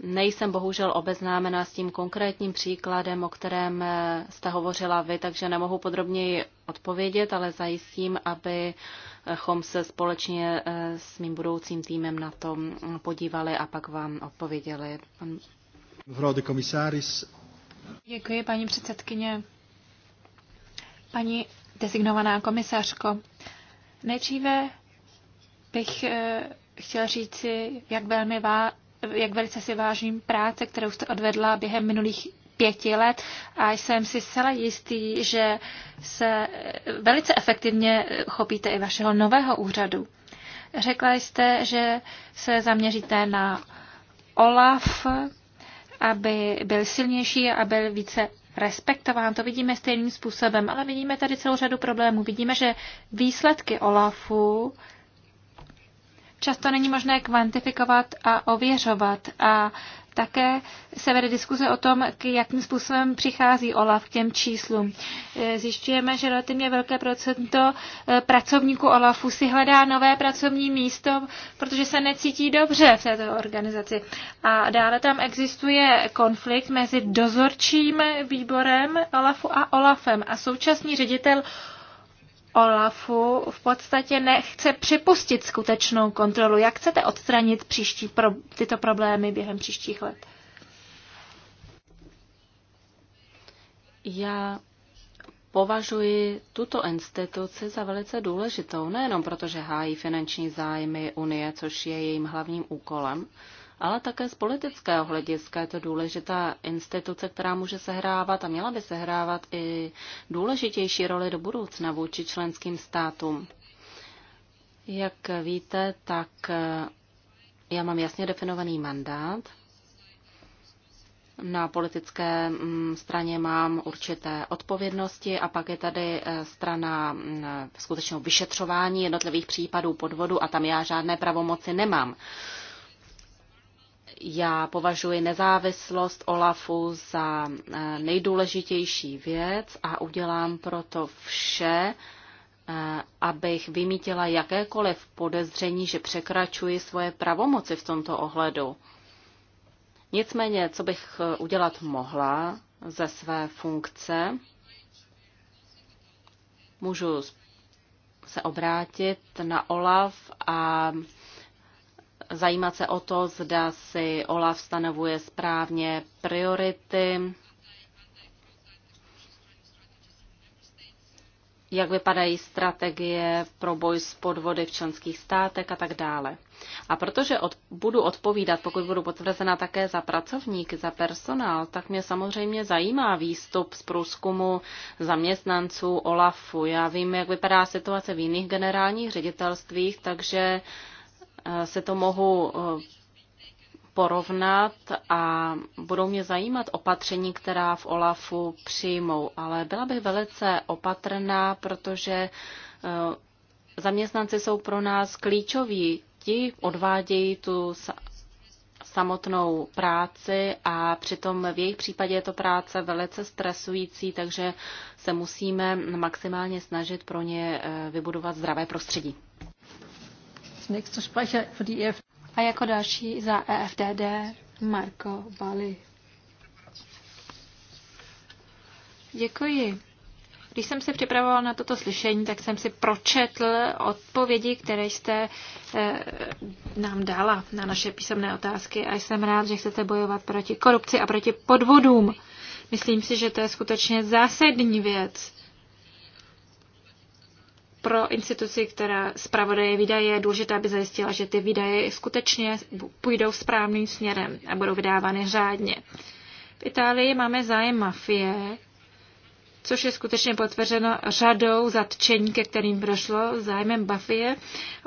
nejsem bohužel obeznámená s tím konkrétním příkladem, o kterém eh, jste hovořila vy, takže nemohu podrobněji odpovědět, ale zajistím, abychom se společně eh, s mým budoucím týmem na to podívali a pak vám odpověděli. komisáris. Děkuji, paní předsedkyně. Paní designovaná komisařko. Nejdříve bych eh, chtěl říci, jak, velmi vá, jak velice si vážím práce, kterou jste odvedla během minulých pěti let a jsem si zcela jistý, že se eh, velice efektivně eh, chopíte i vašeho nového úřadu. Řekla jste, že se zaměříte na OLAF, aby byl silnější a byl více respektován. To vidíme stejným způsobem, ale vidíme tady celou řadu problémů. Vidíme, že výsledky OLAFu často není možné kvantifikovat a ověřovat a také se vede diskuze o tom, k jakým způsobem přichází OLAF k těm číslům. E, zjišťujeme, že relativně velké procento e, pracovníků OLAFu si hledá nové pracovní místo, protože se necítí dobře v této organizaci. A dále tam existuje konflikt mezi dozorčím výborem OLAFu a OLAFem. A současný ředitel OLAFu v podstatě nechce připustit skutečnou kontrolu. Jak chcete odstranit příští pro, tyto problémy během příštích let? Já považuji tuto instituci za velice důležitou, nejenom protože hájí finanční zájmy Unie, což je jejím hlavním úkolem, ale také z politického hlediska je to důležitá instituce, která může sehrávat a měla by sehrávat i důležitější roli do budoucna vůči členským státům. Jak víte, tak eh, já mám jasně definovaný mandát. Na politické mm, straně mám určité odpovědnosti a pak je tady eh, strana mm, skutečného vyšetřování jednotlivých případů podvodu a tam já žádné pravomoci nemám. Já považuji nezávislost OLAFu za eh, nejdůležitější věc a udělám proto vše, eh, abych vymítila jakékoliv podezření, že překračuji svoje pravomoci v tomto ohledu. Nicméně, co bych eh, udělat mohla ze své funkce, můžu se obrátit na OLAF a zajímat se o to, zda si OLAF stanovuje správně priority, jak vypadají strategie pro boj s podvody v členských státech a tak dále. A protože od, budu odpovídat, pokud budu potvrzena také za pracovník, za personál, tak mě samozřejmě zajímá výstup z průzkumu zaměstnanců OLAFu. Já vím, jak vypadá situace v jiných generálních ředitelstvích, takže uh, si to mohu eh, porovnat a budou mě zajímat opatření, která v OLAFu přijmou. Ale byla bych velice opatrná, protože eh, zaměstnanci jsou pro nás klíčoví. Ti odvádějí tu samotnou práci a přitom v jejich případě je to práce velice stresující, takže se musíme maximálně snažit pro ně eh, vybudovat zdravé prostředí. A jako další za EFDD Marko Bali. Děkuji. Když jsem se připravoval na toto slyšení, tak jsem si pročetl odpovědi, které jste eh, nám dala na naše písemné otázky a jsem rád, že chcete bojovat proti korupci a proti podvodům. Myslím si, že to je skutečně zásadní věc pro instituci, která zpravodaje výdaje, je důležité, aby zajistila, že ty výdaje skutečně půjdou správným směrem a budou vydávány řádně. V Itálii máme zájem mafie, což je skutečně potvrzeno řadou zatčení, ke kterým prošlo zájmem Bafie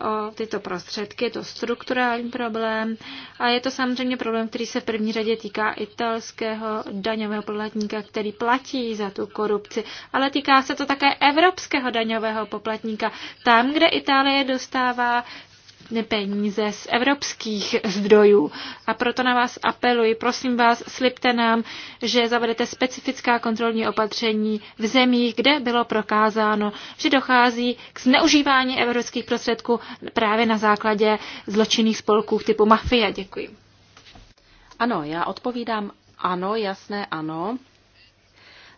o tyto prostředky. Je to strukturální problém a je to samozřejmě problém, který se v první řadě týká italského daňového poplatníka, který platí za tu korupci, ale týká se to také evropského daňového poplatníka. Tam, kde Itálie dostává peníze z evropských zdrojů. A proto na vás apeluji, prosím vás, slibte nám, že zavedete specifická kontrolní opatření v zemích, kde bylo prokázáno, že dochází k zneužívání evropských prostředků právě na základě zločinných spolků typu mafie. Děkuji. Ano, já odpovídám ano, jasné ano.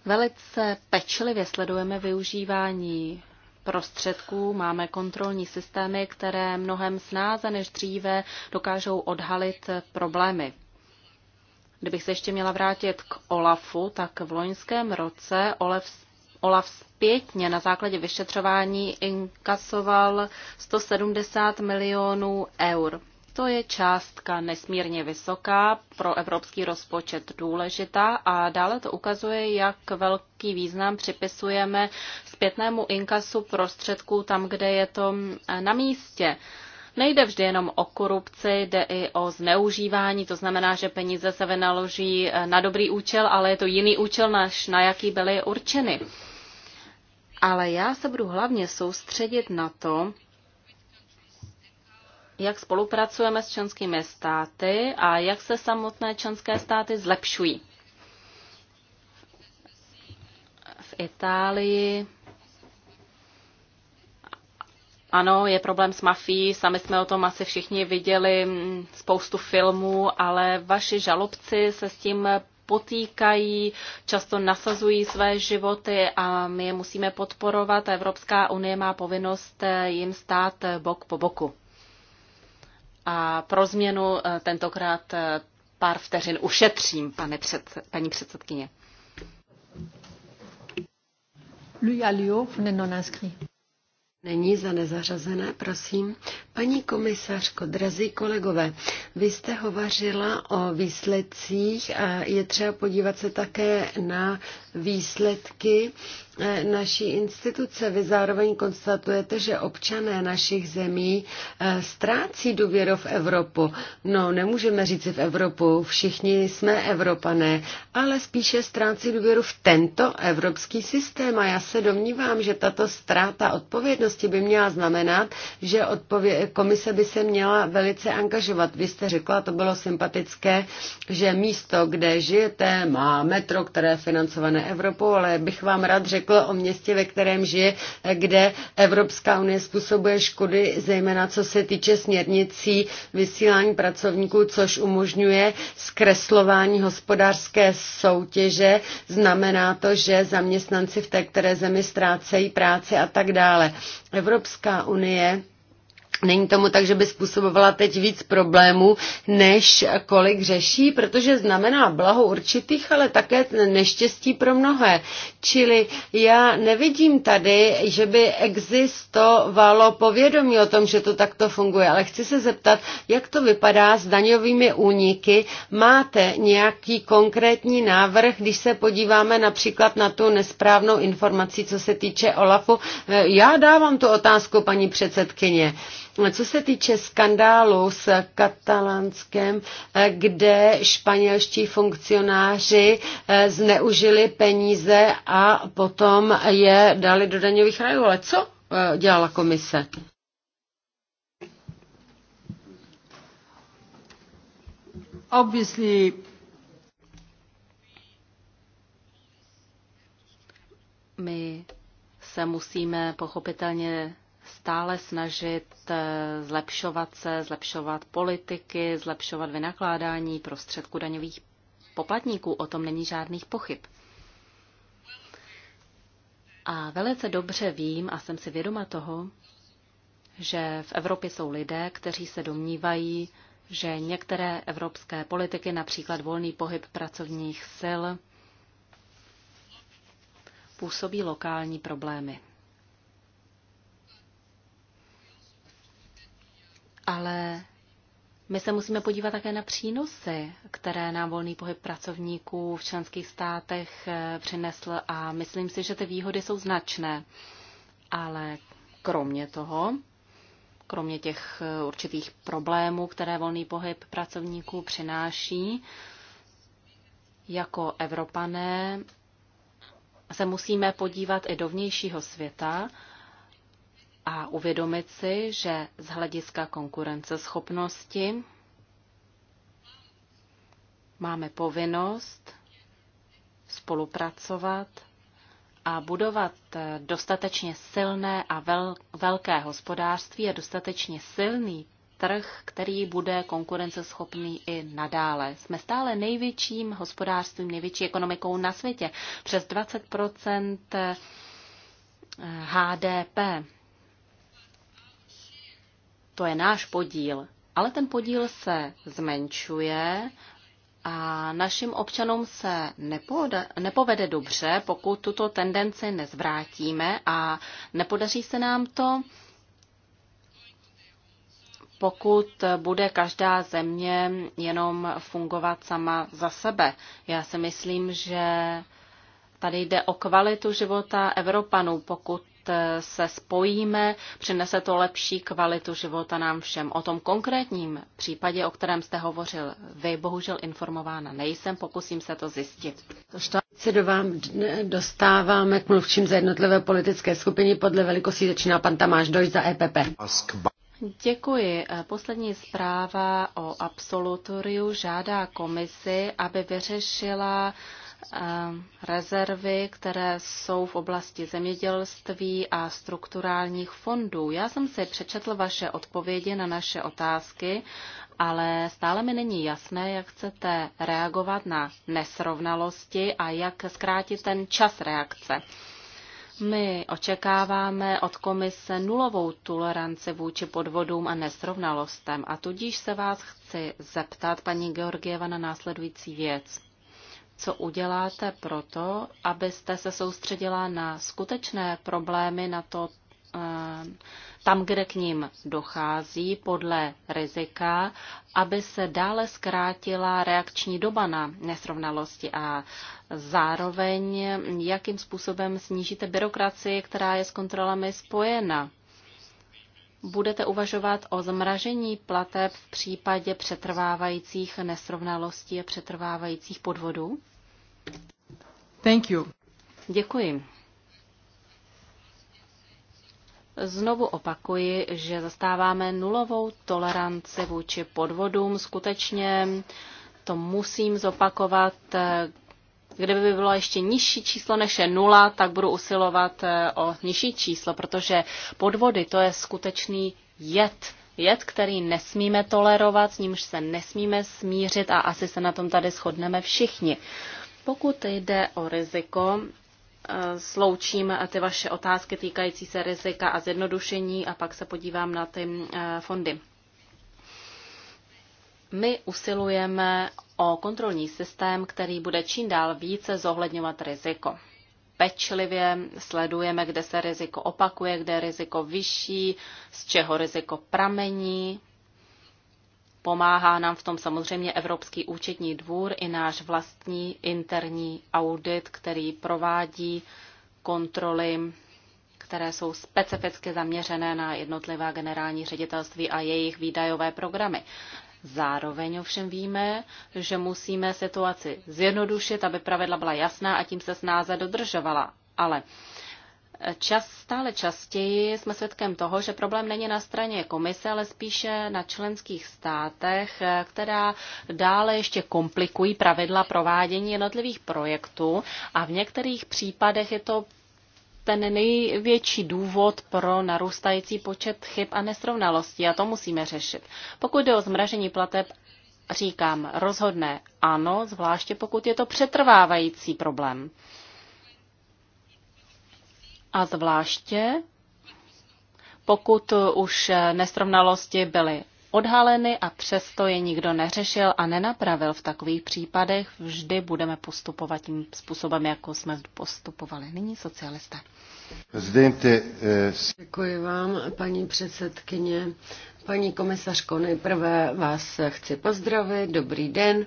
Velice pečlivě sledujeme využívání prostředků, máme kontrolní systémy, které mnohem snáze než dříve dokážou odhalit problémy. Kdybych se ještě měla vrátit k OLAFu, tak v loňském roce OLAF, OLAF zpětně na základě vyšetřování inkasoval 170 milionů eur. To je částka nesmírně vysoká, pro evropský rozpočet důležitá a dále to ukazuje, jak velký význam připisujeme zpětnému inkasu prostředků tam, kde je to eh, na místě. Nejde vždy jenom o korupci, jde i o zneužívání, to znamená, že peníze se vynaloží eh, na dobrý účel, ale je to jiný účel, než na jaký byly určeny. Ale já se budu hlavně soustředit na to, jak spolupracujeme s členskými státy a jak se samotné členské státy zlepšují. V Itálii ano, je problém s mafií, sami jsme o tom asi všichni viděli mm, spoustu filmů, ale vaši žalobci se s tím potýkají, často nasazují své životy a my je musíme podporovat. Evropská unie má povinnost eh, jim stát bok po boku a pro změnu eh, tentokrát eh, pár vteřin ušetřím, pane před, paní předsedkyně. Není za nezařazené, prosím. Paní komisařko, drazí kolegové, vy jste hovařila o výsledcích a je třeba podívat se také na výsledky E, naší instituce. Vy zároveň konstatujete, že občané našich zemí e, ztrácí důvěru v Evropu. No, nemůžeme říci v Evropu, všichni jsme Evropané, ale spíše ztrácí důvěru v tento evropský systém. A já se domnívám, že tato ztráta odpovědnosti by měla znamenat, že odpově- komise by se měla velice angažovat. Vy jste řekla, to bylo sympatické, že místo, kde žijete, má metro, které je financované Evropou, ale bych vám rád řekl, řekl o městě, ve kterém žije, kde Evropská unie způsobuje škody, zejména co se týče směrnicí vysílání pracovníků, což umožňuje zkreslování hospodářské soutěže. Znamená to, že zaměstnanci v té které zemi ztrácejí práci a tak dále. Evropská unie Není tomu tak, že by způsobovala teď víc problémů, než kolik řeší, protože znamená blaho určitých, ale také neštěstí pro mnohé. Čili já nevidím tady, že by existovalo povědomí o tom, že to takto funguje, ale chci se zeptat, jak to vypadá s daňovými úniky. Máte nějaký konkrétní návrh, když se podíváme například na tu nesprávnou informaci, co se týče OLAFu? Já dávám tu otázku, paní předsedkyně. Co se týče skandálu s katalánskem, eh, kde španělští funkcionáři eh, zneužili peníze a potom je dali do daňových rajů, ale co eh, dělala komise? Obviously, my se musíme pochopitelně stále snažit eh, zlepšovat se, zlepšovat politiky, zlepšovat vynakládání prostředků daňových poplatníků. O tom není žádných pochyb. A velice dobře vím a jsem si vědoma toho, že v Evropě jsou lidé, kteří se domnívají, že některé evropské politiky, například volný pohyb pracovních sil, působí lokální problémy. ale my se musíme podívat také na přínosy, které nám volný pohyb pracovníků v členských státech eh, přinesl a myslím si, že ty výhody jsou značné. Ale kromě toho, kromě těch eh, určitých problémů, které volný pohyb pracovníků přináší, jako Evropané se musíme podívat i do vnějšího světa, a uvědomit si, že z hlediska konkurenceschopnosti máme povinnost spolupracovat a budovat dostatečně silné a velké hospodářství a dostatečně silný trh, který bude konkurenceschopný i nadále. Jsme stále největším hospodářstvím, největší ekonomikou na světě. Přes 20 HDP to je náš podíl, ale ten podíl se zmenšuje a našim občanům se nepovede, nepovede dobře, pokud tuto tendenci nezvrátíme a nepodaří se nám to, pokud bude každá země jenom fungovat sama za sebe. Já si myslím, že tady jde o kvalitu života Evropanů, pokud Eh, se spojíme, přinese to lepší kvalitu života nám všem. O tom konkrétním případě, o kterém jste hovořil vy, bohužel informována nejsem, pokusím se to zjistit. Se do vám dostáváme k mluvčím za jednotlivé politické skupiny. Podle velikosti začíná pan Tamáš Dojš za EPP. Děkuji. Eh, poslední zpráva o absolutoriu žádá komisi, aby vyřešila Eh, rezervy, které jsou v oblasti zemědělství a strukturálních fondů. Já jsem si přečetl vaše odpovědi na naše otázky, ale stále mi není jasné, jak chcete reagovat na nesrovnalosti a jak zkrátit ten čas reakce. My očekáváme od komise nulovou toleranci vůči podvodům a nesrovnalostem a tudíž se vás chci zeptat, paní Georgieva, na následující věc co uděláte proto, abyste se soustředila na skutečné problémy, na to, eh, tam, kde k ním dochází podle rizika, aby se dále zkrátila reakční doba na nesrovnalosti a zároveň jakým způsobem snížíte byrokracii, která je s kontrolami spojena. Budete uvažovat o zmražení plateb v případě přetrvávajících nesrovnalostí a přetrvávajících podvodů? Thank you. Děkuji. Znovu opakuji, že zastáváme nulovou toleranci vůči podvodům. Skutečně to musím zopakovat. Kdyby by bylo ještě nižší číslo než je nula, tak budu usilovat eh, o nižší číslo, protože podvody to je skutečný jed. Jed, který nesmíme tolerovat, s nímž se nesmíme smířit a asi se na tom tady shodneme všichni. Pokud jde o riziko, eh, sloučím ty vaše otázky týkající se rizika a zjednodušení a pak se podívám na ty eh, fondy. My usilujeme o kontrolní systém, který bude čím dál více zohledňovat riziko. Pečlivě sledujeme, kde se riziko opakuje, kde je riziko vyšší, z čeho riziko pramení, Pomáhá nám v tom samozřejmě Evropský účetní dvůr i náš vlastní interní audit, který provádí kontroly, které jsou specificky zaměřené na jednotlivá generální ředitelství a jejich výdajové programy. Zároveň ovšem víme, že musíme situaci zjednodušit, aby pravidla byla jasná a tím se snáze dodržovala. Ale uh, Čas, stále častěji jsme svědkem toho, že problém není na straně komise, ale spíše na členských státech, která dále ještě komplikují pravidla provádění jednotlivých projektů a v některých případech je to ten největší důvod pro narůstající počet chyb a nesrovnalostí a to musíme řešit. Pokud jde o zmražení plateb, říkám rozhodné ano, zvláště pokud je to přetrvávající problém. A zvláště pokud už nesrovnalosti byly odhaleny a přesto je nikdo neřešil a nenapravil v takových případech, vždy budeme postupovat tím způsobem, jako jsme postupovali nyní socialisté. Eh, Děkuji vám, paní předsedkyně. Paní komisařko, nejprve vás chci pozdravit, dobrý den.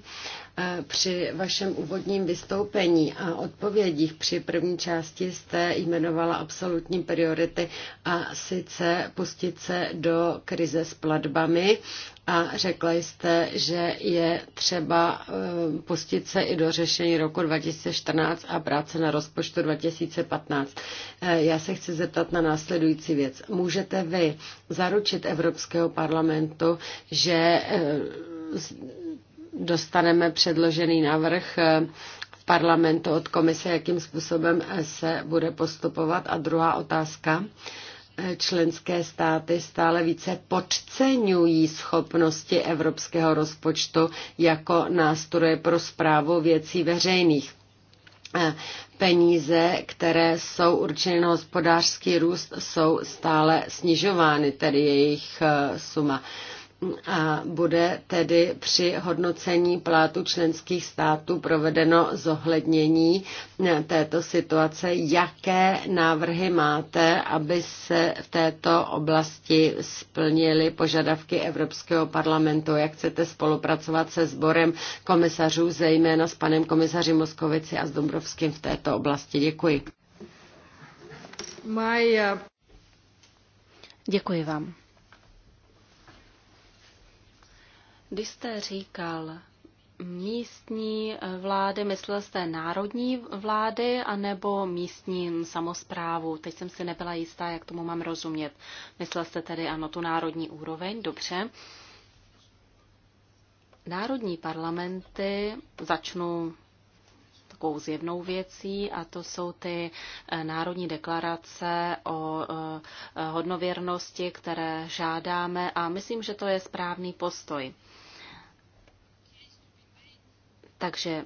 E, při vašem úvodním vystoupení a odpovědích při první části jste jmenovala absolutní priority a sice pustit se do krize s platbami a řekla jste, že je třeba e, pustit se i do řešení roku 2014 a práce na rozpočtu 2015. E, já se chci zeptat na následující věc. Můžete vy zaručit Evropského parlamentu, že dostaneme předložený návrh eh, v parlamentu od komise, jakým způsobem eh, se bude postupovat. A druhá otázka eh, členské státy stále více podceňují schopnosti evropského rozpočtu jako nástroje pro zprávu věcí veřejných. Peníze, které jsou určeny na hospodářský růst, jsou stále snižovány, tedy jejich suma a bude tedy při hodnocení plátu členských států provedeno zohlednění této situace. Jaké návrhy máte, aby se v této oblasti splnily požadavky Evropského parlamentu? Jak chcete spolupracovat se sborem komisařů, zejména s panem komisaři Moskovici a s Dombrovským v této oblasti? Děkuji. Maja. Děkuji vám. Když jste říkal místní vlády, myslel jste národní vlády anebo místní samozprávu? Teď jsem si nebyla jistá, jak tomu mám rozumět. Myslel jste tedy ano, tu národní úroveň, dobře. Národní parlamenty, začnu s jednou věcí a to jsou ty eh, národní deklarace o eh, hodnověrnosti, které žádáme a myslím, že to je správný postoj. Takže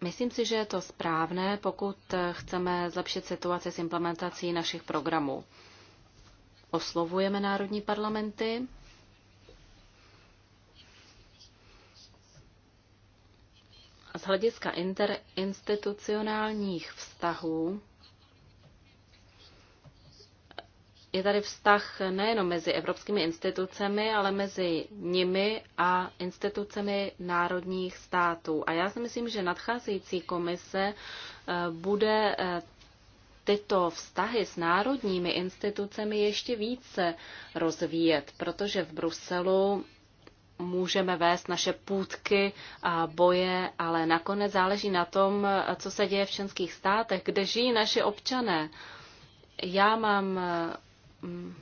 myslím si, že je to správné, pokud eh, chceme zlepšit situaci s implementací našich programů. Oslovujeme národní parlamenty, hlediska interinstitucionálních vztahů je tady vztah nejenom mezi evropskými institucemi, ale mezi nimi a institucemi národních států. A já si myslím, že nadcházející komise eh, bude eh, tyto vztahy s národními institucemi ještě více rozvíjet, protože v Bruselu můžeme vést naše půdky a boje, ale nakonec záleží na tom, co se děje v členských státech, kde žijí naši občané. Já mám mm,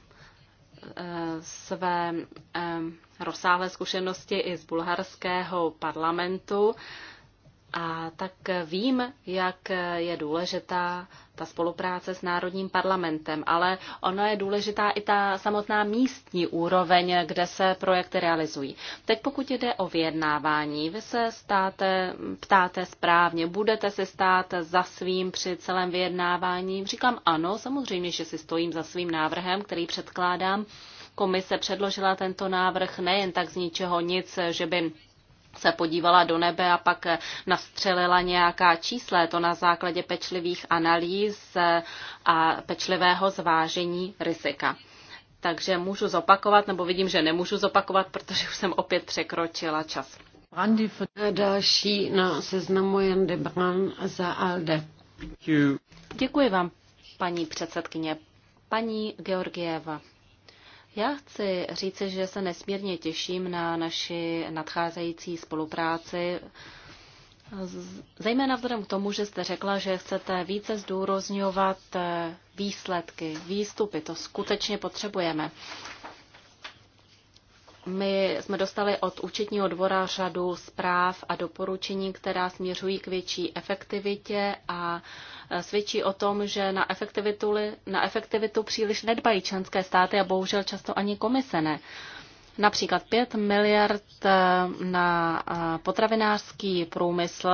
eh, své eh, rozsáhlé zkušenosti i z bulharského parlamentu a tak vím, jak je důležitá ta spolupráce s Národním parlamentem, ale ono je důležitá i ta samotná místní úroveň, kde se projekty realizují. Teď pokud jde o vyjednávání, vy se státe, ptáte správně, budete se stát za svým při celém vyjednávání. Říkám ano, samozřejmě, že si stojím za svým návrhem, který předkládám. Komise předložila tento návrh nejen tak z ničeho nic, že by se podívala do nebe a pak nastřelila nějaká čísla. to na základě pečlivých analýz a pečlivého zvážení rizika. Takže můžu zopakovat, nebo vidím, že nemůžu zopakovat, protože už jsem opět překročila čas. další na seznamu Jan de za ALDE. Děkuji vám, paní předsedkyně. Paní Georgieva. Já chci říci, že se nesmírně těším na naši nadcházející spolupráci Zejména vzhledem k tomu, že jste řekla, že chcete více zdůrozňovat výsledky, výstupy, to skutečně potřebujeme my jsme dostali od účetního dvora řadu zpráv a doporučení, která směřují k větší efektivitě a e, svědčí o tom, že na efektivitu, na efektivitu příliš nedbají členské státy a bohužel často ani komise ne. Například 5 miliard e, na e, potravinářský průmysl.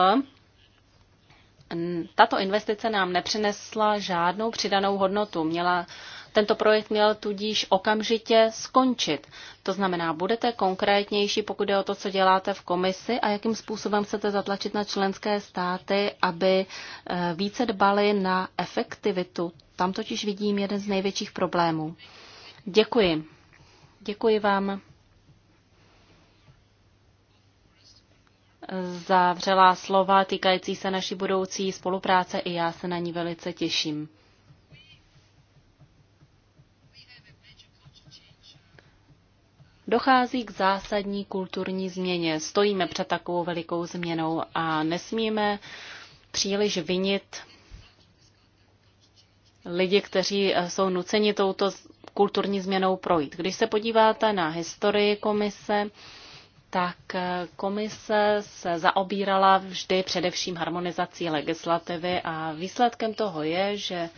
Tato investice nám nepřinesla žádnou přidanou hodnotu. Měla tento projekt měl tudíž okamžitě skončit. To znamená, budete konkrétnější, pokud je o to, co děláte v komisi a jakým způsobem chcete zatlačit na členské státy, aby eh, více dbali na efektivitu. Tam totiž vidím jeden z největších problémů. Děkuji. Děkuji vám. Eh, za vřelá slova týkající se naší budoucí spolupráce i já se na ní velice těším. Dochází k zásadní kulturní změně. Stojíme před takovou velikou změnou a nesmíme příliš vinit lidi, kteří eh, jsou nuceni touto kulturní změnou projít. Když se podíváte na historii komise, tak eh, komise se zaobírala vždy především harmonizací legislativy a výsledkem toho je, že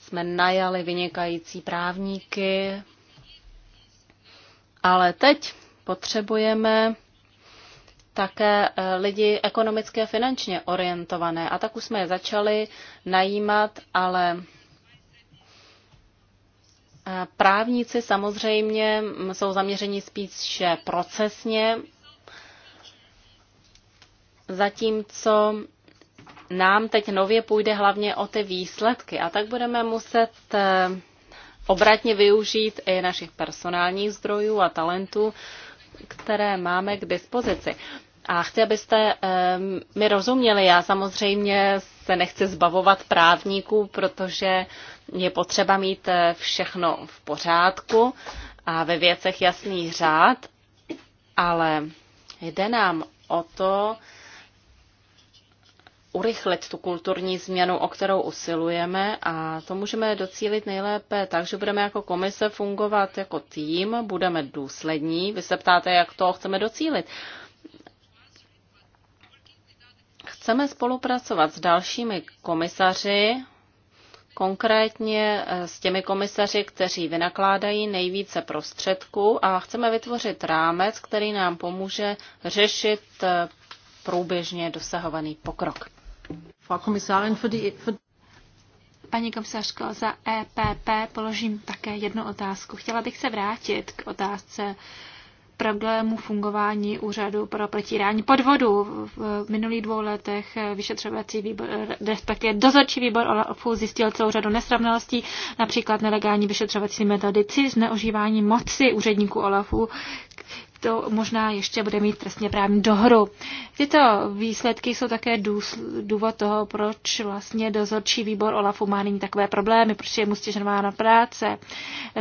jsme najali vynikající právníky, ale teď potřebujeme také eh, lidi ekonomicky a finančně orientované. A tak už jsme je začali najímat, ale eh, právníci samozřejmě mm, jsou zaměřeni spíše procesně, zatímco nám teď nově půjde hlavně o ty výsledky. A tak budeme muset eh, obratně využít i našich personálních zdrojů a talentů, které máme k dispozici. A chci, abyste mi rozuměli. Já samozřejmě se nechci zbavovat právníků, protože je potřeba mít eh, všechno v pořádku a ve věcech jasný řád, ale jde nám o to, urychlit tu kulturní změnu, o kterou usilujeme a to můžeme docílit nejlépe tak, že budeme jako komise fungovat jako tým, budeme důslední. Vy se ptáte, jak to chceme docílit. Chceme spolupracovat s dalšími komisaři, konkrétně eh, s těmi komisaři, kteří vynakládají nejvíce prostředků a chceme vytvořit rámec, který nám pomůže řešit eh, průběžně dosahovaný pokrok. Frau Kommissarin, für die, für Paní komisařko, za EPP položím také jednu otázku. Chtěla bych se vrátit k otázce problému fungování úřadu pro protírání podvodů. V minulých dvou letech vyšetřovací výbor, respektive dozorčí výbor OLAFu zjistil celou řadu nesrovnalostí, například nelegální vyšetřovací metody zneužívání moci úředníků OLAFu, to možná ještě bude mít trestně právní dohru. Tyto výsledky jsou také důvod toho, proč vlastně dozorčí výbor OLAFu má nyní takové problémy, proč je mu stěžována práce.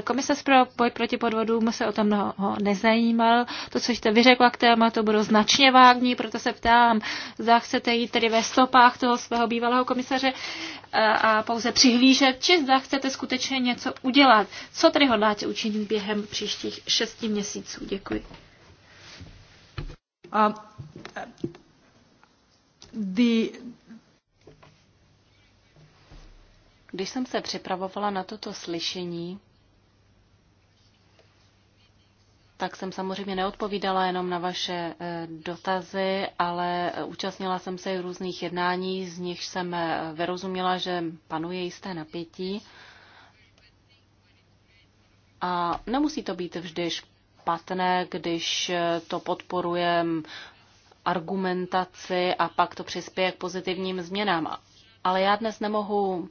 Komise pro boj proti podvodům se o tom mnoho nezajímal. To, co jste vyřekla k tématu, bylo značně vágní, proto se ptám, zda chcete jít tedy ve stopách toho svého bývalého komisaře eh, a pouze přihlížet, či zda chcete skutečně něco udělat. Co tedy hodláte učinit během příštích šesti měsíců? Děkuji. Eh, Když jsem se připravovala na toto slyšení, tak jsem samozřejmě neodpovídala jenom na vaše eh, dotazy, ale eh, účastnila jsem se i různých jednání, z nich jsem vyrozuměla, že panuje jisté napětí. A nemusí to být vždy špatné, když to podporuje argumentaci a pak to přispěje k pozitivním změnám. Ale já dnes nemohu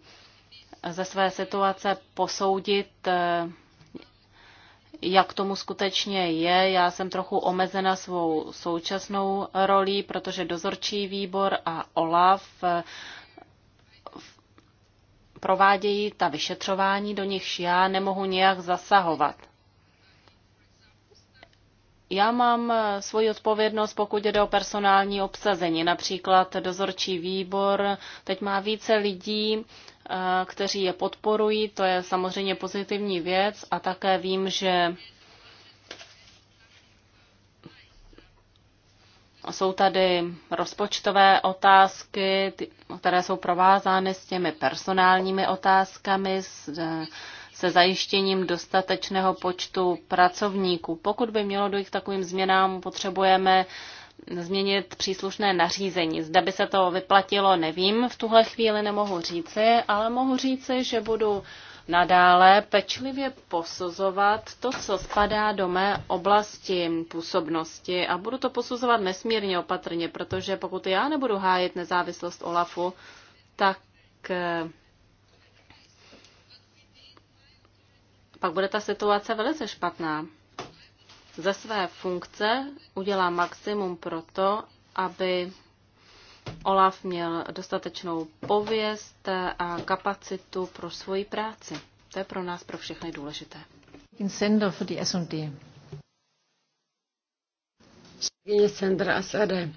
ze své situace posoudit, jak tomu skutečně je. Já jsem trochu omezena svou současnou rolí, protože dozorčí výbor a OLAF provádějí ta vyšetřování, do nichž já nemohu nějak zasahovat. Já mám eh, svoji odpovědnost, pokud jde o personální obsazení. Například dozorčí výbor teď má více lidí, eh, kteří je podporují, to je samozřejmě pozitivní věc a také vím, že jsou tady rozpočtové otázky, které jsou provázány s těmi personálními otázkami, s eh, se zajištěním dostatečného počtu pracovníků. Pokud by mělo dojít k takovým změnám, potřebujeme změnit příslušné nařízení. Zda by se to vyplatilo, nevím, v tuhle chvíli nemohu říci, ale mohu říci, že budu nadále pečlivě posuzovat to, co spadá do mé oblasti působnosti a budu to posuzovat nesmírně opatrně, protože pokud já nebudu hájit nezávislost Olafu, tak eh, pak bude ta situace velice špatná. Ze své funkce udělá maximum pro to, aby Olaf měl dostatečnou pověst a kapacitu pro svoji práci. To je pro nás pro všechny důležité. Kolegyně Sandra Asade,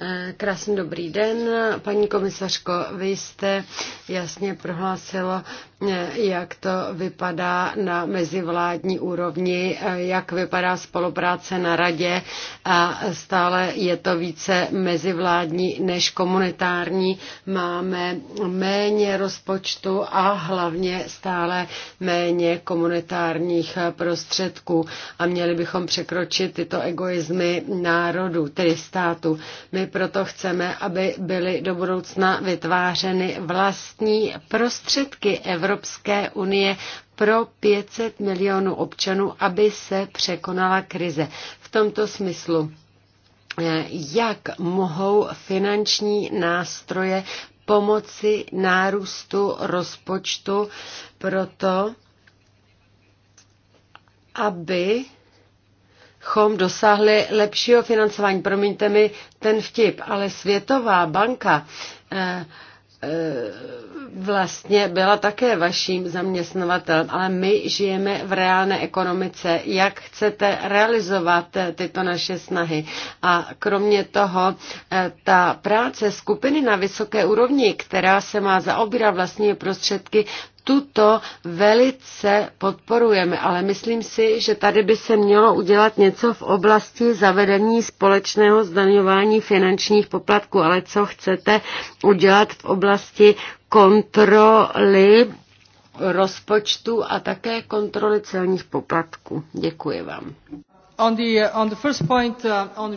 eh, krásný dobrý den. Paní komisařko, vy jste jasně prohlásila, eh, jak to vypadá na mezivládní úrovni, eh, jak vypadá spolupráce na radě a stále je to více mezivládní než komunitární. Máme méně rozpočtu a hlavně stále méně komunitárních prostředků a měli bychom překročit tyto egoizmy na národů, tedy států. My proto chceme, aby byly do budoucna vytvářeny vlastní prostředky Evropské unie pro 500 milionů občanů, aby se překonala krize. V tomto smyslu eh, jak mohou finanční nástroje pomoci nárůstu rozpočtu proto, aby chom dosáhli lepšího financování. Promiňte mi ten vtip, ale Světová banka eh, eh, vlastně byla také vaším zaměstnavatelem, ale my žijeme v reálné ekonomice. Jak chcete realizovat eh, tyto naše snahy? A kromě toho, ta práce skupiny na vysoké úrovni, která se má zaobírat vlastními prostředky, tuto velice podporujeme, ale myslím si, že tady by se mělo udělat něco v oblasti zavedení společného zdaňování finančních poplatků, ale co chcete udělat v oblasti kontroly rozpočtu a také kontroly celních poplatků. Děkuji vám. On the, uh, on the first point, uh, on...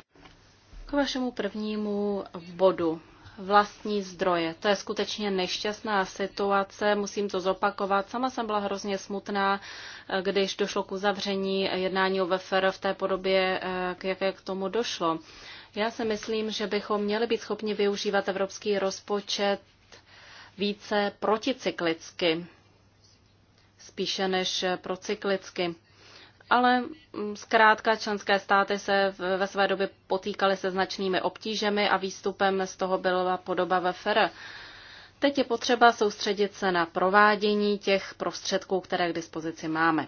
K vašemu prvnímu bodu vlastní zdroje. To je skutečně nešťastná situace, musím to zopakovat. Sama jsem byla hrozně smutná, eh, když došlo k uzavření jednání o VFR v té podobě, eh, k jaké k tomu došlo. Já si myslím, že bychom měli být schopni využívat evropský rozpočet více proticyklicky, spíše než procyklicky ale mm, zkrátka členské státy se ve své době potýkaly se značnými obtížemi a výstupem z toho byla podoba VFR. Teď je potřeba soustředit se na provádění těch prostředků, které k dispozici máme.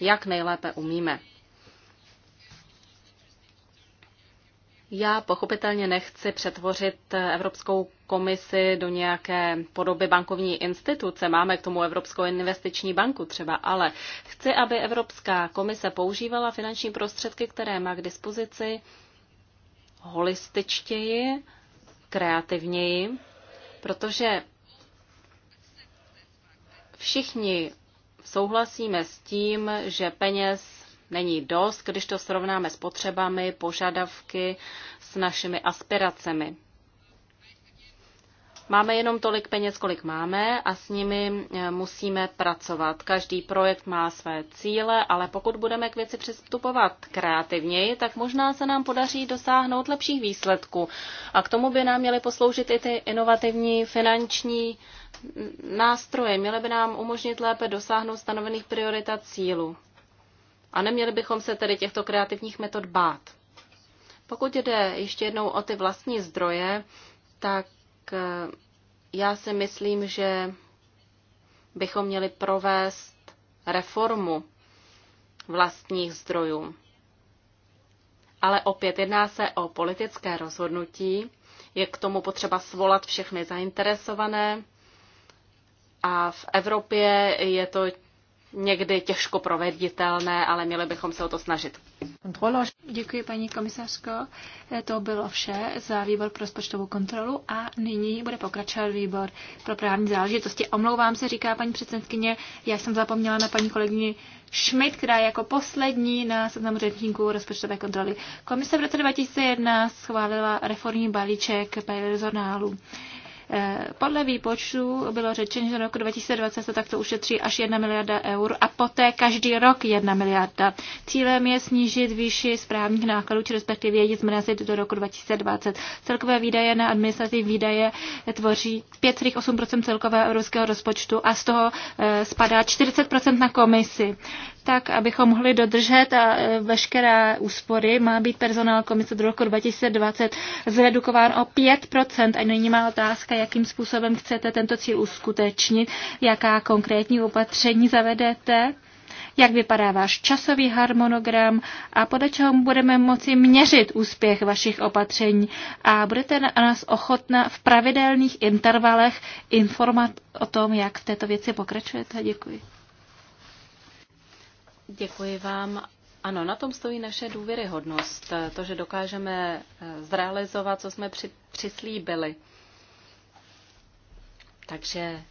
Jak nejlépe umíme. Já pochopitelně nechci přetvořit Evropskou komisi do nějaké podoby bankovní instituce. Máme k tomu Evropskou investiční banku třeba, ale chci, aby Evropská komise používala finanční prostředky, které má k dispozici holističtěji, kreativněji, protože všichni souhlasíme s tím, že peněz není dost, když to srovnáme s potřebami, požadavky, s našimi aspiracemi. Máme jenom tolik peněz, kolik máme a s nimi e, musíme pracovat. Každý projekt má své cíle, ale pokud budeme k věci přistupovat kreativněji, tak možná se nám podaří dosáhnout lepších výsledků. A k tomu by nám měly posloužit i ty inovativní finanční nástroje. Měly by nám umožnit lépe dosáhnout stanovených priorit a cílů. A neměli bychom se tedy těchto kreativních metod bát. Pokud jde ještě jednou o ty vlastní zdroje, tak eh, já si myslím, že bychom měli provést reformu vlastních zdrojů. Ale opět jedná se o politické rozhodnutí, je k tomu potřeba svolat všechny zainteresované a v Evropě je to někdy těžko proveditelné, ale měli bychom se o to snažit. Děkuji, paní komisařko. To bylo vše za výbor pro rozpočtovou kontrolu a nyní bude pokračovat výbor pro právní záležitosti. Omlouvám se, říká paní předsedkyně, já jsem zapomněla na paní kolegyni Schmidt, která je jako poslední na seznamu řečníků rozpočtové kontroly. Komise v roce 2001 schválila reformní balíček personálu. Eh, podle výpočtu bylo řečeno, že do roku 2020 se takto ušetří až 1 miliarda eur a poté každý rok 1 miliarda. Cílem je snížit výši správních nákladů, či respektive ji zmrazit do roku 2020. Celkové výdaje na administrativní výdaje tvoří 5,8 celkového evropského rozpočtu a z toho eh, spadá 40 na komisi tak abychom mohli dodržet a e, veškeré úspory, má být personál komise do roku 2020 zredukován o 5%. A není má otázka, jakým způsobem chcete tento cíl uskutečnit, jaká konkrétní opatření zavedete jak vypadá váš časový harmonogram a podle čeho budeme moci měřit úspěch vašich opatření a budete nás ochotna v pravidelných intervalech informovat o tom, jak v této věci pokračujete. Děkuji. Děkuji vám. Ano, na tom stojí naše důvěryhodnost, to, že dokážeme eh, zrealizovat, co jsme při, přislíbili. Takže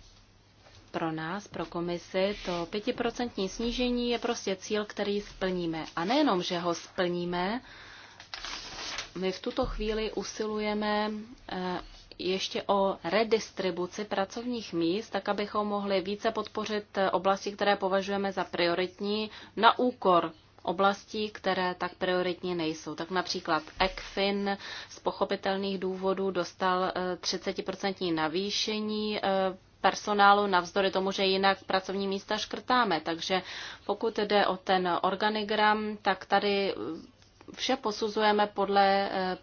pro nás, pro komisi, to pětiprocentní snížení je prostě cíl, který splníme. A nejenom, že ho splníme, my v tuto chvíli usilujeme eh, ještě o redistribuci pracovních míst, tak abychom mohli více podpořit oblasti, které považujeme za prioritní, na úkor oblastí, které tak prioritní nejsou. Tak například ECFIN z pochopitelných důvodů dostal 30% eh, navýšení eh, personálu, navzdory tomu, že jinak pracovní místa škrtáme. Takže pokud jde o ten organigram, tak tady vše posuzujeme podle eh,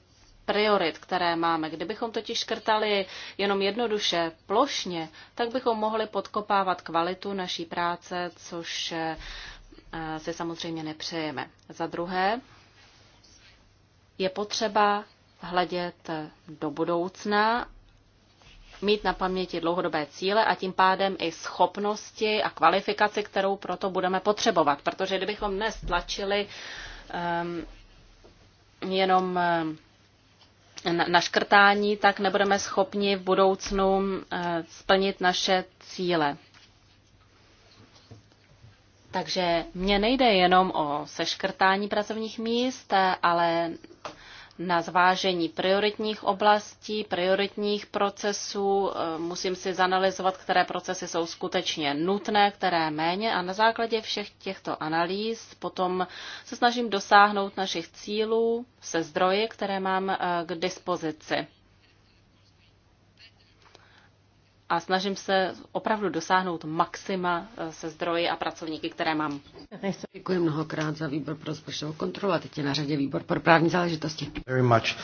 priorit, které máme. Kdybychom totiž škrtali jenom jednoduše, plošně, tak bychom mohli podkopávat kvalitu naší práce, což eh, si samozřejmě nepřejeme. Za druhé, je potřeba hledět do budoucna, mít na paměti dlouhodobé cíle a tím pádem i schopnosti a kvalifikaci, kterou proto budeme potřebovat. Protože kdybychom dnes tlačili um, jenom um, naškrtání, tak nebudeme schopni v budoucnu eh, splnit naše cíle. Takže mně nejde jenom o seškrtání pracovních míst, eh, ale na zvážení prioritních oblastí, prioritních procesů. Eh, musím si zanalizovat, které procesy jsou skutečně nutné, které méně a na základě všech těchto analýz potom se snažím dosáhnout našich cílů se zdroji, které mám eh, k dispozici a snažím se opravdu dosáhnout maxima eh, se zdroji a pracovníky, které mám. Děkuji mnohokrát za výbor pro rozpočtovou kontrolu a teď je na řadě výbor pro právní záležitosti. Very much.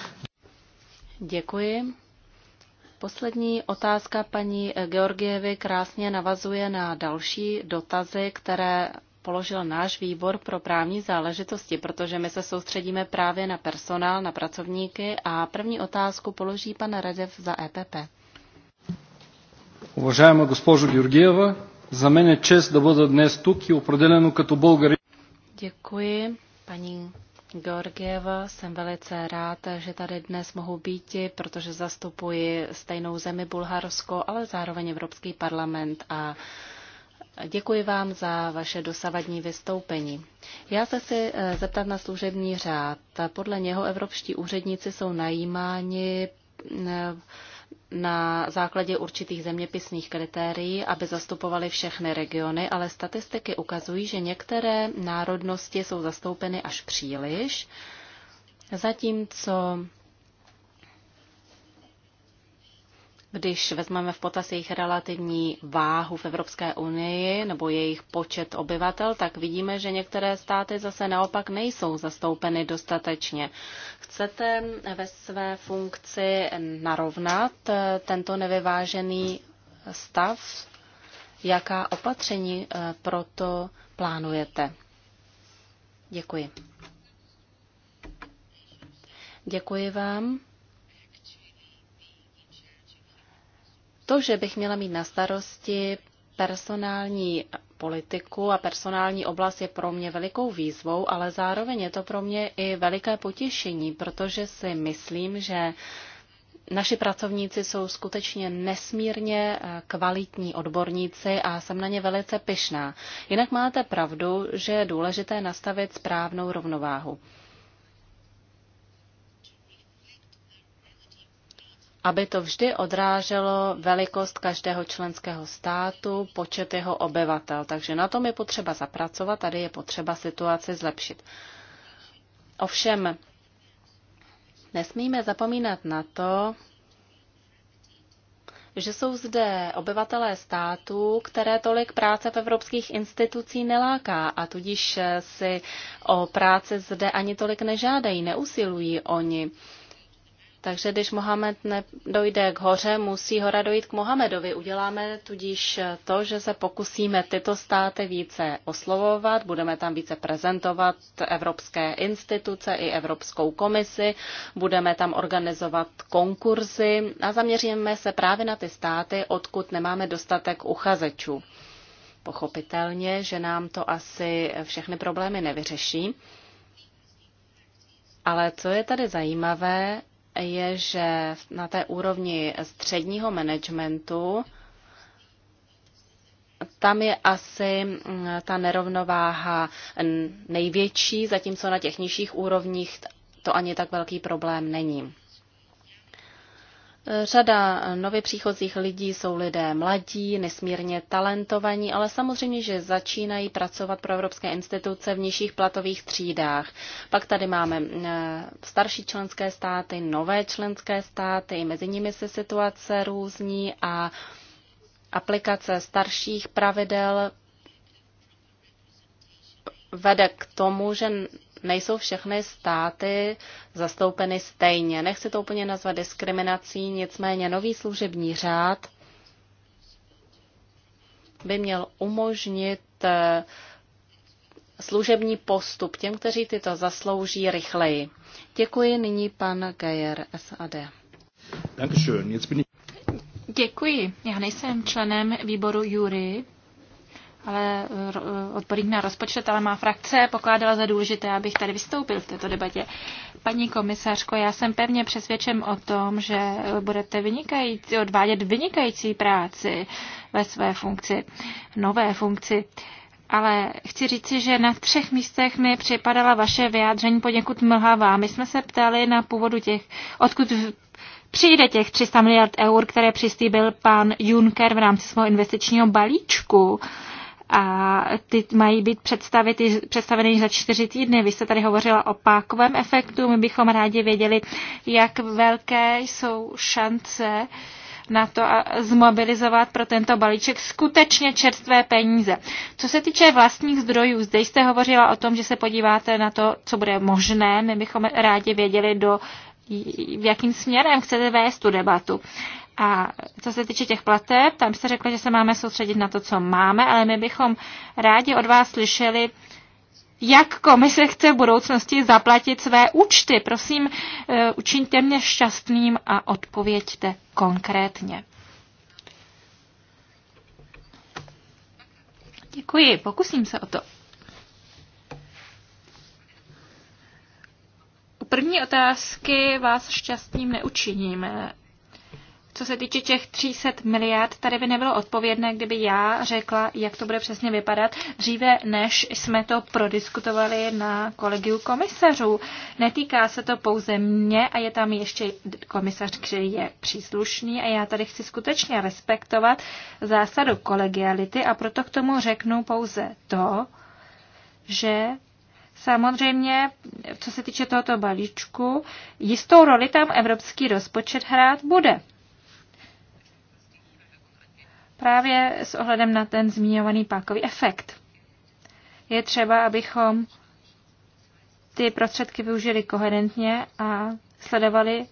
Děkuji. Poslední otázka paní Georgievy krásně navazuje na další dotazy, které položil náš výbor pro právní záležitosti, protože my se soustředíme právě na personál, na pracovníky a první otázku položí pan Radev za EPP. Уважаема госпожо Георгиева, за мен е чест да бъда днес тук и определено като българин. Děkuji, paní Georgieva. Jsem velice rád, že tady dnes mohu být, protože zastupuji stejnou zemi Bulharsko, ale zároveň Evropský parlament a Děkuji vám za vaše dosavadní vystoupení. Já se chci eh, zeptat na služební řád. Podle něho evropští úředníci jsou najímáni eh, na základě určitých zeměpisných kritérií, aby zastupovali všechny regiony, ale statistiky ukazují, že některé národnosti jsou zastoupeny až příliš, zatímco Když vezmeme v potaz jejich relativní váhu v Evropské unii nebo jejich počet obyvatel, tak vidíme, že některé státy zase naopak nejsou zastoupeny dostatečně. Chcete ve své funkci narovnat eh, tento nevyvážený stav? Jaká opatření eh, proto plánujete? Děkuji. Děkuji vám. To, že bych měla mít na starosti personální politiku a personální oblast je pro mě velikou výzvou, ale zároveň je to pro mě i veliké potěšení, protože si myslím, že naši pracovníci jsou skutečně nesmírně eh, kvalitní odborníci a jsem na ně velice pyšná. Jinak máte pravdu, že je důležité nastavit správnou rovnováhu. aby to vždy odráželo velikost každého členského státu, počet jeho obyvatel. Takže na tom je potřeba zapracovat, tady je potřeba situaci zlepšit. Ovšem, nesmíme zapomínat na to, že jsou zde obyvatelé států, které tolik práce v evropských institucí neláká a tudíž si o práce zde ani tolik nežádají, neusilují oni. Takže když Mohamed dojde k hoře, musí hora dojít k Mohamedovi. Uděláme tudíž to, že se pokusíme tyto státy více oslovovat, budeme tam více prezentovat evropské instituce i Evropskou komisi, budeme tam organizovat konkurzy a zaměříme se právě na ty státy, odkud nemáme dostatek uchazečů. Pochopitelně, že nám to asi všechny problémy nevyřeší. Ale co je tady zajímavé, je, že na té úrovni středního managementu tam je asi mm, ta nerovnováha největší, zatímco na těch nižších úrovních to ani tak velký problém není. Řada nově příchozích lidí jsou lidé mladí, nesmírně talentovaní, ale samozřejmě, že začínají pracovat pro evropské instituce v nižších platových třídách. Pak tady máme eh, starší členské státy, nové členské státy, mezi nimi se situace různí a aplikace starších pravidel vede k tomu, že nejsou všechny státy zastoupeny stejně. Nechci to úplně nazvat diskriminací, nicméně nový služební řád by měl umožnit eh, služební postup těm, kteří tyto zaslouží rychleji. Děkuji nyní pan Geyer SAD. Děkuji. Já nejsem členem výboru Jury, ale eh, odborník na rozpočet, ale má frakce pokládala za důležité, abych tady vystoupil v této debatě. Paní komisařko, já jsem pevně přesvědčen o tom, že budete vynikající, odvádět vynikající práci ve své funkci, nové funkci. Ale chci říci, že na třech místech mi připadala vaše vyjádření poněkud mlhavá. My jsme se ptali na původu těch, odkud přijde těch 300 miliard eur, které přistýbil pan Juncker v rámci svého investičního balíčku a ty mají být představeny za čtyři týdny. Vy jste tady hovořila o pákovém efektu, my bychom rádi věděli, jak velké jsou šance na to a zmobilizovat pro tento balíček skutečně čerstvé peníze. Co se týče vlastních zdrojů, zde jste hovořila o tom, že se podíváte na to, co bude možné. My bychom rádi věděli, do, v jakým směrem chcete vést tu debatu. A co se týče těch plateb, tam jste řekli, že se máme soustředit na to, co máme, ale my bychom rádi od vás slyšeli, jak komise chce v budoucnosti zaplatit své účty. Prosím, eh, učiňte mě šťastným a odpověďte konkrétně. Děkuji, pokusím se o to. U první otázky vás šťastným neučiníme. Co se týče těch 300 miliard, tady by nebylo odpovědné, kdyby já řekla, jak to bude přesně vypadat, dříve než jsme to prodiskutovali na kolegiu komisařů. Netýká se to pouze mě a je tam ještě komisař, který je příslušný a já tady chci skutečně respektovat zásadu kolegiality a proto k tomu řeknu pouze to, že Samozřejmě, co se týče tohoto balíčku, jistou roli tam evropský rozpočet hrát bude právě s ohledem na ten zmiňovaný pákový efekt. Je třeba, abychom ty prostředky využili koherentně a sledovali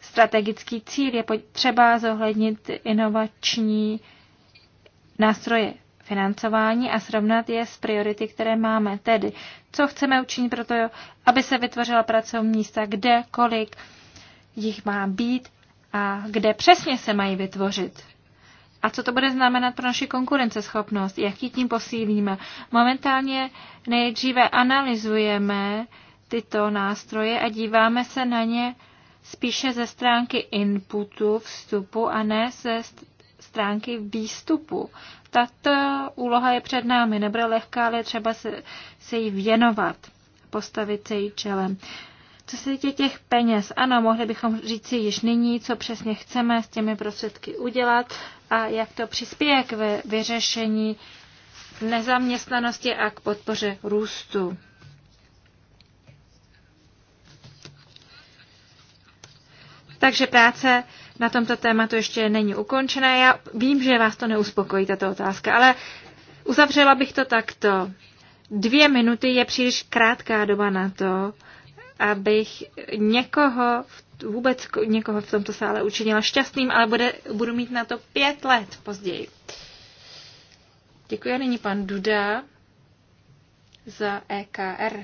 strategický cíl. Je potřeba zohlednit inovační nástroje financování a srovnat je s priority, které máme. Tedy, co chceme učinit pro to, aby se vytvořila pracovní místa, kde, kolik jich má být a kde přesně se mají vytvořit. A co to bude znamenat pro naši konkurenceschopnost? Jak ji tím posílíme? Momentálně nejdříve analyzujeme tyto nástroje a díváme se na ně spíše ze stránky inputu, vstupu a ne ze stránky výstupu. Tato úloha je před námi, nebude lehká, ale třeba se, se jí věnovat, postavit se jí čelem. Co se týče těch peněz, ano, mohli bychom říct si již nyní, co přesně chceme s těmi prostředky udělat a jak to přispěje k vyřešení nezaměstnanosti a k podpoře růstu. Takže práce na tomto tématu ještě není ukončena. Já vím, že vás to neuspokojí, tato otázka, ale uzavřela bych to takto. Dvě minuty je příliš krátká doba na to, abych někoho, vůbec někoho v tomto sále učinila šťastným, ale bude, budu mít na to pět let později. Děkuji a nyní pan Duda za EKR.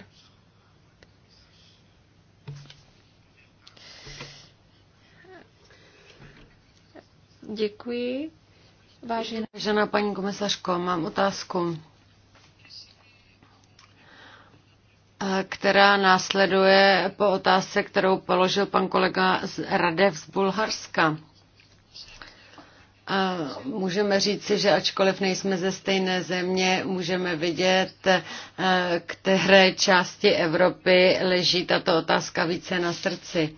Děkuji. Vážená, Vážená paní komisařko, mám otázku. která následuje po otázce, kterou položil pan kolega z Radev z Bulharska. A můžeme říci, že ačkoliv nejsme ze stejné země, můžeme vidět, e, které části Evropy leží tato otázka více na srdci.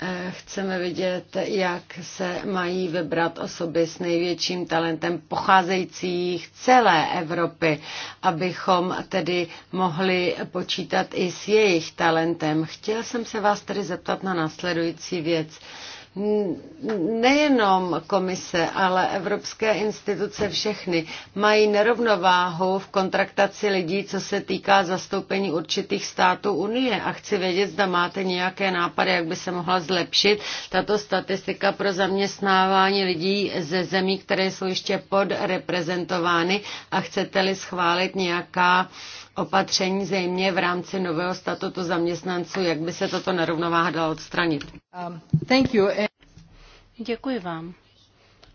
Eh, chceme vidět, jak se mají vybrat osoby s největším talentem pocházejících celé Evropy, abychom tedy mohli počítat i s jejich talentem. Chtěla jsem se vás tedy zeptat na následující věc nejenom komise, ale evropské instituce všechny mají nerovnováhu v kontraktaci lidí, co se týká zastoupení určitých států Unie. A chci vědět, zda máte nějaké nápady, jak by se mohla zlepšit tato statistika pro zaměstnávání lidí ze zemí, které jsou ještě podreprezentovány a chcete-li schválit nějaká uh, opatření, zejmě v rámci nového statutu zaměstnanců, jak by se toto nerovnováha dala odstranit. Um, thank you. Děkuji vám.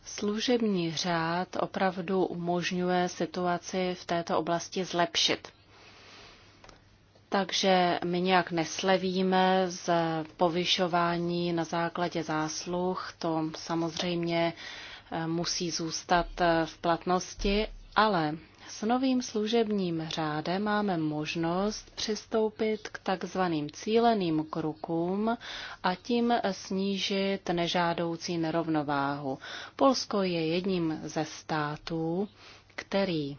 Služební řád opravdu umožňuje situaci v této oblasti zlepšit. Takže my nějak neslevíme z povyšování na základě zásluh, to samozřejmě eh, musí zůstat eh, v platnosti, ale s novým služebním řádem máme možnost přistoupit k takzvaným cíleným krokům a tím snížit nežádoucí nerovnováhu. Polsko je jedním ze států, který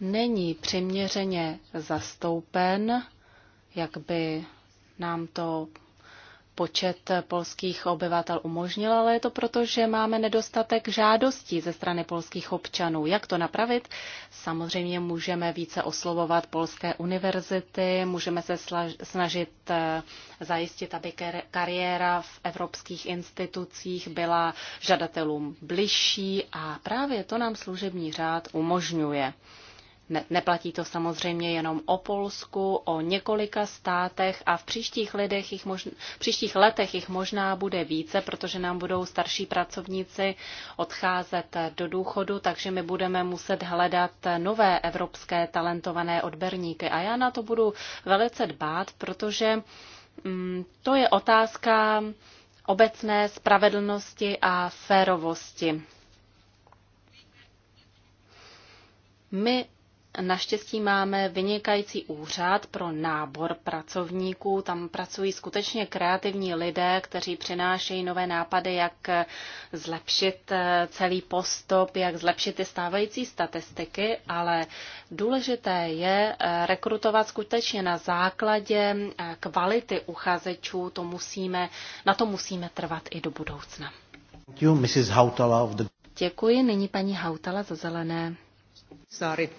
není přiměřeně zastoupen, jak by nám to počet polských obyvatel umožnil, ale je to proto, že máme nedostatek žádostí ze strany polských občanů. Jak to napravit? Samozřejmě můžeme více oslovovat polské univerzity, můžeme se snažit eh, zajistit, aby kariéra v evropských institucích byla žadatelům bližší a právě to nám služební řád umožňuje. Ne, neplatí to samozřejmě jenom o Polsku, o několika státech a v příštích, lidech jich možná, příštích letech jich možná bude více, protože nám budou starší pracovníci odcházet do důchodu, takže my budeme muset hledat nové evropské talentované odberníky. A já na to budu velice dbát, protože mm, to je otázka obecné spravedlnosti a férovosti. My Naštěstí máme vynikající úřad pro nábor pracovníků. Tam pracují skutečně kreativní lidé, kteří přinášejí nové nápady, jak zlepšit eh, celý postup, jak zlepšit ty stávající statistiky, ale důležité je eh, rekrutovat skutečně na základě eh, kvality uchazečů. To musíme, na to musíme trvat i do budoucna. Děkuji, Mrs. Hautala of the... Děkuji nyní paní Hautala za zelené. Sorry.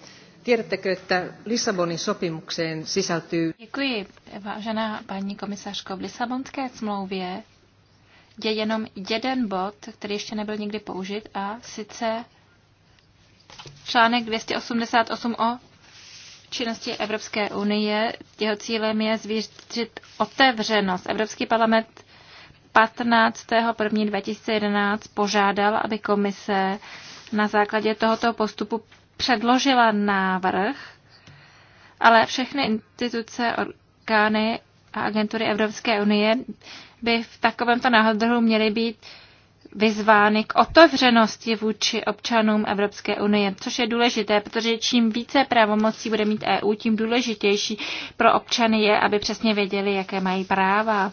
Děkuji, vážená paní komisařko. V Lisabonské smlouvě je jenom jeden bod, který ještě nebyl nikdy použit, a sice článek 288 o činnosti Evropské unie. Jeho cílem je zvýšit otevřenost. Evropský parlament 15. 1. 2011 požádal, aby komise na základě tohoto postupu předložila návrh, ale všechny instituce, orgány a agentury Evropské unie by v takovémto návrhu měly být vyzvány k otevřenosti vůči občanům Evropské unie, což je důležité, protože čím více pravomocí bude mít EU, tím důležitější pro občany je, aby přesně věděli, jaké mají práva.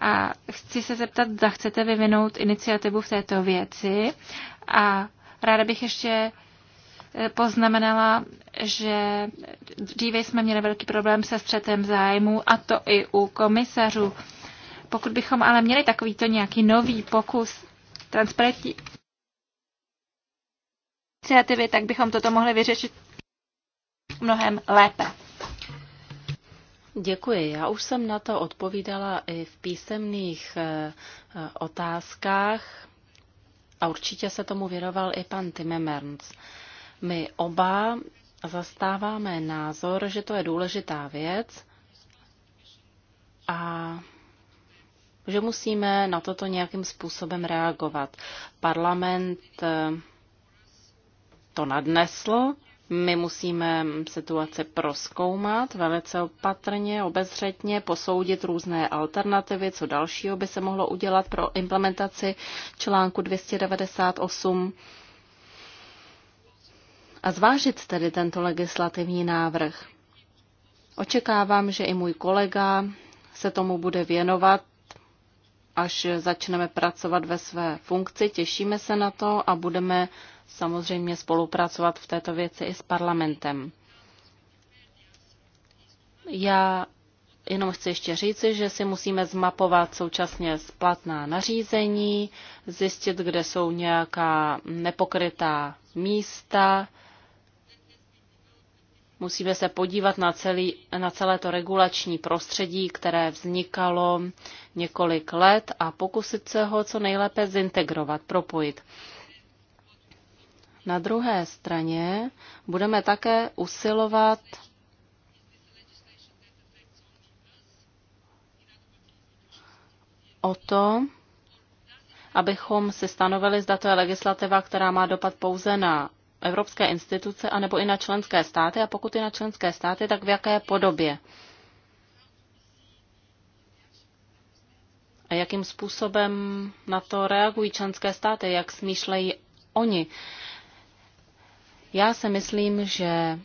A chci se zeptat, zda chcete vyvinout iniciativu v této věci. A ráda bych ještě poznamenala, že dříve jsme měli velký problém se střetem zájmu, a to i u komisařů. Pokud bychom ale měli takovýto nějaký nový pokus transparentní iniciativy, tak bychom toto mohli vyřešit mnohem lépe. Děkuji. Já už jsem na to odpovídala i v písemných eh, otázkách a určitě se tomu věnoval i pan Timmermans. My oba zastáváme názor, že to je důležitá věc a že musíme na toto nějakým způsobem reagovat. Parlament eh, to nadnesl, my musíme situaci proskoumat velice opatrně, obezřetně, posoudit různé alternativy, co dalšího by se mohlo udělat pro implementaci článku 298 a zvážit tedy tento legislativní návrh. Očekávám, že i můj kolega se tomu bude věnovat, až začneme pracovat ve své funkci. Těšíme se na to a budeme samozřejmě spolupracovat v této věci i s parlamentem. Já jenom chci ještě říci, že si musíme zmapovat současně splatná nařízení, zjistit, kde jsou nějaká nepokrytá místa, Musíme se podívat na, celý, na celé to regulační prostředí, které vznikalo několik let a pokusit se ho co nejlépe zintegrovat, propojit. Na druhé straně budeme také usilovat o to, abychom si stanovili, zda to je legislativa, která má dopad pouze na evropské instituce anebo i na členské státy a pokud i na členské státy, tak v jaké podobě? A jakým způsobem na to reagují členské státy, jak smýšlejí oni? Já si myslím, že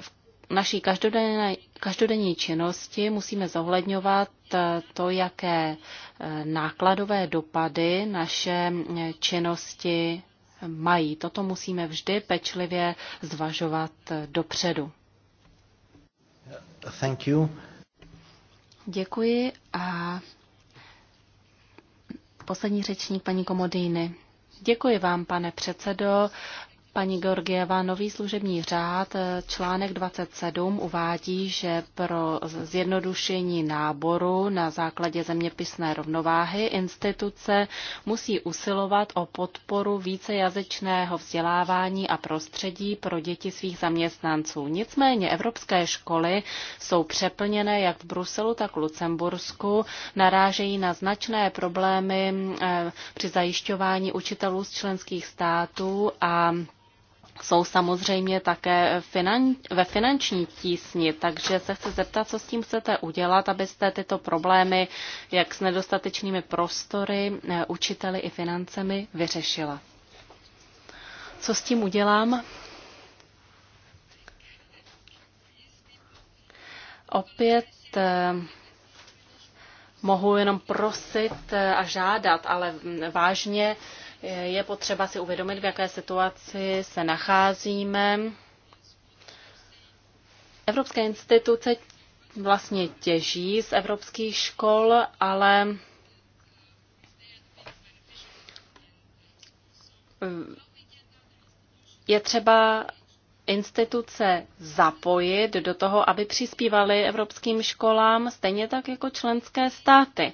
v naší každodenní, každodenní činnosti musíme zohledňovat eh, to, jaké eh, nákladové dopady naše eh, činnosti mají. Toto musíme vždy pečlivě zvažovat dopředu. Thank you. Děkuji a poslední řečník paní Komodýny. Děkuji vám, pane předsedo. Paní Georgieva, nový služební řád, eh, článek 27 uvádí, že pro zjednodušení náboru na základě zeměpisné rovnováhy instituce musí usilovat o podporu vícejazyčného vzdělávání a prostředí pro děti svých zaměstnanců. Nicméně evropské školy jsou přeplněné jak v Bruselu, tak v Lucembursku, narážejí na značné problémy eh, při zajišťování učitelů z členských států a jsou samozřejmě také finan, ve finanční tísni, takže se chci zeptat, co s tím chcete udělat, abyste tyto problémy, jak s nedostatečnými prostory, eh, učiteli i financemi, vyřešila. Co s tím udělám? Opět eh, mohu jenom prosit eh, a žádat, ale mm, vážně je potřeba si uvědomit, v jaké situaci se nacházíme. Evropské instituce vlastně těží z evropských škol, ale je třeba instituce zapojit do toho, aby přispívaly evropským školám, stejně tak jako členské státy.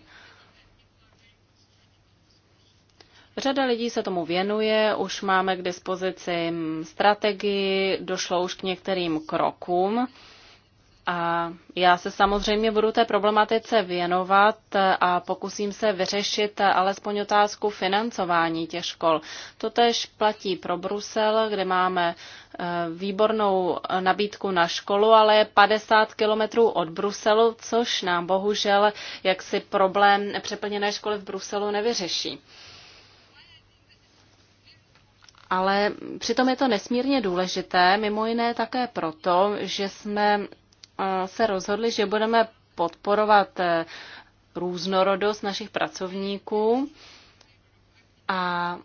Řada lidí se tomu věnuje, už máme k dispozici strategii, došlo už k některým krokům. A já se samozřejmě budu té problematice věnovat a pokusím se vyřešit alespoň otázku financování těch škol. To tež platí pro Brusel, kde máme eh, výbornou nabídku na školu, ale je 50 kilometrů od Bruselu, což nám bohužel jaksi problém přeplněné školy v Bruselu nevyřeší ale přitom je to nesmírně důležité, mimo jiné také proto, že jsme eh, se rozhodli, že budeme podporovat eh, různorodost našich pracovníků a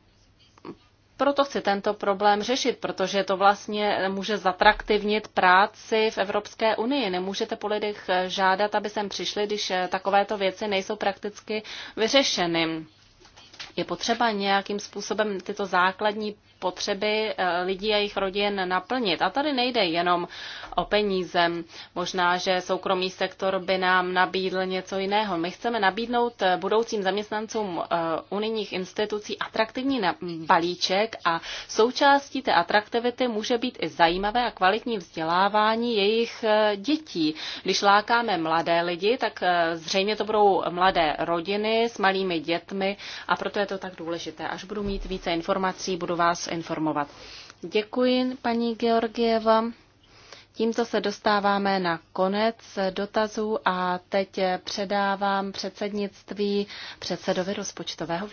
proto chci tento problém řešit, protože to vlastně může zatraktivnit práci v Evropské unii. Nemůžete po lidech eh, žádat, aby sem přišli, když takovéto věci nejsou prakticky vyřešeny. Je potřeba nějakým způsobem tyto základní potřeby eh, lidí a jejich rodin naplnit. A tady nejde jenom o peníze. Možná, že soukromý sektor by nám nabídl něco jiného. My chceme nabídnout eh, budoucím zaměstnancům eh, unijních institucí atraktivní balíček a součástí té atraktivity může být i zajímavé a kvalitní vzdělávání jejich dětí. Když lákáme mladé lidi, tak zřejmě to budou mladé rodiny s malými dětmi a proto je to tak důležité. Až budu mít více informací, budu vás informovat. Děkuji, paní Georgieva. Tímto se dostáváme na konec dotazů a teď předávám předsednictví předsedovi rozpočtového výboru.